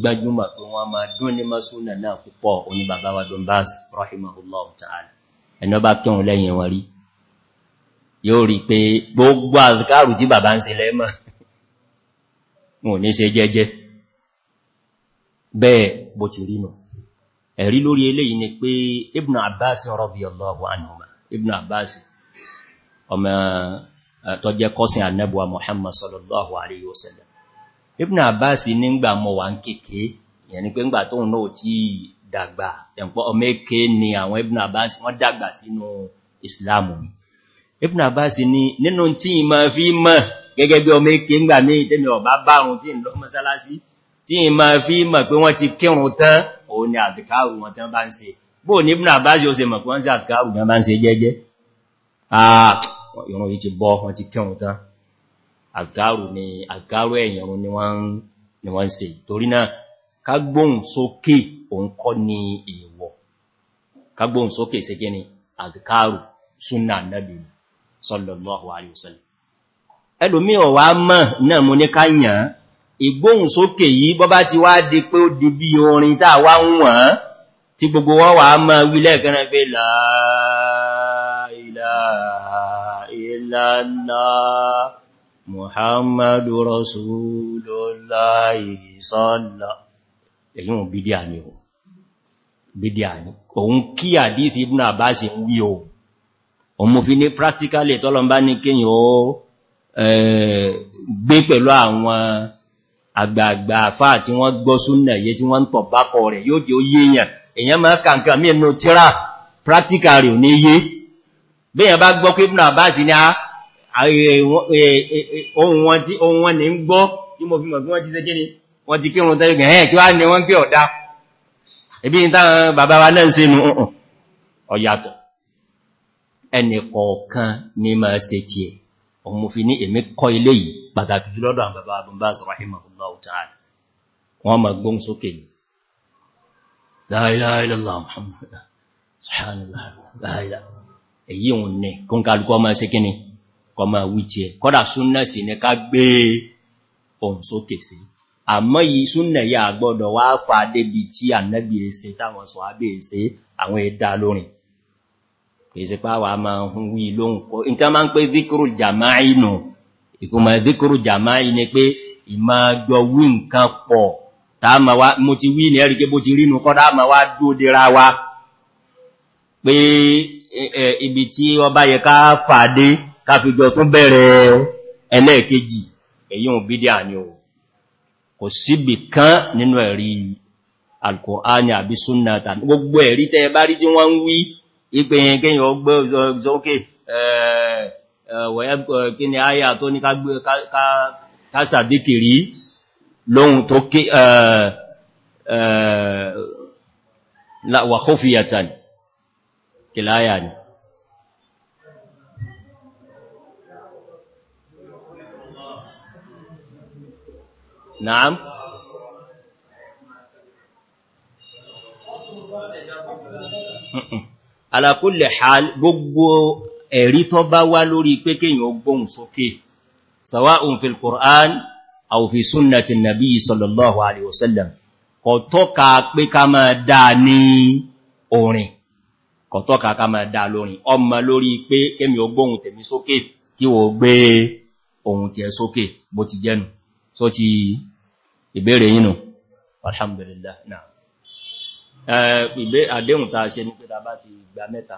gbájúmọ̀ pé wọ́n máa dún ní masúnà náà púpọ̀ oní bàbá wa dùn bá rahimahullahu ta'ala ẹ̀nà bá kírùn lẹ́yìn wọn rí yóò rí pé gbogbo àzikárù tí bàbá ń ṣe lẹ́mọ̀ wọn ní ṣe ẹ̀rí lórí eléyìí ni pé ibn abbas radiyallahu anhuma ibn abbas ọmọ tọ́jẹ́ kọ́sìn annabuwa muhammad sallallahu alaihi wasallam Ibn Abbas nígbà mọ̀ wà ń kéèké ìyẹn ni pé ńgbà tóun náà tí dàgbà ẹ̀pọ̀ ọmọ èké ni àwọn Ibn Abbas wọ́n dàgbà sínú Islamu Ibn Abbas ni nínú tí ìmọ̀ fi mọ̀ gẹ́gẹ́ bí ọmọ èké ńgbà ní ìtẹ́mi ọ̀bá bárun tí ń lọ mọ́sálásí tí ìmọ̀ fi mọ̀ pé wọ́n ti kírun tán òun ni àdìkáàrù wọn tán bá ah ìrun yìí ti bọ́ wọn ti Agaru ni àgárù ẹ̀yẹ̀rún ni wọ́n ń ṣe torí náà kágbóhùn sókè òun kọ́ ni èèwọ̀ kágbóhùn sókè ṣe gíní àgárù súnà náàbì sallallahu alaihi wasallam ẹlòmí ọ̀wà mọ̀ náà mo ní káyàn ìgbóhùn sókè yìí bọ́ bá ti wá di pé ó di bí orin tàà wá ń wọ̀n tí gbogbo wọ́n wà mọ́ wílẹ̀ gẹ́rẹ́ pé la ilaha illallah muhammadu rasulullahi sọ́lá èyí wọn bídí àní o bídí àní òun kí àdíthì ibn abbas ń wí o òun mo fi ní practically tọ́lọmbá ní kíyàn ó gbé pẹ̀lú àwọn àgbààgbà àfáà tí wọ́n gbọ́ súnnà yẹ tí wọ́n ń tọ̀ bákọ̀ rẹ̀ yóò jẹ́ ó yéèyàn èyàn máa kàǹkà mí ẹnu tíra practical rẹ̀ ò ní yé bí èyàn bá gbọ́ pé ibn abbas ní a ah, ohun wọn ni ń gbọ́ tí mo fi mọ̀ bí wọ́n ti ṣe kíni wọ́n ti kírun tẹ́lẹ̀ gẹ̀ ẹ́ kí wá ní wọ́n pé ọ̀dá ibi táwọn bàbá wa náà ṣe nù ọ̀hún ọ̀yàtọ̀ ẹnì kọ̀ọ̀kan ní máa ṣe tí ẹ̀ ọmọ fi ní èmi kọ́ ilé yìí pàtàkì lọ́dọ̀ àwọn bàbá Ibn Baz rahimahullahu ta'ala wọ́n ma gbọ́n sókè ní la ilaha illallah Muhammad subhanallah la ilaha èyí òun ní kún kálukọ́ máa ṣe kíni kọ máa wíjẹ kọ́dà súnnà sí ní ká gbé ohun sókè sí àmọ́ yìí súnnà yà gbọ́dọ̀ wá fà débi tí ànábì èsẹ táwọn sọ ábẹ́ èsẹ àwọn ẹ̀dà lórin èsẹ páwàá máa ń wí lóhun kọ́ in tí a máa ń pé díkùrù jàmáì wa pé ibi tí ọba yẹ ká fàdé káfíjọ tó bẹ̀rẹ̀ ẹlẹ́ẹ̀kejì èyí ò bídíà ni o kò síbì kan nínú ẹ̀rí alkùnrin àbí súnnàtà gbogbo ẹ̀rí tẹ́ bá rí tí wọ́n ń wí ipé yẹn kéyàn ọgbẹ́ òzókè kí ni àyà ni نعم. على كل حال gbogbo ẹ̀rí tó bá wá lórí pé kéyàn gbóhùn sókè, sawa'un fil Qur'an, aw fi sunnati Nabi sallallahu alaihi wasallam, kò tọ́ka pé ká máa dá ní orin, kò tọ́ka ká máa dá lórin, ọmọ lórí pé kémi gbóhùn tèmi sókè kí wò gbé ohun tí ẹ sókè bó ti jẹ́nu, tó ti ìbéèrè yínú alhamdulillah náà ìbé àdéhùn tàà ṣe ní pẹ́ta bá ti gba mẹ́ta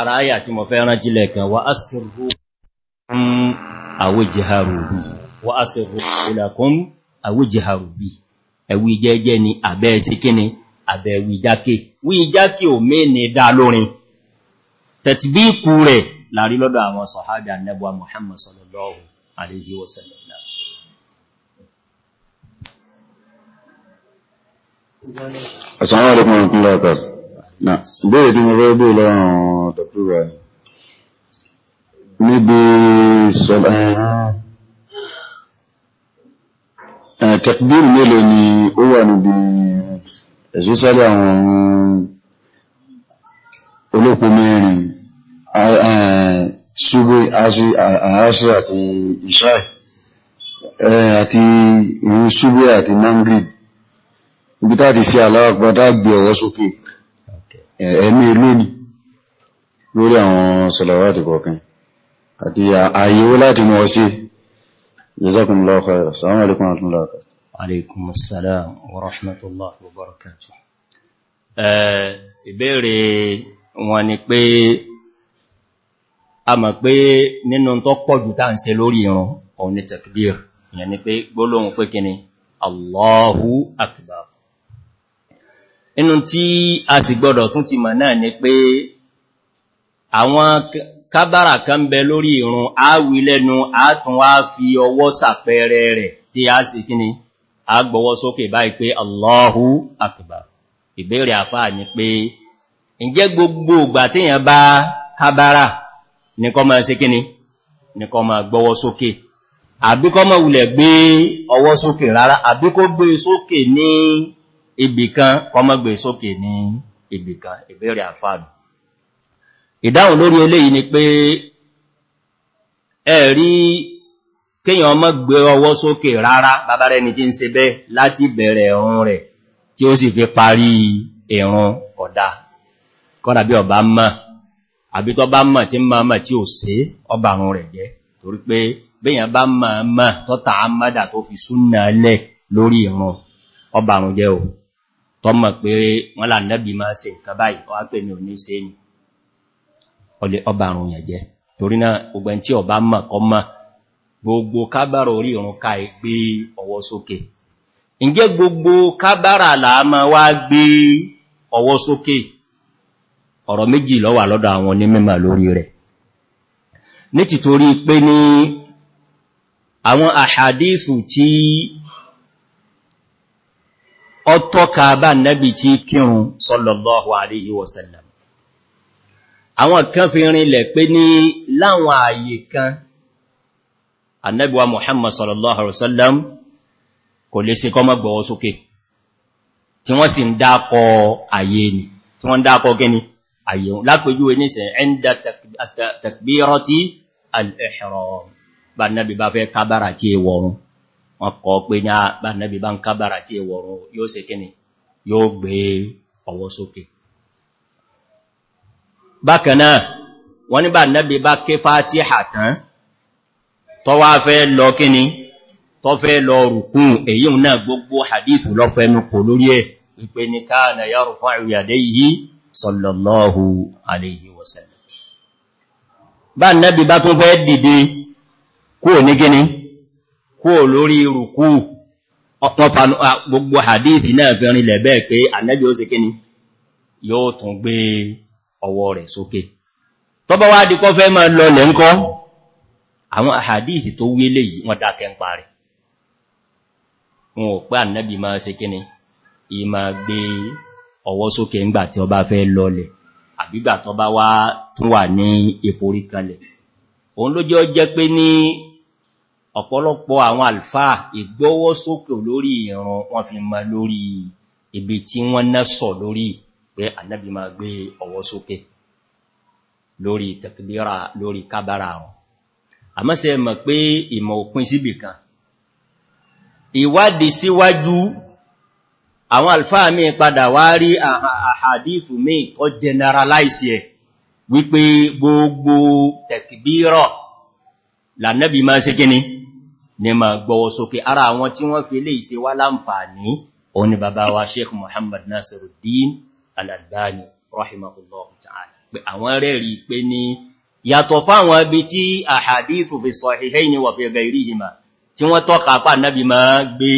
ara ayà tí mo fẹ́ rán jílẹ̀ kan wa asìrú àwójìharù bí wa asìrú ìlàkún àwójìharù bí ẹ̀wì jẹ́jẹ́ ni àbẹ́ sí kíni àbẹ̀ ẹ̀wì jákè wí jákè ò méèni dá lórin tẹ̀tìbíkù rẹ̀ láàrí lọ́dọ̀ àwọn sọ̀hábì annabuwa muhammad sallallahu alaihi wasallam Assalamu alaikum warahmatullahi wabarakatuh. Na, ìbéèrè tí tẹ̀kbírù mélòó ni ó wà níbi especially àwọn olóko mẹ́rin ṣubú eh, àṣẹ àti ìṣáì eh, àti ìrun ṣubú àti mangrib ibi tá ti sí aláwọ̀pátá gbé ọwọ́ sókè eh, ẹ̀mí lónìí lórí àwọn sọ̀lọ̀wàtì kọ̀ọ̀kan àti àyíwó láti mọ́ sí jazakumullahu khairan assalamu Alaikum assalam wa rahmatullahi wa barakatuh. Ìbéèrè wọn ni pé, a mọ̀ pé nínú tó pọ̀jù tá ń ṣe lórí ìrun òun ni takbir, ìyẹn ni pé gbólóhùn pé kíni, Allahu akbar. Inú tí a sì gbọdọ̀ tún ti mọ̀ náà ni pé àwọn kábàrà kan bẹ lórí ìrun, a wí fi ọwọ́ sàpẹẹrẹ rẹ̀ tí a sì kíni, agbọwọ́ sókè báyìí pé Allahu Akbar ìbéèrè àfáà ni pé gbogbo ìgbà tíyàn bá kábára ní kó máa ṣe kíni ní kó máa gbọ́wọ́ sókè àbí kó máa wulẹ̀ gbé ọwọ́ sókè rárá àbí kó gbé sókè ní ibìkan máa gbé sókè ní kéyàn ọmọ gbé ọwọ́ sókè rárá bàbá rẹ̀ ní tí ń ṣe bẹ́ láti bẹ̀rẹ̀ ọ̀run rẹ̀ tí ó sì fi parí ọ̀dá kọ́nà bí ọba mọ̀ àbí tọ́ bá ti tí mọ̀ mọ̀ tí ọba rẹ̀ jẹ́ torí pé bẹ́yàn bá mọ̀ tọ́ta fi súnà lẹ̀ lórí ọba gbogbo kábàrà orí ìrun ká ìgbé ọwọ́ sókè ǹjẹ́ gbogbo kábàrà làámọ́ wá gbé ọwọ́ sókè ọ̀rọ̀ méjì ló wà lọ́dọ̀ àwọn onímọ̀ lórí rẹ̀ ní tìtorí pé ní àwọn àhàdísù tí ọ tọ́ka bá nẹ́bì tí kírun sallallahu alayhi wa sallam àwọn kan fi rinlẹ̀ pé ní láwọn ààyè kan annabi wa muhammad sallallahu alaihi wasallam kò lè ṣe kó má gbọ́wọ́ sókè tí wọ́n sì ń dákọ ayé ni tí wọ́n dákọ gẹ́ni ayé wọn lápẹjúwe ní sẹ ẹ̀ndà takbírati al-ihram bá nábi bá fẹ́ kábára tí è wọ̀run wọ́n kọ pé ní bá bá ń kábára tí è wọ̀run yóò ṣe kíni yóò gbé ọwọ́ sókè bákanáà wọ́n ní bá bá ké fátíhà tán tọ́wá fẹ́ lọ kíni tọ́ fẹ́ lọ rùkún èyí náà gbogbo hadithu lọ fẹ́nu kò lórí ẹ̀ wípé ní káàna ya rùfún àríyàdé yìí sallallahu alayhi wa sallam bá nẹ́bí bá tún fẹ́ dìde kúò ní kíni kúò lórí rùkú gbogbo hadithi náà fi rin lẹ̀ pé ànẹ́bí ó sì kíni yóò tún gbé ọwọ́ rẹ̀ sókè tọ́bọ̀ wá di kọ́ fẹ́ máa lọ lẹ́ àwọn àhàdíhì tó wílé yìí wọ́n dákẹ́ ń parí wọn ò pé ànẹ́bì máa ṣe kíni ìmá gbé ọwọ́ sókè ńgbà tí ó bá fẹ́ lọlẹ̀ àbígbà tó bá wá tún wà ní ìforíkanlẹ̀ òun ló jẹ́ jẹ́ pé ní ọ̀pọ̀lọpọ̀ àwọn àlfáà ìgbọ́wọ́ sókè lórí ìran wọ́n fi ma lórí ibi tí wọ́n ná sọ lórí pé ànẹ́bì máa gbé ọwọ́ sókè lórí tẹ̀kìdíra lórí kábára àwọn àmọ́sẹ̀ mọ̀ pé ìmọ̀ òpin síbì kan ìwádìí síwájú àwọn alfáà mi padà wá rí àhàdífù mi tó generalize ẹ̀ wípé gbogbo tẹ̀kìbírọ̀ lànẹ́bì máa ṣe kíní ni ma gbọ́wọ́ sókè ara àwọn tí wọ́n fi lè ṣe wá láǹfààní òun bàbá wa sheikh muhammad nasiruddin al-albani rahimahullah ta'ala pé àwọn rẹ̀ rí pé ní yàtọ̀ fáwọn ibi tí àhàdíthù fi ni wa fi ghairihima tí wọ́n tọ́ka apá náàbì ma gbé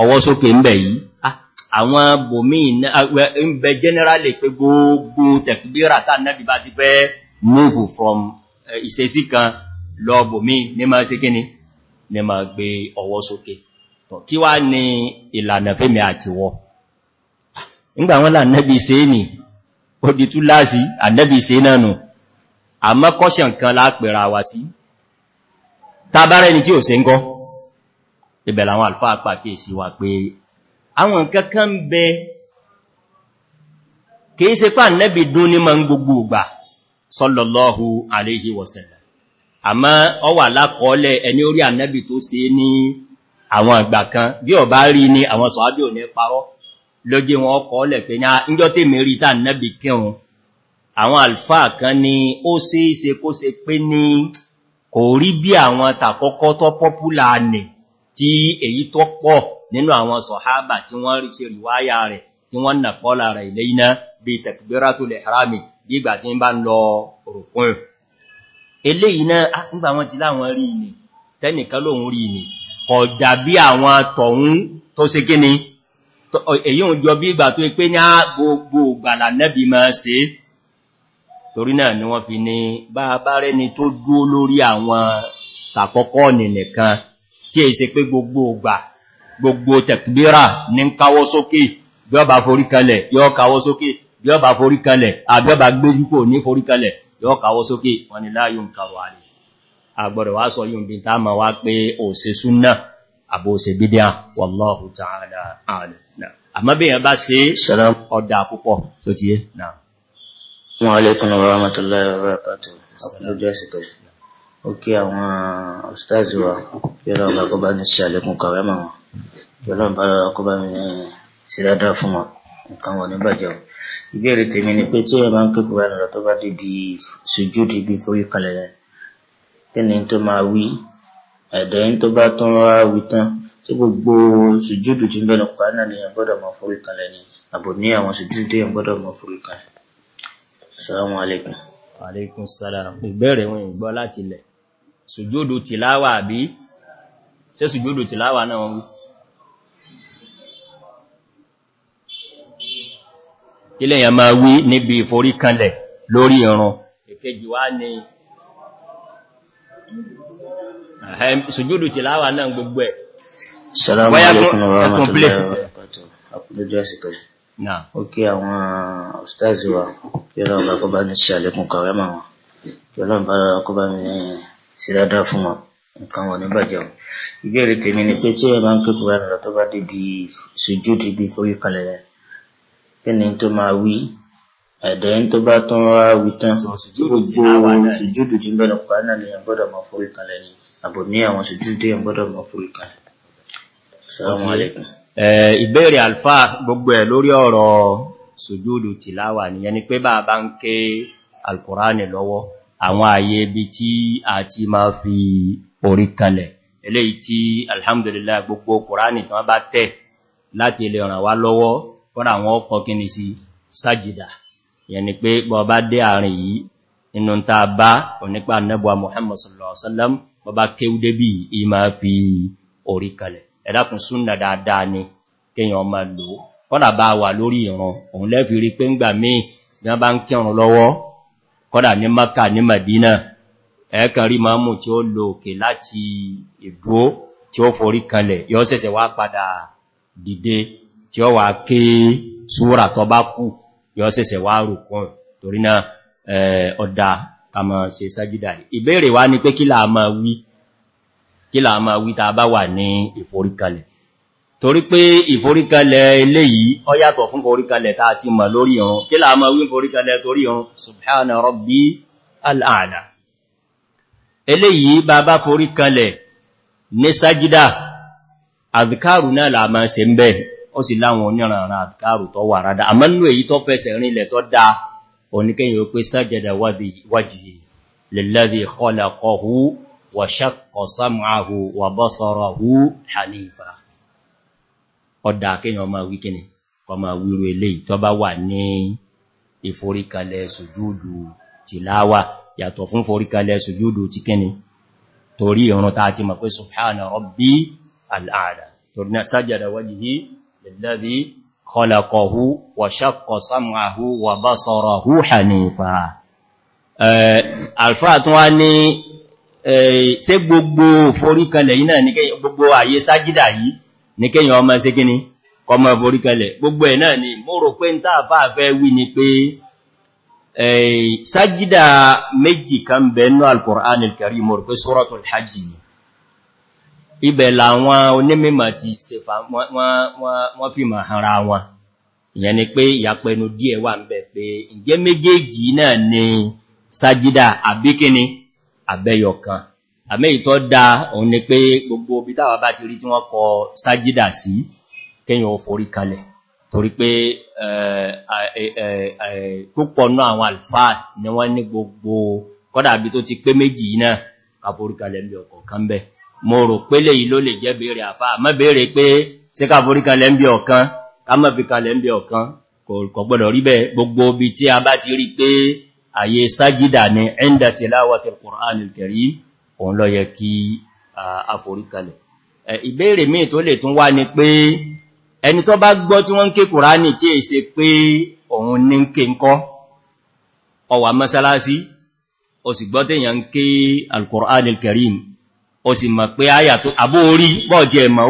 ọwọ́ sókè ń bẹ̀ yìí ah, àwọn bòmí ah, ń bẹ generally pé gbogbo tẹ̀kbírà tá náàbì bá ti fẹ́ move from eh, ìṣesí kan lọ bòmí ní ma ṣe kíni ní ma gbé ọwọ́ sókè tọ̀ kí wá ní ìlànà fẹ́mi àtiwọ́ ah, nígbà wọn là náàbì ṣe ní ó di túláàsì ànábì ṣe náà nù àmọ́ kọ́ṣẹ̀ nǹkan lápẹ̀ra wa sí tàbárẹ́ ni tí ò se ń gọ́ ìbẹ̀lẹ̀ àwọn alfáà wa pé àwọn kankan ń bẹ kìí se pà nẹ́bì dún ní ma ń gbogbo ìgbà sallallahu alaihi wasallam se kan ọ wọn ìjọ́ àwọn alfáà kan ni ó sí ìse kó se pé ní kò rí bí àwọn tàkọ́kọ́ tó pọ́pùlà nì tí èyí tó pọ̀ nínú àwọn sọ̀hábà tí wọ́n rí ṣe ríwáyà rẹ̀ tí wọ́n nà pọ́lá rẹ̀ ilé iná bí takbiratul ihrami gbígbà tí bá lọ rùkún ah, ni tẹ́nìkan lóhun rí ni kọjá bí àwọn tọ̀hún tó se kíni èyí ń jọ bí ìgbà tó pé ní ah, gbogbo ìgbàlà nẹ́bí máa se torí náà ni wọ́n fi ní bá bá rẹni tó dúó lórí àwọn tàkọ́kọ́ nìnìkan tí èsẹ pé gbogbo ògbà gbogbo tẹ̀kbíra ní káwọ́ sókè bí ó bá forí kalẹ̀ yóò káwọ́ sókè bí ó bá forí kalẹ̀ àbí ó bá gbéjúkò ní forí kalẹ̀ káwọ́ sókè wọ́n ni láyùn kàwà ta'ala àmọ́bìyàn bá se ọ̀dà púpọ̀ tó ti yé náà Wọ́n alékún ọ̀rọ̀ àmàtàlá ọ̀rọ̀ àpàtò lójú àsìkò yìí. Ó kí àwọn ọ̀stáàzì wa kí ọlọ́run bá kọ́ bá ní ṣe àlékún wọn. Kí ọlọ́run bá ní ṣe dáadáa fún wọn. Nǹkan wọn ní bàjẹ́ o. Ìbéèrè tèmi ni pé tí ẹ máa ń ké Kùránì lọ tó bá dé bí ṣojú di bí forí kalẹ̀ yẹn. Kí ni tó máa wí? Ẹ̀dẹ̀ tó bá tán wá wí tán tí gbogbo sùjúdù tí ń bẹ̀rẹ̀ pa náà ni èèyàn gbọ́dọ̀ mọ forí kalẹ̀ ni àbò ní àwọn sùjúdù tí èèyàn gbọ́dọ̀ mọ forí kalẹ̀. Assalamu alaikum. Alaikum salam. Ìbẹ̀rẹ̀ wọn ìgbọ́ láti lẹ̀. Sùjúdù tìláwà àbí? Ṣé sùjúdù tìláwà náà wọ́n wí? Ilẹ̀ yẹn máa wí níbi ìforíkanlẹ̀ lórí ìrun. Èkejì wá ni sùjúdù tìláwà náà gbogbo ẹ̀. Assalamu alaikum wa rahmatullahi wa barakatuh náà ó kí àwọn ọ̀sítáàzì wa kí ọlọ́run bá kọ́ bá ní ṣe àlékún kàrẹ́mà wọn kí ọlọ́run bá kọ́ bá mi ṣe dáadáa fún wọn nǹkan wọn ní bàjẹ́ wọn. ìbéèrè tèmi ni pé tí ẹ máa ń ké kúrò lọ tó bá dé di ṣojú di bí forí kalẹ̀ rẹ̀ kí ni tó máa wí ẹ̀dẹ̀ ń tó bá tán wá wí tán gbogbo ṣùjúdù tí ń bẹ̀rẹ̀ pa náà ni ẹ̀ gbọ́dọ̀ máa forí kalẹ̀ ni àbò ní àwọn ṣùjúdù tí ẹ̀ gbọ́dọ̀ máa forí kalẹ̀. Assalamu alaikum. Eh, ìbéèrè alfa gbogbo ẹ̀ lórí ọ̀rọ̀ sùjúdù tìláwà ni yẹni pé bá bá ń ké alkùránì lọ́wọ́ àwọn ààyè ibi tí a ti ma fi orí kanlẹ̀ eléyìí tí alhamdulillah gbogbo kùránì tán bá tẹ̀ láti ilẹ̀ ràn wá lọ́wọ́ fọ́nà àwọn ọkọ̀ kíni sí sájìdà yẹni pé bọ́ọ̀bá dé àárín yìí inú ta bá onípa nẹ́bọ̀ muhammad sallallahu alaihi wasallam bọ́bá kéwú débì ìmá fi orí kalẹ̀ ẹ̀dàkùn súnnà dáadáa ni kíyàn ọmọ lò kọ́dà bá wà lórí ìran òun lẹ́fì rí pé ń gbà míì bí wọ́n bá ń lọ́wọ́ kọ́dà ní maka ní madina ẹ̀ẹ́kan rí mọ́mù tí ó lò òkè láti ìdúó tí ó forí sẹ́sẹ̀ wá padà dìde tí ó wà ké súra bá kú sẹ́sẹ̀ wá rùkún torí náà ọ̀dà kàmọ̀ sájídà ìbéèrè wá pé kí kí là máa wí tàbá wà ní ìforíkalẹ̀ torí pé ìforíkalẹ̀ eléyìí ó yàtọ̀ fún foríkalẹ̀ tàà ti mọ̀ lórí ọ̀run kí là máa wí foríkalẹ̀ torí ọ̀run subhana rabbi al'ala eléyìí bàbá foríkalẹ̀ ní sájídà àdìkárù náà là máa ṣe ń bẹ́ ó sì láwọn oníranran wàṣàkọ̀ sámàáhù wà bọ́ sọ́rọ̀ hú hanifa ọ̀dá kíyàn ọmọ wíkíní ọmọ wíru eléyìí tó bá wà ní ìforíkalẹ̀ sùjúdù tìláwà yàtọ̀ fún foríkalẹ̀ sùjúdù ti kíní torí ìrun ta ti mọ̀ pé alfa tún wá ní Eh, ṣe gbogbo foríkalẹ̀ yìí náà níkẹ́ gbogbo àyè sájídà yìí níkẹ́yìn ọmọ ṣe kíní ọmọ foríkalẹ̀ gbogbo ẹ̀ náà ni mo rò pé ń tààfà fẹ́ wí ni pé eh, sájídà méjì kan bẹ̀ẹ́nú al-Qur'an al-Karim mo rò pé Suratul Hajj ibẹ̀ làwọn onímọ̀ ti sefa wọ́n fi mọ̀ hanra wọn ni pé ìyàpẹnu ni àbẹ́yọkan àmẹ́yì tó dá òun ni pé gbogbo obi táwà bá ti rí tí wọ́n kọ sájídà sí kéyàn òforí kalẹ̀ torí pé eh, eh, eh, púpọ̀ náà àwọn alfa ni wọ́n ní gbogbo kọ́dà bí tó ti pé méjì náà kàforí kalẹ̀ bí ọkọ̀ kan bẹ́ mo rò pé lè yìí ló lè jẹ́ bèèrè àfá mọ́ bèèrè pé sí kàforí kalẹ̀ àyè sájídà ní ẹ́ndà tilawati al-Qur'an al-Karim òun ló yẹ kí àforíkalẹ̀ ìbéèrè míì tó lè tún wá ní pé ẹni tó bá gbọ́ tí wọ́n ń ké Kùránì tí è ṣe pé òun ní ké ńkọ́ ó wà mọ́sálásí ó sì gbọ́ tèèyàn al-Qur'an al-Karim ó sì mọ̀ pé àyà tó àbó orí bọ́ọ̀jẹ̀ mọ̀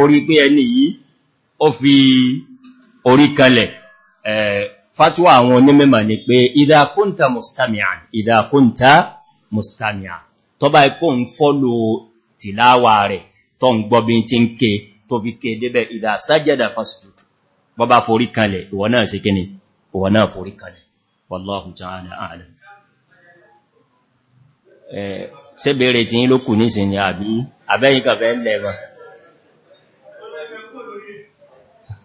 fatuwa àwọn onímẹ́mà ni pé ìdákúnta mustami'a ìdákúnta mustami'a tó bá ikó ń fọ́lò tìláwà rẹ̀ tó ń gbọ́bí tí ń ké tó fi ké débẹ̀ ìdá sájẹ́dà bọ́ bá forí kalẹ̀ ìwọ náà sí kíni ìwọ náà forí kalẹ̀ wallahu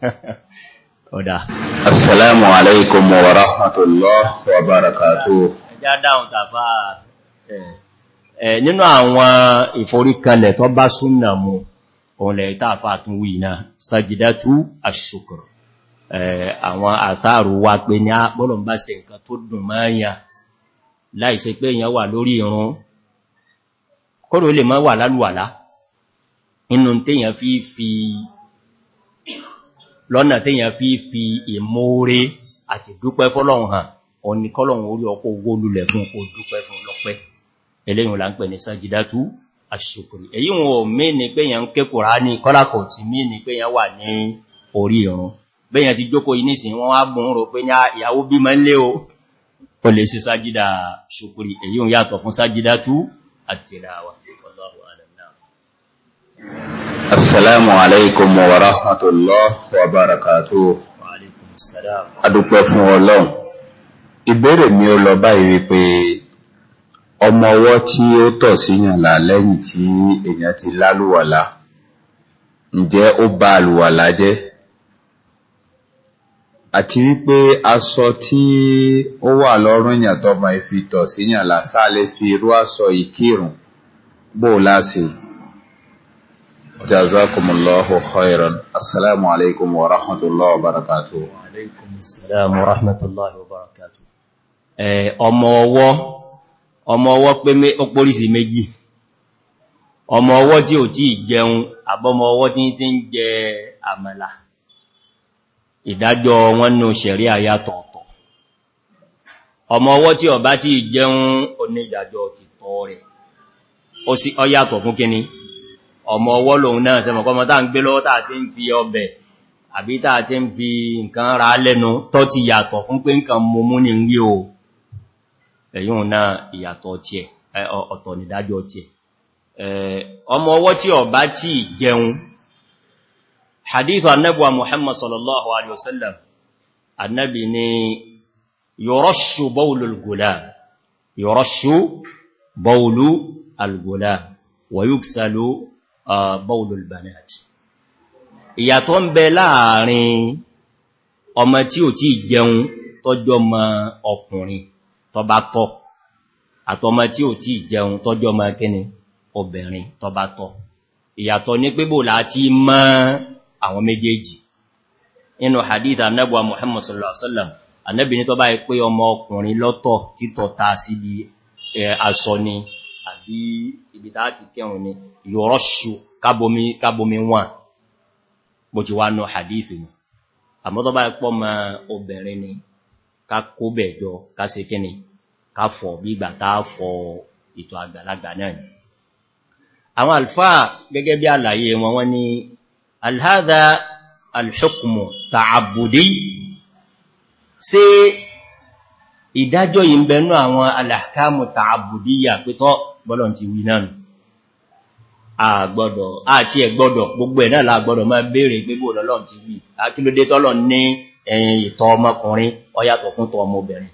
ọ̀dà. asalaamu alaykum wa rahmatulah wa barakatuh. ẹjá dáhùn tàfà ẹ nínú àwọn ìforíkalẹ̀ tó bá súnnà mu ọ̀lẹ̀ ìtàfà tún wì náà sajidatu ash-shukr àwọn àtàrù wa pé ní àpọ́lọ̀ bá ṣe nǹkan tó dùn máa ń ya láìṣe pé èyàn wà lórí ìrun kọ́rọ̀ lè máa wà lálùwàlá inú tèyàn fi fi lọ́nà tíyàn fi fi ìmóore àti dúpẹ́ fọ́lọ́run hàn ọ̀nì kọ́lọ̀run orí ọkọ̀ owó lulẹ̀ fún o dúpẹ́ fún lọ́pẹ́ eléyìn là ń pè ní sájídátú àṣòkòrì èyí wọn ò mí ni pé yàn ń ké Kùránì kọ́lákọ̀ tí mí ni pé yàn wà ní orí ìrun bẹ́yàn ti jókòó inísìn wọ́n wá Assalamu alaikum wa rahmatullahi wa barakatuh. Wa alaikum assalam. Adúpẹ́ fún Ọlọ́run. Ìbéèrè mi o lọ bayi wípé ọmọ ọwọ́ tí ó tọ̀ síyàn là lẹ́yìn tí èèyàn ti lálùwàlá. Ǹjẹ́ o ba àlùwàlá jẹ́? Àti ti aṣọ tí ó wà lọ́rùn èèyàn tọmọ ìfitọ̀ síyàn là sáà sale fi irú aṣọ ìkírun bó si. جزاكم الله خيرا السلام عليكم ورحمة الله وبركاته وعليكم السلام ورحمة الله وبركاته ọmọ ọwọ́ ọmọ ọwọ́ pé ọpọlìsì méjì ọmọ ọwọ́ tí ò tí jẹun àbọ́mọ ọwọ́ tí tí ń jẹ àmàlà ìdájọ́ wọn ní òṣèré àyàtọ̀ ọ̀tọ̀ ọmọ ọwọ́ tí ó tí jẹun onídàjọ́ ti tọ́ rẹ̀ ó sì ọyàtọ̀ fún kíní ọmọ ọwọ́ lòun náà sẹmọ̀kọ́ mọ́ tàà ń gbé lọ́wọ́ tàà tí ń fi ọbẹ̀ àbí tàà tí ń fi nǹkan ra lẹ́nu tọ́ ti yàtọ̀ fún pé nǹkan mọ́mú ní rí o ẹ̀yùn náà ìyàtọ̀ ọ̀tọ̀ nìdájọ́ ti ẹ̀ ọmọ ọwọ́ tí ó bá ti jẹun hadith annabuwa muhammad Ah, bọ́ọ̀lù banat ìyàtọ̀ ń bẹ láàrin ọmọ tí ò tí jẹun tọ́jọ́ mọ ọkùnrin tọba tọ́ àtọmọ tí ò tí jẹun tọ́jọ́ mọ kíni obìnrin tọba tọ́ ìyàtọ̀ ní pé bòlá tí mọ́ àwọn méjèèjì inú hadith annabuwa muhammad sallallahu alaihi tọba ẹ pé ọmọ ọkùnrin lọ́tọ̀ títọ̀ ta síbi eh, asọ ni àbí ibi tàà ti kẹrùn ni yọ̀rọ̀ṣù kábomi wọn bó ti wá náà hadithi ni àmọ́tọ́ bá pọ́ ma obìnrin ni ká kó bẹ̀jọ ká se kíni ká fọ̀ bí ìgbà táà fọ ìtọ̀ àgbàlagbà náà ni àwọn alfáà gẹ́gẹ́ bí àlàyé wọn wọ́n ni alhádá alhukumu ta'abudi sí ìdájọ́ yìí ń bẹnu àwọn alhakamu ta'abudiyya pẹ́tọ́ bọ́lọ̀ ti wí náà àgbọ́dọ̀ àti ẹ̀gbọ́dọ̀ gbogbo ẹ̀ náà lágbọ́dọ̀ máa béèrè pé bó lọ́lọ́ ti wí akílódé tọ́lọ̀ ní ẹ̀yìn ìtọ́ ọmọkùnrin ó yàtọ̀ fún tọ ọmọbìnrin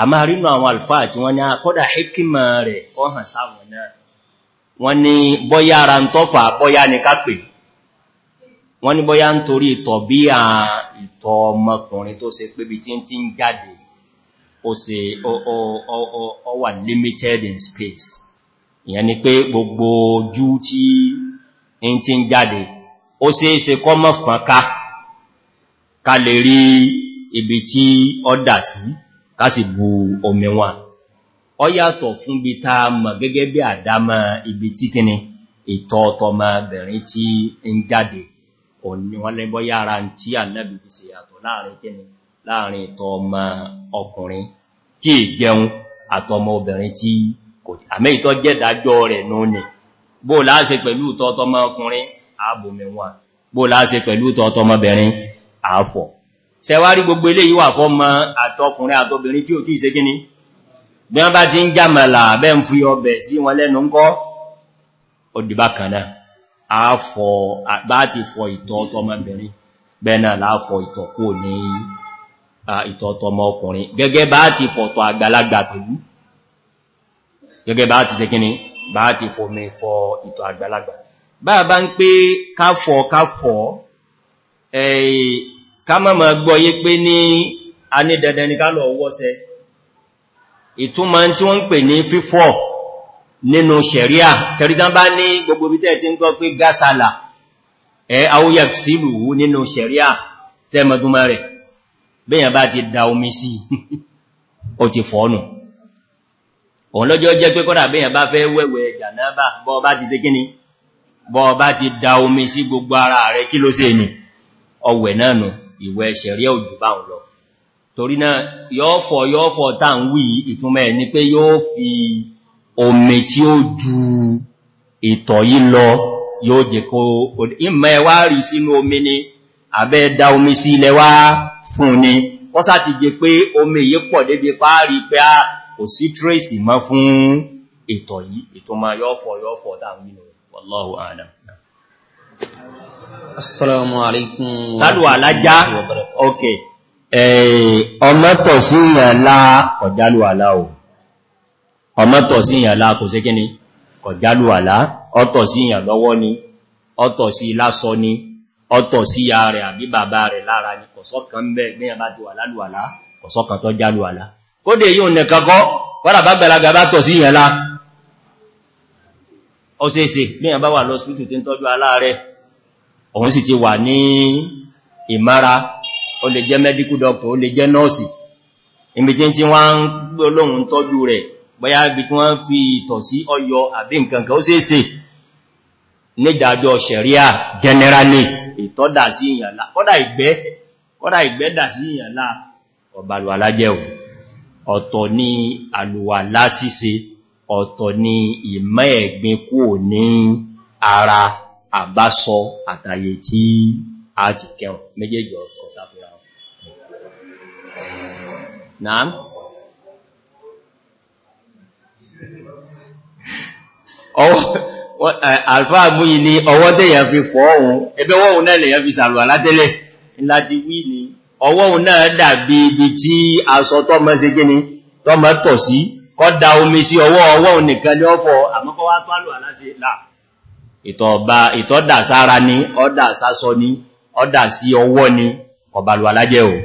a máa rínú àwọn alfáà tí wọ́n ní akọ́dà hikima rẹ̀ ó hàn sáwọn ni kápè wọ́n ní bọ́yá ń torí ìtọ̀ bí i ìtọ̀ ọmọkùnrin tó ṣe pé bí tí ń tí limited in space ìyẹn ni pé gbogbo ojú tí in ti ń jáde ó ṣeéṣe kọ́ mọ́ fànká ká lè rí ibi tí ọ dà sí ká sì bu omi wọn ọ yàtọ̀ fún bí ta mọ̀ gẹ́gẹ́ bí àdámọ́ ibi tí kíni ìtọ̀ ọ̀tọ̀mọ̀ bẹ̀rin tí ń jáde òní wọ́n lẹ́gbọ́ yára tí ànábì àmẹ́ ìtọ́ jẹ́ dájọ́ rẹ̀ nú ni bó lááse pẹ̀lú tọ́tọmọkùnrin ààbòmíwà bó lááse pẹ̀lú tọ́tọmọbìnrin ààfọ̀ sẹwárí gbogbo ilé yíwà fọ́ mọ àtọkùnrin àtọbìnrin tí ò tí ìṣe gíní bí wọ́n bá ti ń jàmàlà bẹ́ ń fi ọbẹ̀ sí wọn lẹ́nu ń kọ́ òdìbá kanáà ààfọ̀ bá ti fọ ìtọ̀ ọtọmọbìnrin bẹ́ẹ̀nà láàfọ̀ ìtọ̀ kò ní ìtọ̀ ọtọmọ ọkùnrin gẹ́gẹ́ bá ti fọ̀tọ̀ àgbàlagbà pẹ̀lú gẹ́gẹ́ bá ti ṣe kíní bá ti fomi fọ ìtọ̀ àgbàlagbà bá bá ń pé káfọ́ káfọ́ ẹ̀yí ká mọ́mọ̀ gbọ́ yé pé ní a ní dandan ní ká lọ wọ́sẹ ìtumọ̀ tí wọ́n ń pè ní fífọ́ nínú sẹ̀ríà sẹ̀rídán bá ní gbogbo bí tẹ́ẹ̀ tí ń gbọ́ pé gásàlà ẹ awúyà nínú sẹ̀ríà tẹ́mọ̀dúnmọ́ rẹ̀ bẹ́yàn bá ti da omi sí ó ti fọ́nù òun lọ́jọ́ jẹ́ pé kọ́dà bẹ́yàn bá fẹ́ wẹ̀wẹ̀ jànábà bọ́ bá ti ṣe kíni bọ́ bá ti da omi sí gbogbo ara rẹ̀ kí ló ṣe ní ọwẹ̀ náà nù ìwẹ̀ ṣẹ̀rí òjù bá ń lọ torí náà yọ́ọ̀fọ̀ yọ́ọ̀fọ̀ tá ń wí ni pé yóò fi omi tí ó ju ìtọ̀ yí lọ yóò jẹ́ kó ìmọ̀ ẹwà rí sínú omi ni àbẹ́ da kò sí trace mọ́ fún ètò yìí ètò ma yọ́fọ̀ yọ́fọ̀ dáwínú wallahu a'lam assalamu alaikum sálùwà alájá ok ọmọ́tọ̀ sí ìyànlá kọjálùwàlá o ọmọ́tọ̀ sí ìyànlá kò sí kíni kọjálùwàlá ọtọ̀ sí ìyàn lọ́wọ́ ni ọtọ̀ sí lásọ ni ọtọ̀ sí ya rẹ̀ àbí bàbá rẹ̀ lára ni kọ̀sọ́kan bẹ́ẹ̀ gbẹ́yàn bá ti wà lálùwàlá kọ̀sọ́kan tó jálùwàlá kódé yíò nìkan kọ́ wọ́n bá gbẹ̀lága bá tọ̀ sí ìyẹ̀lá ọ̀sẹ̀ẹ̀sẹ̀ mẹ́yàn bá wà lọ sí tí ń tọ́jú aláàrẹ òun sì ti wà ní ìmára o lè jẹ́ medical doctor o lè jẹ́ nọ́ọ̀sì ibi tí tí wọ́n ń gbọ́lọ́hun tọ́jú rẹ̀ bóyá ibi tí wọ́n fi ìtọ̀ sí ọyọ àbí ìgbẹ́ dà sí ìyànlá ọ̀bàlù alájẹ́ ọ̀tọ̀ ni àlùwàlá ṣíṣe ọ̀tọ̀ ni ìmọ́ ẹ̀gbin kúò ní ara àbásọ àtàyè tí a ti kẹun méjèèjì ọ̀tọ̀ fúnra wọn naam ọwọ́ alfa múyí ni ọwọ́ tẹ́yàn fi fọ́ ọ̀hún ẹgbẹ́ wọ́n náà lèyàn fi sàlùwà látẹ́lẹ̀ láti wí ni ọwọ́ òun náà dàbí ibi tí aṣọ tọ́mọ ṣe gíní tọ́mọ tọ̀ sí kọ́ da omi sí ọwọ́ ọwọ́ òun nìkan ní ọ̀fọ̀ àmọ́kọ́ wá tó àlò aláṣẹ là ìtọ́dà sára ní ọ́dà sásọ ní ọ́dà sí ọwọ́ ní ọ̀bàlù alájẹ́ ò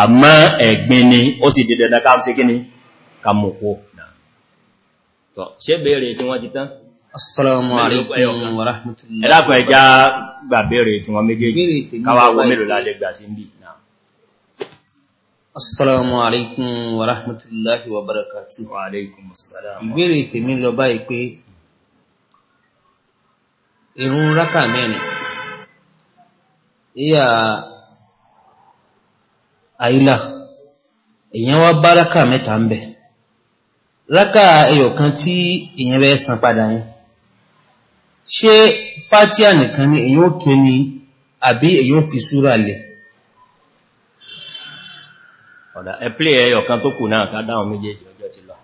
àmọ́ ẹ̀gbin ni ó sì dìde dandan ṣe gíní kamòkó ṣe bèèrè tí wọ́n Assalamu alaikum wa rahmatullahi. Ẹlákùn ẹja gbà tí wọ́n méjèèjì, káwàá wọ́n mélòó lálẹ́gbà sí ń bí. Assalamu alaikum wa rahmatullahi wa barakatuh. Wa alaikum assalam. Ìbéèrè tèmi lọ báyìí pé ìrun rákà mẹ́rin. Ìyá àìlà èèyàn wá bá rákà mẹ́ta ń bẹ̀. Rákà ẹyọ̀kan tí èèyàn bẹ́ san padà yẹn. Ṣé Fátíà nìkan ni èèyàn ò kí àbí èèyàn ò fi súrà lẹ̀? ọ̀dá ẹ̀plẹ̀ ẹyọ kan tó kù náà ká dáhùn méjèèjì ọjọ́ ti lọ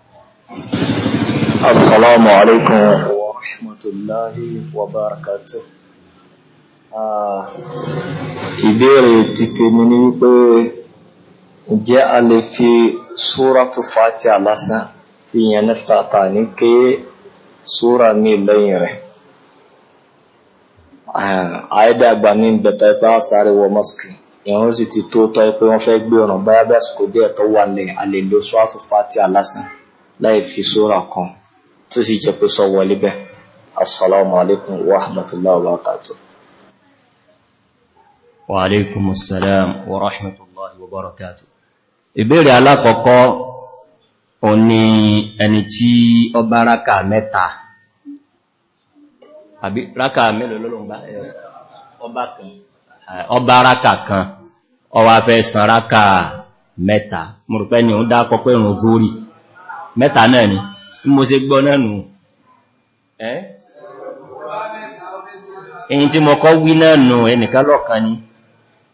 assalamu alaikum wa rahmatullahi wa barakatuh ah, ìbéèrè títẹ mi ní wípé jẹ́ a lè fi súratu fatiha lásán fi yẹn nẹ́fàtà ní ké súra mi lẹ́yìn rẹ̀ ah, àìdàgbà ní bẹ̀tẹ̀ bá sáré wọ ìrún sì ti tó tọ́ pé wọ́n fẹ́ gbé ọ̀nà báyá bí àsìkò díẹ̀ tó wà lẹ̀ àlè kan tó sì jẹ́ pé sọ wọlé bẹ́ẹ̀ wa rahmatullahi wa barakatuh. wa wa rahmatullahi wa barakatuh. ìbéèrè alákọ̀ọ́kọ́ ò ẹni tí ọ bá mẹ́ta ọwá fẹ́ sanraka mẹ́ta mọ̀rùpẹ́ ni ó dákọ pé ìrùn gúrí mẹ́ta náà ni mo ṣe gbọ́ náà nù ẹ̀yìn tí mo kọ́ wí náà nù ẹnìkan lọ́kan ni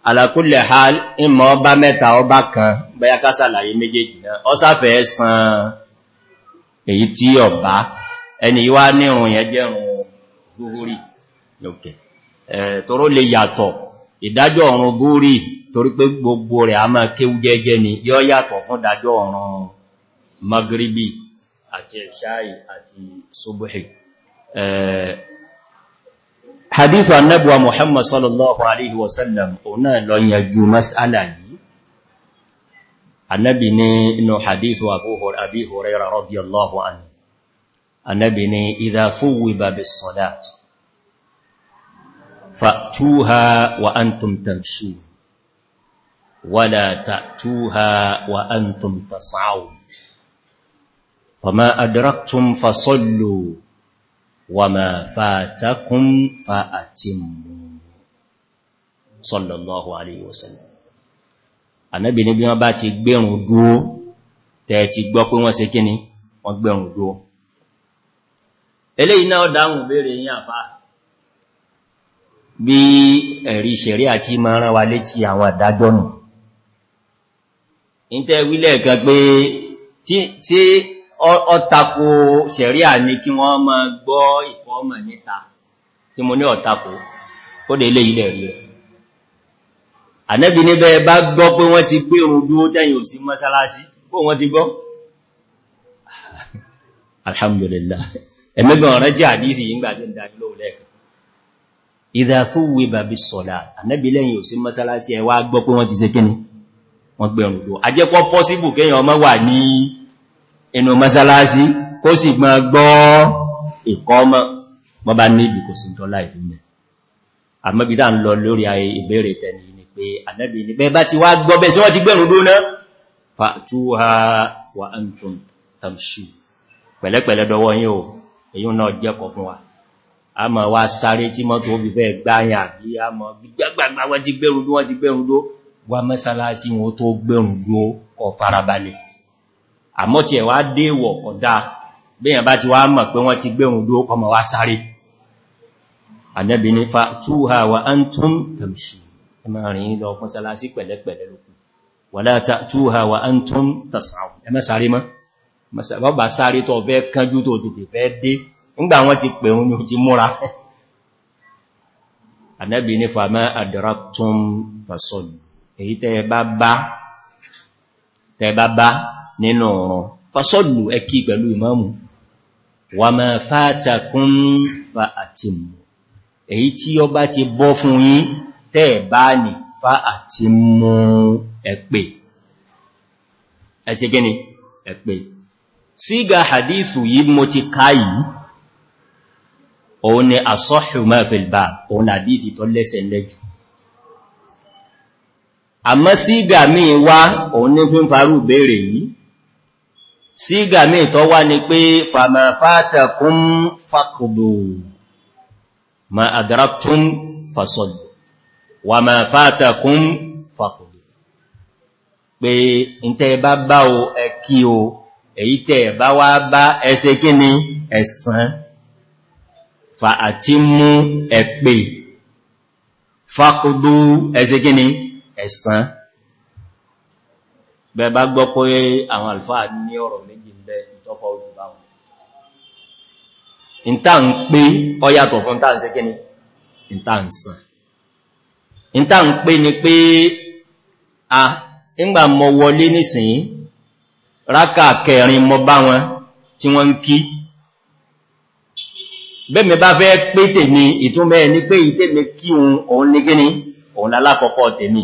alakulẹ̀ ha ìmọ̀ ọba mẹ́ta ọba kan bẹ́yàká sàlàyé méjèèjì náà ọ sáfẹ́ san èyí tí ọba ẹni ìdájọ́ ọ̀run gúrí torí pé gbogbo rẹ̀ a máa kéwú jẹ́jẹ́ ni yọ́ yàtọ̀ fún dájọ́ ọ̀ràn magribi àti ẹ̀ṣáì àti subuhi eh, hadithu annabuwa muhammad sallallahu alaihi wasallam ọ̀nà lọ yanjú mas'ala yìí annabi ni inú hadithu abi huraira radiyallahu anhu annabi ni idha fuwiba bis salat fa'tuha wa antum tamshun ولا تأتوها وأنتم تسعون وما أدركتم فصلوا وما فاتكم فأتموا صلى الله عليه وسلم Ànábì ní bí wọ́n bá ti gbẹ̀rùn dúó tẹ́ ti gbọ́ pé wọ́n ṣe kíni wọ́n gbẹ̀rùn dúó. Eléyìí náà dáhùn béèrè yín àfá bí ẹ̀rí ṣẹ̀rí àti máa rán wa létí àwọn àdájọ́ nù ìtẹ́ wílẹ̀ kan pé tí ọ̀tako sẹ̀ríà ní kí wọ́n mọ́ gbọ́ ìkọ́ ọmọ níta tí mo ní ọ̀tako ó dé ilé ilẹ̀ rí rẹ̀ ànẹ́bì níbẹ̀ bá gbọ́ pé wọ́n ti gbé ohun dúó tẹ́yìn òsì mọ́sálásí bó wọ́n ti gbọ́ alhamdulillah ẹ̀mẹ́gbọ̀n wọ́n gbẹ̀rùn lò ajẹ́pọ̀ pọ́síbù kéèyàn ọmọ wà ní inú mọ́sálásí kó sì gbọ́n gbọ́ ìkọ́ ọmọ wọ́n bá ní ìbìkò sí dọ́là ìdúnmẹ̀ àmọ́bídá ń lọ lórí ìbéèrè tẹni ni pé ànẹ́bì ni bẹ́ bá ti wá gbọ́bẹ̀ sí wọ́n ti gbẹ̀rùn lóná fàtúhà wà ń tún tàbṣù pẹ̀lẹ́pẹ̀lẹ́ dọwọ́ yín o èyí náà jẹ́kọ̀ fún wa wá mẹ́sàlásí wọn tó gbẹ̀rùn dúó kọ farabalẹ̀ àmọ́ tí ẹ̀ wá déwọ̀ ọ̀dá bẹ́yàn bá ti wá mọ̀ pé wọ́n ti gbẹ̀rùn dúó kọmọ wá sáré ànẹ́bì ní fa túhà wa an tún tẹ̀mṣù ẹ máa rìn lọ mọ́sálásí èyí tẹ́ bá bá nínú ọ̀rọ̀ fasọ́lù ẹkí pẹ̀lú ìmáàmù wà ma fàtàkùn fa àtìmù èyí tí ó bá ti bọ́ fún yín tẹ́ bá ní fa àtìmù ẹ̀pẹ̀ ẹ̀ṣẹ́ gẹ́ni ẹ̀pẹ̀ síga hadithu yìí mo ti ká yìí òun ni asọ́hù máa àmọ́ sígà míì wá òun ní fún farú bèèrè yìí sígà míì tó wá ni pé fàmà fàtàkún fàkùdù ma àdáraktún fàsọ̀lù wà ma fàtàkún fàkùdù pé ìtẹ́ bá bá o ẹkí o èyí tẹ́ bá wá bá ẹsẹ́ kí ni ẹ̀sán fa àti mú ẹ̀pẹ̀ fàkùdù ẹsẹ́ kí ni ẹ̀sán bẹ bá gbọ́ pé àwọn àlùfáà ní ọ̀rọ̀ méjì lẹ́ ìtọ́fọ́ ojú bá wọn ìta ń pé ọyàtọ̀ fún ta ń ṣe kíni ìta ń sàn ìta ń pé ni pé a ńgbà mọ wọlé nísìnyí rákà kẹrin mọ bá wọn tí wọ́n ń kí bẹ́mẹ̀ bá fẹ́ pé tèmi ìtúnmẹ́ ní pé ìtẹ́mẹ́ kí òun òun ní kíni òun lálákọ̀ọ́kọ́ tèmi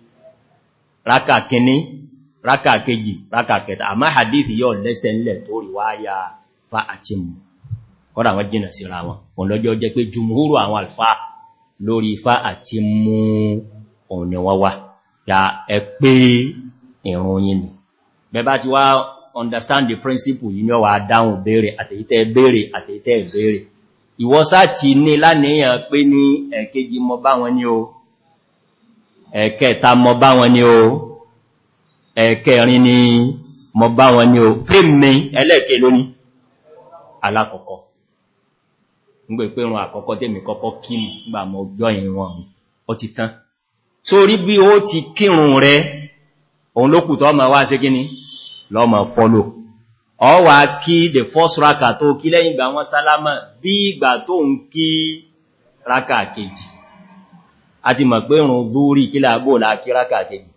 rákà kìíní rákà kejì rákà kẹta àmá hadithi yóò lẹ́sẹ̀ nílẹ̀ tó rí wáyà fa àti mú kọ́dà wọ́n jìnà síra wọn òun lọ́jọ́ jẹ́ pé jùmúhúrù alfa lórí fa àti mú òun ya ẹ pé ìrún yìí ni bẹba ti wá understand the principle yìí ni wà dáhùn béèrè àtẹ̀yítẹ́ béèrè àtẹ̀yítẹ́ béèrè ìwọ́sá ti ní láníyàn pé ní ẹ̀kejì mọ bá wọn ní o ẹ̀kẹta mọ bá wọn ni o ẹ̀kẹrin ni mọ bá wọn ni o fíìmì ẹlẹ́ẹ̀kẹ́ lóní alákọ̀ọ́kọ́ nígbè pé rùn àkọ́kọ́ tèmi kọ́kọ́ kí gbà mọ̀ ọjọ́ ìwọ̀n ó ti tán sórí bí ó ti kírun rẹ òun lókù tó ma wá sí kíní lọ́mọ fọ́lò ọ wà kí the first raka tó kí lẹ́yìn ìgbà wọn sálámà bí ìgbà tó ń kí raka kejì a ti mọ̀ pé rùn zúrí kí láàgbò láàkíraka kejì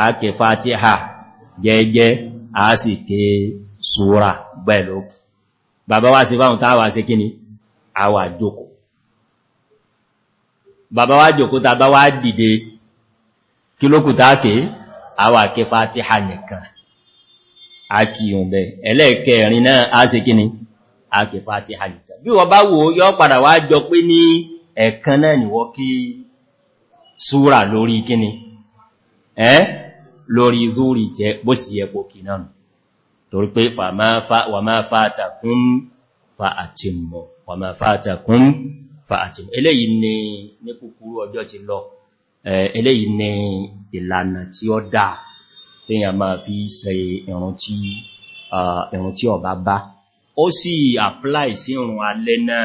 a kè fatiha jẹ́jẹ́ a sì ké súra pẹ̀lú bàbá wá sí fáhùn táwà sí kíni àwà jókò bàbá wá jókò tàbá wá dìde kí lókù táàkè àwà ké fatiha nìkan a kì yùn bẹ ẹlẹ́ẹ̀kẹ́rin náà a sì kíni ẹ̀kan náà nìwọ́ kí súra lórí kíni ẹ́ lórí zúrí jẹ́ bó sì yẹ kò kì náà torí pé wà máa fàátà kún fàátìmọ̀ wà máa fàátà kún fàátìmọ̀ eléyìí ni ní kúkúrú ọjọ́ ti lọ eléyìí ni ìlànà tí ó dáa tíyàn máa fi ṣe ìrun tí ọba bá ó sì apply sí ìrun alẹ́ náà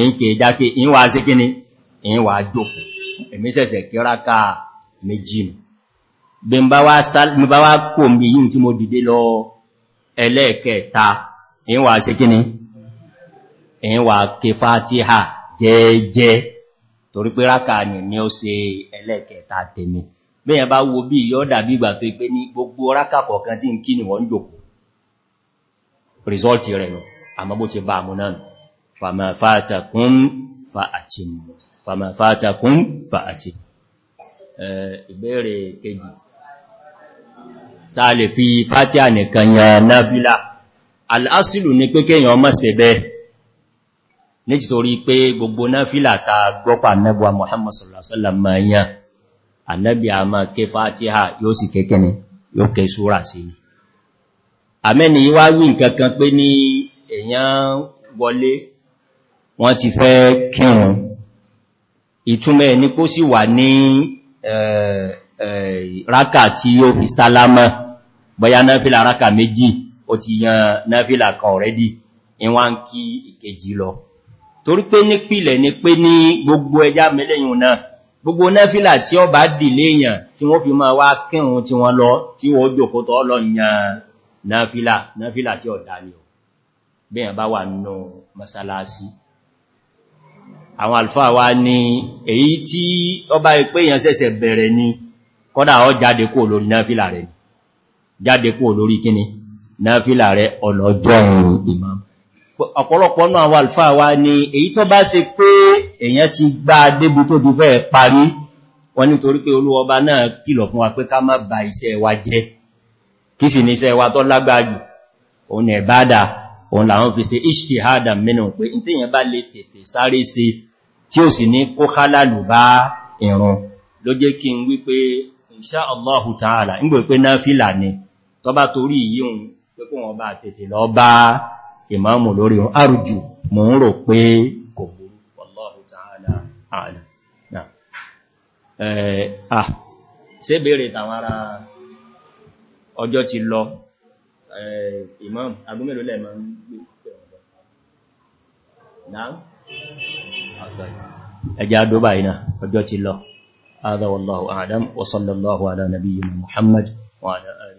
èyí kè dákè èyí wà sí kíní èyí wà jókù èmi sẹ̀sẹ̀ kíráka méjì bí n bá wá kò mí tí mo dìde lọ ẹlẹ́ẹ̀kẹta èyí wà sí kíní èyí wà ké fàtíhà jẹ́ẹ́jẹ́ torí pé ráka ni ní ó ṣe ẹlẹ́ẹ̀kẹta tèmi bẹ́yẹn bá wo bí yọ́ dàbí ìgbà tó ipé ní gbogbo ráka kọ̀ọ̀kan tí ń kí ni wọ́n jòkó rìsọ́ọ̀tì rẹ̀ bá àmúnáà fàmà fàtàkùn fààtìmù fàmà fàtàkùn fààtìmù ìbéèrè kejì sáà lè fi fàtíà nìkan yàn náfílà al'asìlù ni pé kéèyàn má ṣe bẹ́ẹ̀ nítorí pé gbogbo náfílà ta gbọ́pà nẹ́bọ̀ Muhammad sallallahu alaihi wasallam ma yàn annabi a máa ké fàtíhà yóò sì kéèké ni yóò ké súra sí ni àmẹ́ni wá wí nǹkan kan pé ní èèyàn wọlé wọ́n ti fẹ́ kírun ìtúnmẹ̀ ní kó sì wà ní rákà tí ó fi sálámà bọ́yá náfílà rákà méjì ó ti yan náfílà kan ọ̀rẹ́dì ìwọ́n ń kí ìkejì lọ torí pé ní pìlẹ̀ ni pé ní gbogbo ẹjá mẹ́lẹ́yìn náà gbogbo náfílà tí ó bá dìlé èèyàn tí wọ́n fi máa wá kírun tí wọ́n lọ tí wọ́n jòkó tọ́ lọ yan náfílà náfílà tí ọ̀dá ni ò bí èèyàn bá wà nínú mọ́sálásí àwọn alfáà wá ní èyí tí ó bá ipé èyàn ṣẹ̀ṣẹ̀ bẹ̀rẹ̀ ni kọ́dà ọ jáde kó lórí náfílà rẹ̀ jáde kó lórí kíni náfílà rẹ̀ ọlọ́jọ́ imam ọ̀pọ̀lọpọ̀ náà àwọn alfáà wá ní èyí tó bá ṣe pé èyàn ti gbá débi tó ti fẹ́ parí wọn nítorí pé olúwọba náà kìlọ̀ fún wa pé ká má ba iṣẹ́ wa jẹ́ kí sì ní iṣẹ́ wa tó lágbájú òun ẹ̀bádàá òun làwọn fi ṣe ishtihada mínú pé in tíyàn bá lè tètè sáré sí tí ó sì ní kó hálàlù bá ìrun ló jẹ́ kí n wí pé insha Allahu ta'ala ń gbé pé náfílà ni tó bá torí yíun pé kó wọn bá tètè lọ bá ìmáàmù lórí ìrun arjù mo ẹjá dóbà iná ọjọ́ ti lọ هذا والله أعلم وصلى الله على نبينا محمد وعلى آله